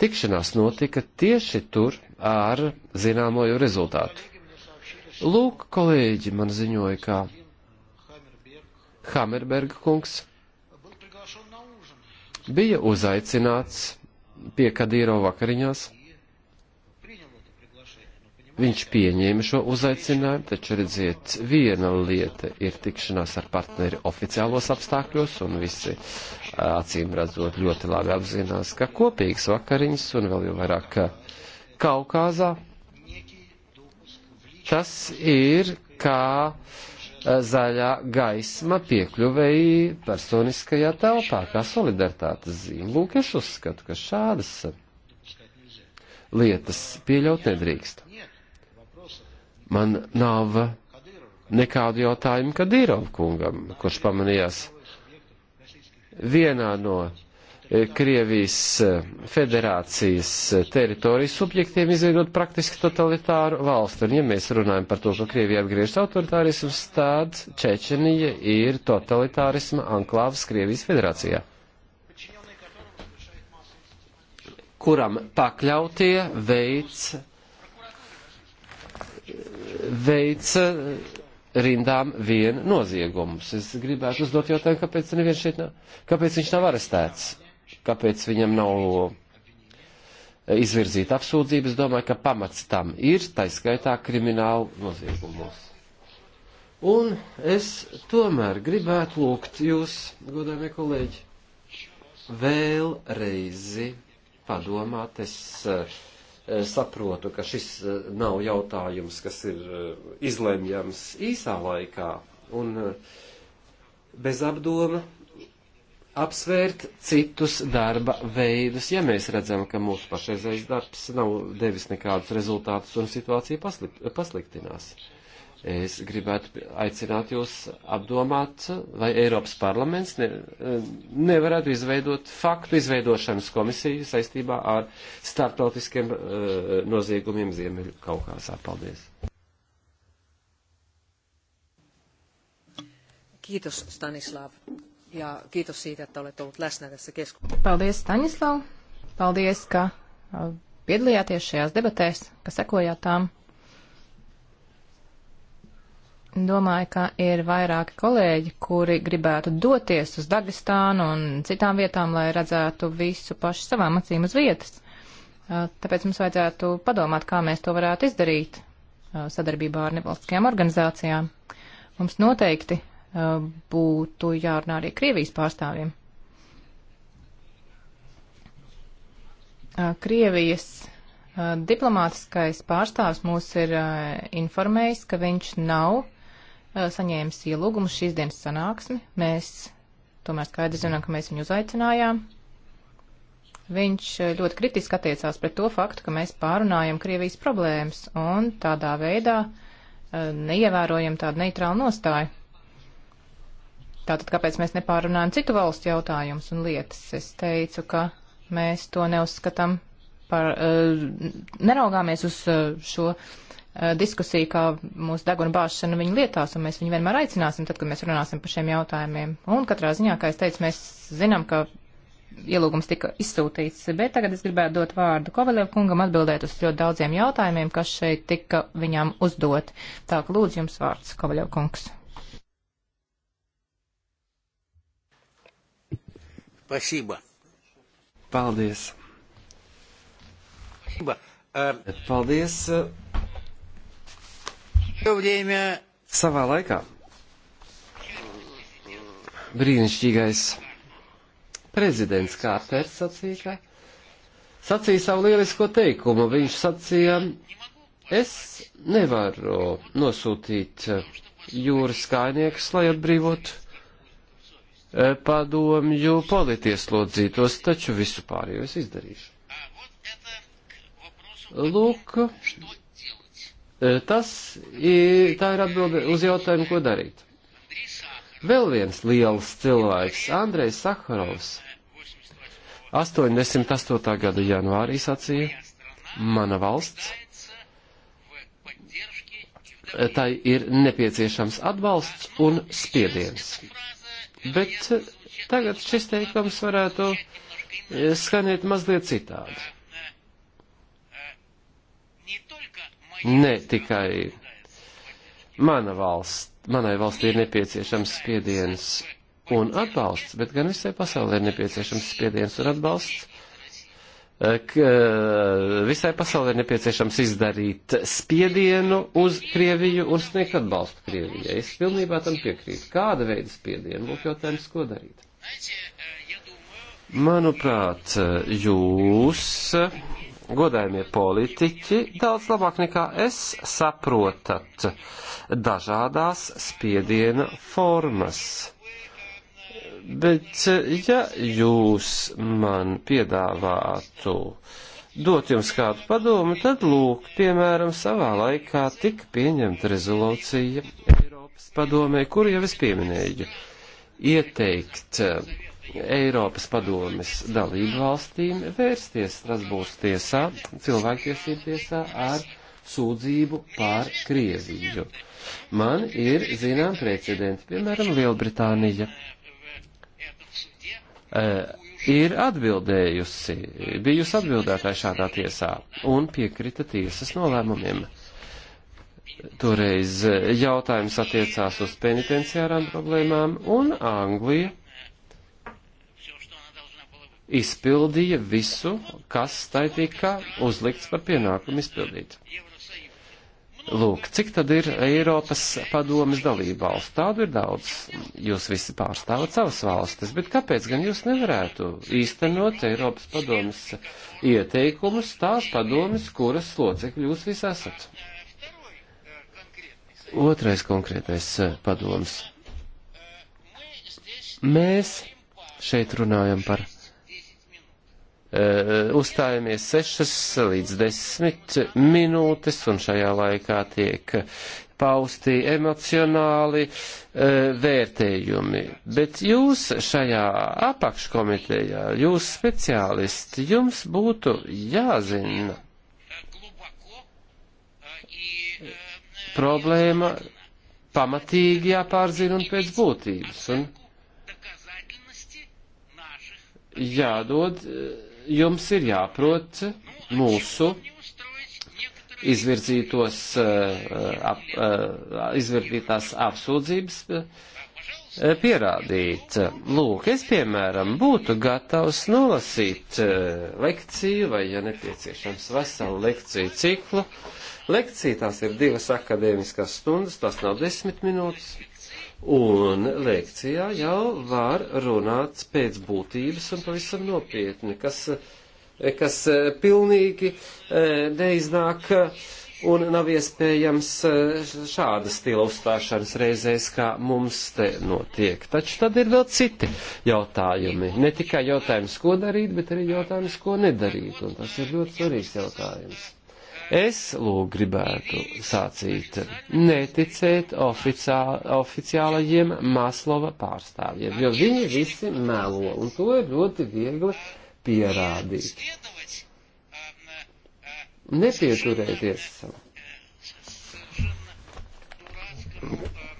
tikšanās notika tieši tur ar zināmo jau rezultātu. Lūk, kolēģi man ziņoja, ka Hamerberga kungs bija uzaicināts pie Kadīro vakariņās Viņš pieņēma šo uzaicinājumu, taču redziet, viena lieta ir tikšanās ar partneri oficiālos apstākļos, un visi acīm redzot ļoti labi apzinās, ka kopīgs vakariņas un vēl jau vairāk Kaukāzā tas ir kā zaļā gaisma piekļuvēji personiskajā telpā, kā solidaritātes zīme. Lūk, es uzskatu, ka šādas lietas pieļaut nedrīkst. Man nav nekādu jautājumu Kadīrovu kungam, kurš pamanījās vienā no eh, Krievijas eh, federācijas eh, teritorijas subjektiem izveidot praktiski totalitāru valsti. Un, ja mēs runājam par to, ka Krievija atgriežas autoritārisms, tad Čečenija ir totalitārisma anklāvs Krievijas federācijā, kuram pakļautie veids veica rindām vien noziegumus. Es gribētu uzdot jautājumu, kāpēc neviens šeit nav, kāpēc viņš nav arestēts, kāpēc viņam nav eh, izvirzīta apsūdzības. Domāju, ka pamats tam ir, taiskaitā kriminālu noziegumus. Un es tomēr gribētu lūgt jūs, godāmie kolēģi, vēlreiz padomāt. Es, uh, Eh, saprotu, ka šis eh, nav jautājums, kas ir eh, izlemjams īsā laikā, un bez apdoma apsvērt citus darba veidus, ja mēs redzam, ka mūsu pašreizējais darbs nav devis nekādus rezultātus un situācija paslik pasliktinās. Uh, Es gribētu aicināt jūs apdomāt, vai Eiropas parlaments ne, e, nevarētu izveidot faktu izveidošanas komisiju saistībā ar starptautiskiem uh, e, noziegumiem Ziemeļu Kaukāsā. Paldies! Kiitos Stanislav ja kiitos siitä, että olet ollut läsnä tässä keskustelussa. Paldies Stanislav, paldies, ka e, piedalījāties šajās debatēs, ka sekojāt tām. Domāju, ka ir vairāki kolēģi, kuri gribētu doties uz Dagestānu un citām vietām, lai redzētu visu pašu savām acīm uz vietas. Uh, tāpēc mums vajadzētu padomāt, kā mēs to varētu izdarīt uh, sadarbībā ar nevalstiskajām organizācijām. Mums noteikti uh, būtu jārunā arī Krievijas pārstāvjiem. Krievijas diplomātiskais pārstāvs mūs ir informējis, ka viņš nav Uh, saņēmis ielūgumu šīs dienas sanāksmi. Mēs tomēr skaidri zinām, ka mēs viņu uzaicinājām. Viņš uh, ļoti kritiski attiecās pret to faktu, ka mēs pārunājam Krievijas problēmas un tādā veidā uh, neievērojam tādu neitrālu nostāju. Tātad, kāpēc mēs nepārunājam citu valstu jautājumus un lietas? Es teicu, ka mēs to neuzskatām par, neraugāmies uz šo Eh, diskusiju, kā mūsu deguna bāšana viņu lietās, un mēs viņu vienmēr aicināsim, tad, kad mēs runāsim par šiem jautājumiem. Un katrā ziņā, kā es teicu, mēs zinām, ka ielūgums tika izsūtīts, bet tagad es gribētu dot vārdu Kovaliev kungam atbildēt uz ļoti daudziem jautājumiem, kas šeit tika viņām uzdot. Tā, ka lūdzu jums vārds, Kovaliev kungs. Pašība. Paldies. Pašība. Um. Paldies. Uh... Savā laikā brīnišķīgais prezidents Kārters sacīja, ka sacīja savu lielisko teikumu. Viņš sacīja, es nevaru nosūtīt eh, jūras kājniekus, lai atbrīvotu eh, padomju politieslodzītos, taču visu pārējo es izdarīšu. Lūk, E, tas ir, tā ir atbilde uz jautājumu, ko darīt. Vēl viens liels cilvēks, Andrejs Sakarovs, 88. gada janvārī sacīja, mana valsts, tai ir nepieciešams atbalsts un spiediens. Bet tagad šis teikums varētu e, skanēt mazliet citādi. ne tikai mana valsts, manai valstī ir nepieciešams spiediens un atbalsts, bet gan visai pasaulē ir nepieciešams spiediens un atbalsts. Eh, eh, visai pasaulē ir nepieciešams izdarīt spiedienu uz Krieviju un sniegt atbalstu Krievijai. Es pilnībā tam piekrītu. Kāda veida spiedienu? Lūk, jautājums, ko darīt? Manuprāt, eh, jūs godājumie politiķi daudz labāk nekā es saprotat dažādās spiediena formas. Bet ja jūs man piedāvātu dot jums kādu padomu, tad lūk, piemēram, savā laikā tika pieņemta rezolūcija Eiropas padomē, kuru jau es pieminēju, ieteikt uh, Eiropas padomes dalību valstīm vērsties Strasbūras tiesā, cilvēktiesību tiesā ar sūdzību pār Krieviju. Man ir zinām precedenti, piemēram, Lielbritānija e, ir atbildējusi, bijusi atbildētāja šādā tiesā un piekrita tiesas nolēmumiem. Toreiz jautājums attiecās uz penitenciārām problēmām un Anglija izpildīja visu, kas tai tika uzlikts par pienākumu izpildīt. Lūk, cik tad ir Eiropas padomas dalība valsts? Tādu ir daudz. Jūs visi pārstāvat savas valstis, bet kāpēc gan jūs nevarētu īstenot Eiropas padomas ieteikumus tās padomas, kuras locekļi jūs visi esat? Otrais konkrētais eh, padoms. Mēs šeit runājam par Eh, uzstājamies 6 līdz 10 minūtes, un šajā laikā tiek pausti emocionāli eh, vērtējumi. Bet jūs šajā apakškomitejā, jūs speciālisti, jums būtu jāzina problēma pamatīgi jāpārzina un pēc būtības. Un jādod uh, jums ir jāprot mūsu izvirzītos, eh, ap, eh, izvirzītās apsūdzības eh, pierādīt. Lūk, es, piemēram, būtu gatavs nolasīt lekciju vai, ja nepieciešams, veselu lekciju ciklu. Lekcija tās ir divas akadēmiskās stundas, tās nav desmit minūtes. Un lekcijā jau var runāt pēc būtības un pavisam nopietni, kas, kas eh, pilnīgi eh, neiznāk un nav iespējams eh, šāda stila uzstāšanas reizēs, kā mums te notiek. Taču tad ir vēl citi jautājumi. Ne tikai jautājums, ko darīt, bet arī jautājums, ko nedarīt. Un tas ir ļoti svarīgs jautājums. Es lūk gribētu sācīt neticēt oficiā, oficiālajiem Maslova pārstāvjiem, jo viņi visi melo, un to ir ļoti viegli pierādīt. Nepieturēties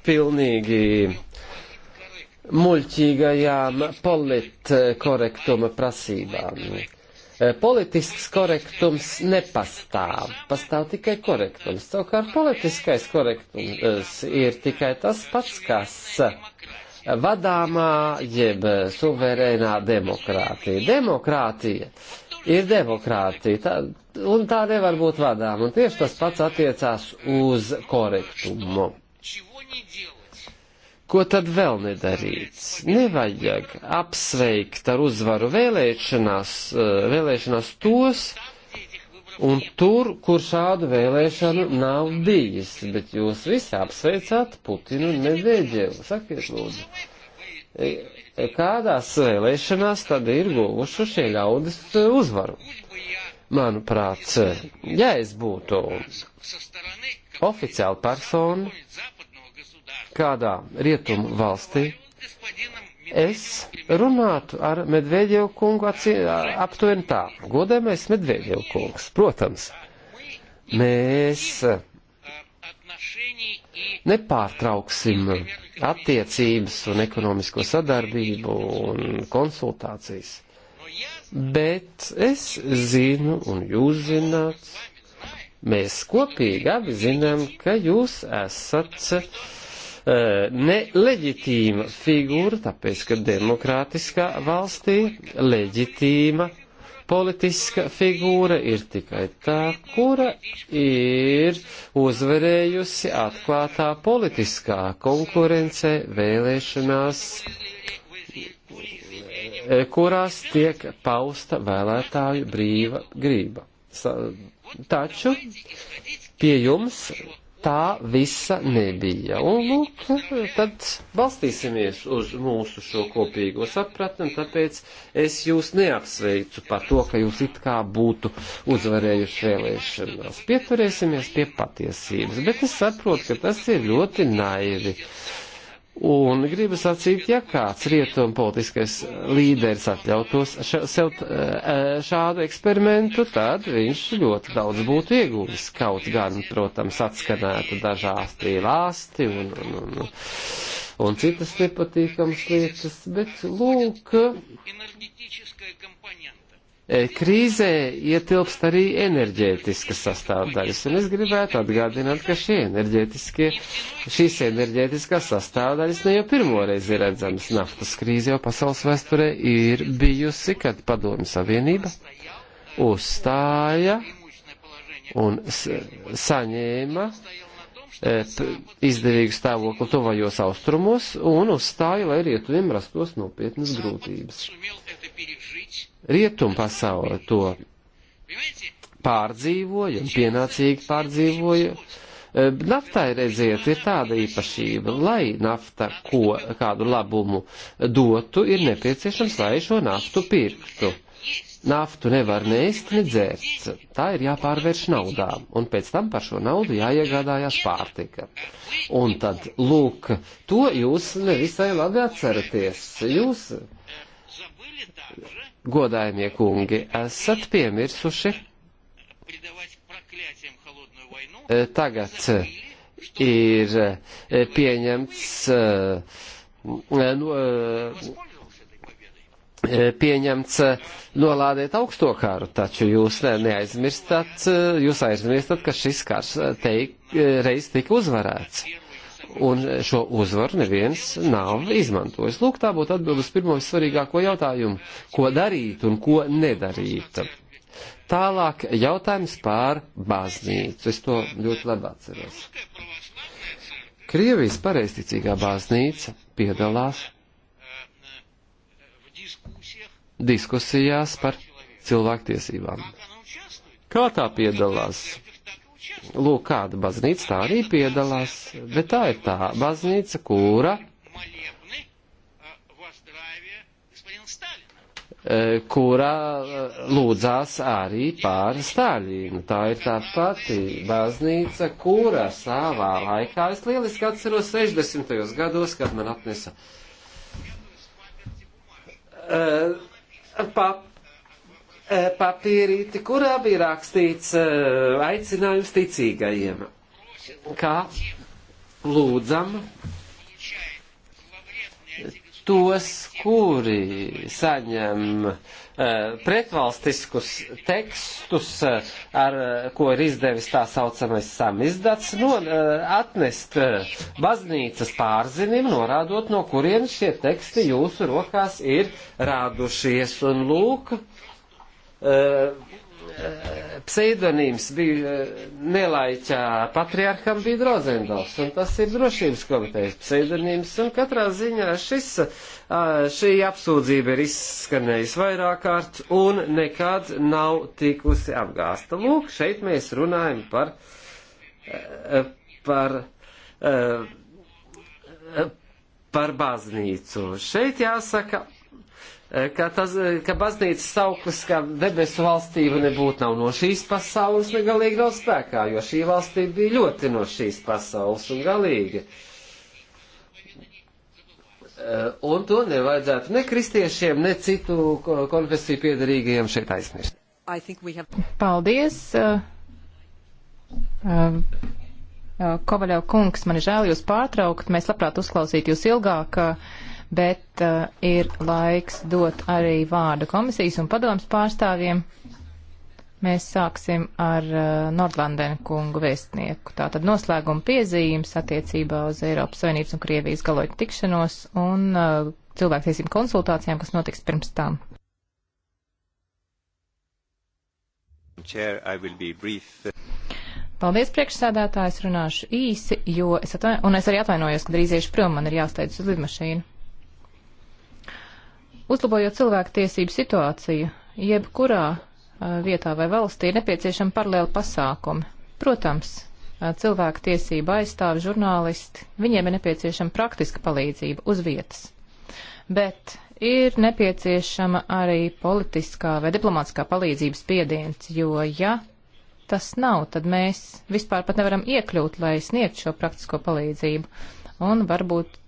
pilnīgi muļķīgajām politkorektuma prasībām. Eh, politisks korektums nepastāv. Pastāv tikai korektums. Savukārt politiskais korektums eh, ir tikai tas pats, kas eh, vadāmā jeb suverēnā demokrātija. Demokrātija ir demokrātija, tā, un tā nevar būt vadām, un tieši tas pats attiecās uz korektumu. Ko tad vēl nedarīts? Nevajag apsveikt ar uzvaru vēlēšanās, eh, vēlēšanās tos un tur, kur šādu vēlēšanu nav bijis, bet jūs visi apsveicāt Putinu un Medveģevu. Sakiet, lūdzu, e, e, kādās vēlēšanās tad ir guvuši šie ļaudis e, uzvaru? Manuprāt, ja es būtu oficiāla persona, kādā rietumu valstī, es runātu ar Medvedevu kungu aptuveni tā. Godēmais Medvedevu kungs, protams, mēs nepārtrauksim attiecības un ekonomisko sadarbību un konsultācijas. Bet es zinu, un jūs zināt, mēs kopīgi abi zinām, ka jūs esat uh, Eh, neleģitīma figūra, tāpēc, ka demokrātiskā valstī leģitīma politiska figūra ir tikai tā, kura ir uzvarējusi atklātā politiskā konkurence vēlēšanās, eh, kurās tiek pausta vēlētāju brīva grība. Taču pie jums tā visa nebija. Un lūk, tad balstīsimies uz mūsu šo kopīgo sapratni, un tāpēc es jūs neapsveicu par to, ka jūs it kā būtu uzvarējuši vēlēšanās. Pieturēsimies pie patiesības, bet es saprotu, ka tas ir ļoti naivi. Uh, Un gribu sacīt, ja kāds rietuma politiskais līderis atļautos sev e, šādu eksperimentu, tad viņš ļoti daudz būtu ieguvis. Kaut gan, protams, atskanētu dažās tīlāsti un, un, un, un citas nepatīkamas lietas, bet lūk, E, krīzē ietilpst arī enerģētiskas sastāvdaļas, un es gribētu atgādināt, ka šie enerģētiskie, šīs enerģētiskās sastāvdaļas ne jau pirmoreiz ir redzamas naftas krīze, jo pasaules vēsturē ir bijusi, kad padomju savienība uzstāja un saņēma e, izdevīgu stāvokli tuvajos austrumos un uzstāja, lai rietuviem rastos nopietnas grūtības rietumu pasauli to pārdzīvoja un pienācīgi pārdzīvoja. E, naftai, redziet, ir tāda īpašība, lai nafta ko, kādu labumu dotu, ir nepieciešams, lai šo naftu pirktu. Naftu nevar neēst, ne dzērt. Tā ir jāpārvērš naudā, un pēc tam par šo naudu jāiegādājās pārtika. Un tad, lūk, to jūs nevisai labi atceraties. Jūs godājumie kungi, esat piemirsuši eh, tagad eh, ir eh, pieņemts no, pieņemts nolādēt augsto karu, taču jūs neaizmirstat, jūs aizmirstat, ka šis kārs teik, reiz tika uzvarēts un šo uzvaru neviens nav izmantojis. Lūk, tā būtu atbildes pirmo svarīgāko jautājumu, ko darīt un ko nedarīt. Tālāk jautājums pār baznīcu. Es to ļoti labi atceros. Krievijas pareisticīgā baznīca piedalās diskusijās par cilvēktiesībām. Kā tā piedalās? Lūk, kāda baznīca tā arī piedalās, bet tā ir tā baznīca, kura, e, kura e, lūdzās arī pār Stāļīnu. Tā ir tā pati baznīca, kura savā laikā, es lieliski atceros 60. gados, kad man atnesa. Uh, pap, E, papīrīti, kurā bija rakstīts e, aicinājums ticīgajiem, kā lūdzam tos, kuri saņem e, pretvalstiskus tekstus, ar ko ir izdevis tā saucamais samizdats, no, atnest baznīcas pārzinim, norādot, no kurienes šie teksti jūsu rokās ir rādušies. Un lūk, uh, Eh, pseidonīms bija eh, nelaiķā patriarham bija Drozendovs, un tas ir drošības komitejas pseidonīms, un katrā ziņā šis, eh, šī apsūdzība ir izskanējusi vairāk kārt un nekad nav tikusi apgāsta. Lūk, šeit mēs runājam par, par, par, par baznīcu. Šeit jāsaka, Eh, ka, tas, eh, ka baznīcas sauklis, ka debesu valstība nebūtu nav no šīs pasaules, ne galīgi nav spēkā, jo šī valstība bija ļoti no šīs pasaules un galīgi. Eh, un to nevajadzētu ne kristiešiem, ne citu konfesiju piedarīgajiem šeit aizmirst. Have... Paldies! Kovaļau kungs, man ir žēl jūs pārtraukt, mēs labprāt uzklausītu jūs ilgāk. Uh, bet uh, ir laiks dot arī vārdu komisijas un padomas pārstāvjiem. Mēs sāksim ar uh, eh, Nordlandenu kungu vēstnieku. Tātad noslēguma piezīmes attiecībā uz Eiropas Savienības un Krievijas galoķu tikšanos un uh, cilvēktiesību konsultācijām, kas notiks pirms tām. Chair, Paldies, priekšsēdētājs, runāšu īsi, jo es atvainojos, un es arī atvainojos, ka drīz iešu prom, man ir jāsteidz uz lidmašīnu. Uzlabojot cilvēku tiesību situāciju, jebkurā vietā vai valstī ir nepieciešama paralēla pasākuma. Protams, cilvēku tiesība aizstāvi žurnālisti, viņiem ir nepieciešama praktiska palīdzība uz vietas. Bet ir nepieciešama arī politiskā vai diplomātiskā palīdzības piediens, jo ja tas nav, tad mēs vispār pat nevaram iekļūt, lai sniegtu šo praktisko palīdzību. Un varbūt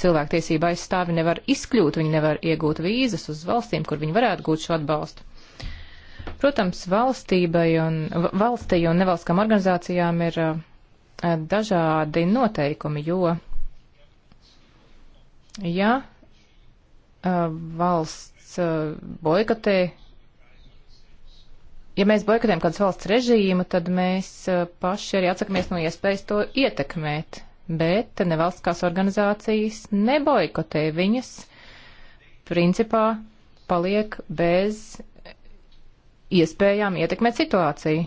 cilvēktiesība aizstāvi nevar izkļūt, viņi nevar iegūt vīzas uz valstīm, kur viņi varētu gūt šo atbalstu. Protams, valstībai un valstī un nevalstiskām organizācijām ir uh, dažādi noteikumi, jo, ja uh, valsts uh, boikotē, ja mēs boikotējam kādas valsts režīmu, tad mēs paši arī atsakamies no iespējas to ietekmēt bet nevalstiskās organizācijas neboikotē viņas, principā paliek bez iespējām ietekmēt situāciju.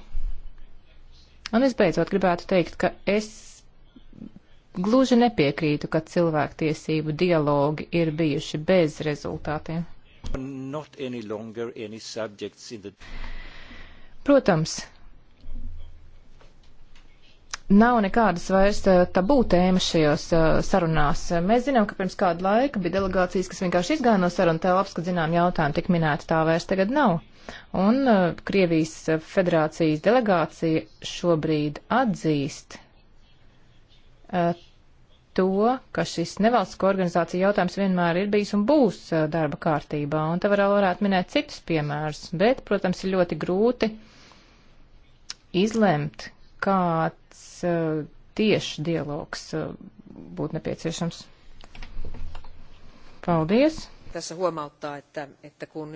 Un visbeidzot gribētu teikt, ka es gluži nepiekrītu, ka cilvēktiesību dialogi ir bijuši bez rezultātiem. Protams, Nav nekādas vairs eh, tabū tēmas šajos eh, sarunās. Mēs zinām, ka pirms kāda laika bija delegācijas, kas vienkārši izgāja no saruna telpas, kad zinām jautājumu tik minēta, tā vairs tagad nav. Un eh, Krievijas federācijas delegācija šobrīd atzīst to, ka šis nevalstisko organizāciju jautājums vienmēr ir bijis un būs darba kārtībā, un te vēl varētu minēt citus piemērus, bet, protams, ir ļoti grūti izlemt, kāds Uh, tieši dialogs uh, būtu nepieciešams. Paldies! Tässä huomauttaa, että, että kun...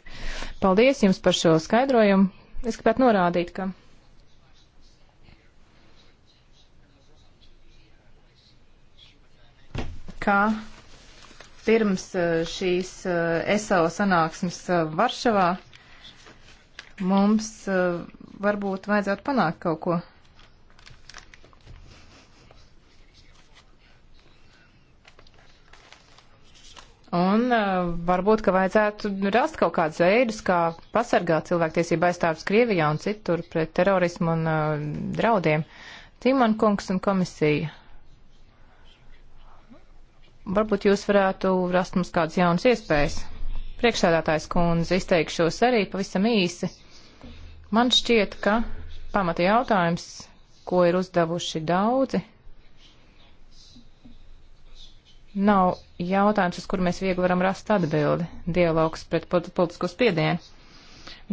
Paldies jums par šo skaidrojumu. Es gribētu norādīt, ka kā pirms uh, šīs ESO sanāksmes Varšavā mums varbūt vajadzētu panākt kaut ko. Un uh, varbūt, ka vajadzētu rast kaut kādus veidus, kā pasargāt cilvēktiesību aizstāvis Krievijā un citur pret terorismu un uh, draudiem. Timon kungs un komisija. Varbūt jūs varētu rast mums kādas jaunas iespējas. Priekšsēdētājs kundze izteikšos arī pavisam īsi. Man šķiet, ka pamata jautājums, ko ir uzdevuši daudzi nav jautājums, uz kuru mēs viegli varam rast atbildi - dialogs pret politisko spiedienu.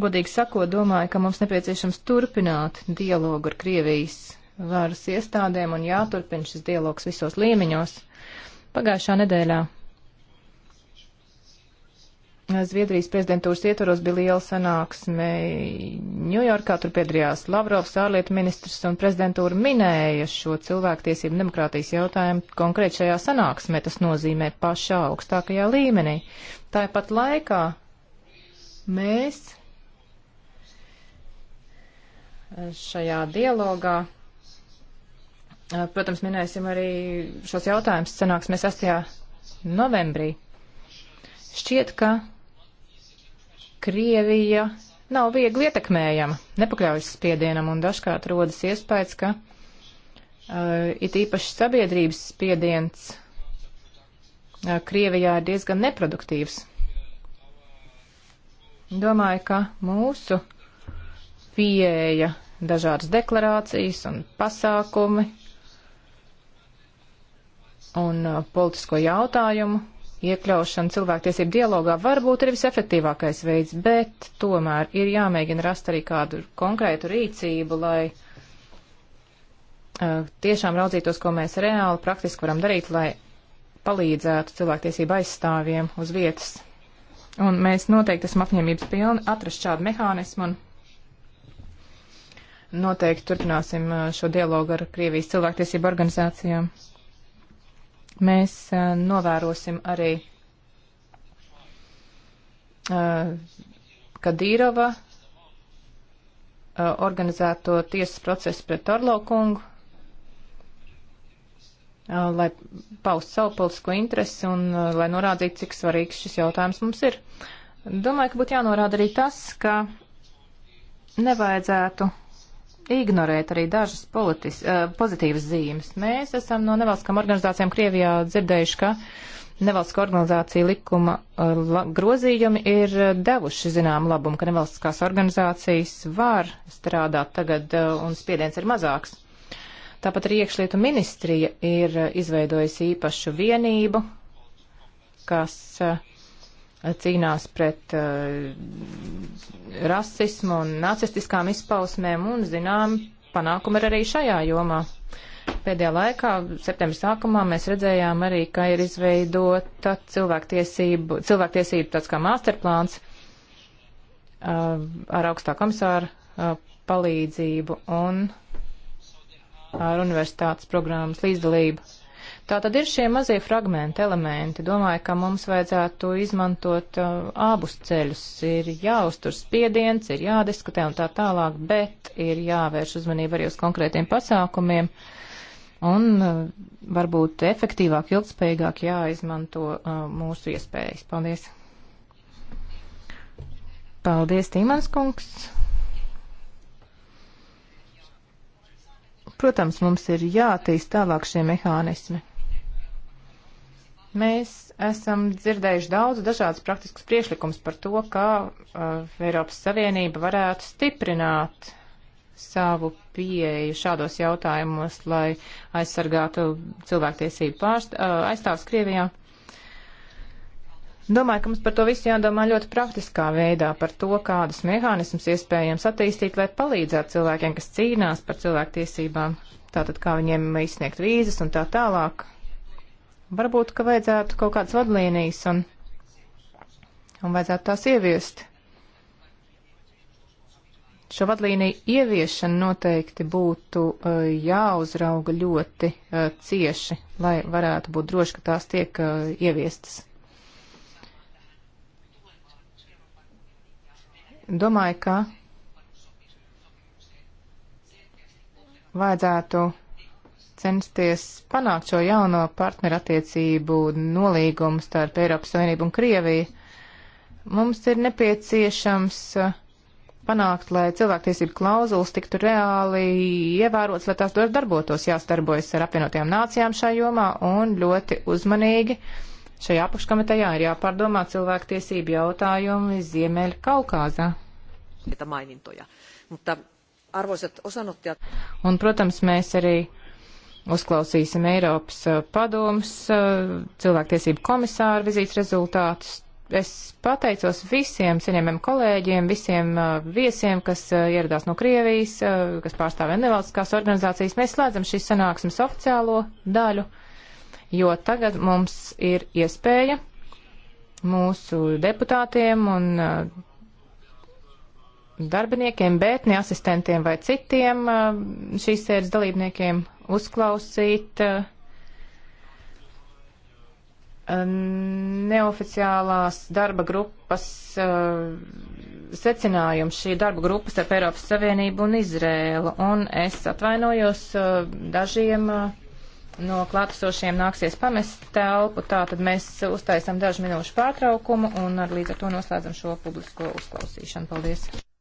Godīgi sakot, domāju, ka mums nepieciešams turpināt dialogu ar Krievijas varas iestādēm un jāturpina šis dialogs visos līmeņos. Pagājušā nedēļā Zviedrijas prezidentūras ietvaros bija liela sanāksme Ņujorkā, tur piedalījās Lavrovs, ārlietu ministrs, un prezidentūra minēja šo cilvēktiesību demokrātijas jautājumu konkrēt šajā sanāksmē, tas nozīmē pašā augstākajā līmenī. Tāpat laikā mēs šajā dialogā, protams, minēsim arī šos jautājumus sanāksmē 6. novembrī. Šķiet, ka Krievija nav viegli ietekmējama, nepakļaujas spiedienam un dažkārt rodas iespējas, ka uh, it īpaši sabiedrības spiediens uh, Krievijā ir diezgan neproduktīvs. Domāju, ka mūsu pieeja dažādas deklarācijas un pasākumi un uh, politisko jautājumu iekļaušana cilvēktiesību dialogā varbūt ir visefektīvākais veids, bet tomēr ir jāmēģina rast arī kādu konkrētu rīcību, lai uh, tiešām raudzītos, ko mēs reāli praktiski varam darīt, lai palīdzētu cilvēktiesību aizstāvjiem uz vietas. Un mēs noteikti esam apņēmības pilni atrast šādu mehānismu un noteikti turpināsim eh, šo dialogu ar Krievijas cilvēktiesību organizācijām. Mēs novērosim arī, ka Dīrova organizēto tiesas procesu pret Orlokungu, lai paust savu politisko interesi un lai norādītu, cik svarīgs šis jautājums mums ir. Domāju, ka būtu jānorāda arī tas, ka nevajadzētu ignorēt arī dažas politis, eh, pozitīvas zīmes. Mēs esam no nevalstiskām organizācijām Krievijā dzirdējuši, ka nevalstiskā organizācija likuma eh, la, grozījumi ir eh, devuši zinām labumu, ka nevalstiskās organizācijas var strādāt tagad un spiediens ir mazāks. Tāpat arī iekšlietu ministrija ir izveidojusi īpašu vienību, kas uh, cīnās pret uh, rasismu un nacistiskām izpausmēm un, zinām, panākumi ir arī šajā jomā. Pēdējā laikā, septembra sākumā, mēs redzējām arī, ka ir izveidota cilvēktiesību, cilvēktiesību tāds kā masterplāns uh, ar augstā komisāra uh, palīdzību un ar universitātes programmas līdzdalību Tā tad ir šie mazie fragmenti, elementi. Domāju, ka mums vajadzētu izmantot uh, abus ceļus. Ir jāuztur spiediens, ir jādiskutē un tā tālāk, bet ir jāvērš uzmanība arī uz konkrētiem pasākumiem. Un uh, varbūt efektīvāk, ilgspējīgāk jāizmanto uh, mūsu iespējas. Paldies! Paldies, Tīmans kungs! Protams, mums ir jātīst tālāk šie mehānismi. Mēs esam dzirdējuši daudz dažādas praktiskas priešlikums par to, kā uh, Eiropas Savienība varētu stiprināt savu pieeju šādos jautājumos, lai aizsargātu cilvēktiesību pārst, uh, aizstāvs Krievijā. Domāju, ka mums par to visu jādomā ļoti praktiskā veidā, par to, kādas mehānismas iespējams attīstīt, lai palīdzētu cilvēkiem, kas cīnās par cilvēktiesībām, tātad kā viņiem izsniegt vīzas un tā tālāk Varbūt, ka vajadzētu kaut kādas vadlīnijas un, un vajadzētu tās ieviest. Šo vadlīniju ieviešana noteikti būtu uh, jāuzrauga ļoti uh, cieši, lai varētu būt droši, ka tās tiek uh, ieviestas. Domāju, ka vajadzētu censties panākt šo jauno partnerattiecību nolīgumu starp Eiropas Savienību un Krieviju, mums ir nepieciešams uh, panākt, lai cilvēktiesību klauzulas tiktu reāli ievērotas, lai tās darbotos, jāstarbojas ar apvienotajām nācijām šajā jomā un ļoti uzmanīgi. Šajā apakškomitejā ir jāpārdomā cilvēktiesību jautājumi Ziemeļa Kaukāzā. Un, protams, mēs arī Uzklausīsim Eiropas eh, padomus, eh, cilvēktiesību komisāru vizītes rezultātus. Es pateicos visiem saņemiem kolēģiem, visiem eh, viesiem, kas ieradās no Krievijas, kas pārstāvē nevalstiskās organizācijas. Mēs slēdzam šīs sanāksmes oficiālo daļu, jo tagad mums ir iespēja mūsu deputātiem un darbiniekiem, bet ne asistentiem vai citiem šīs sēdes dalībniekiem uzklausīt neoficiālās darba grupas secinājums šī darba grupa starp Eiropas Savienību un Izrēlu. Un es atvainojos dažiem no klātesošiem nāksies pamest telpu. Tātad mēs uztaisam dažu minūšu pārtraukumu un ar līdz ar to noslēdzam šo publisko uzklausīšanu. Paldies!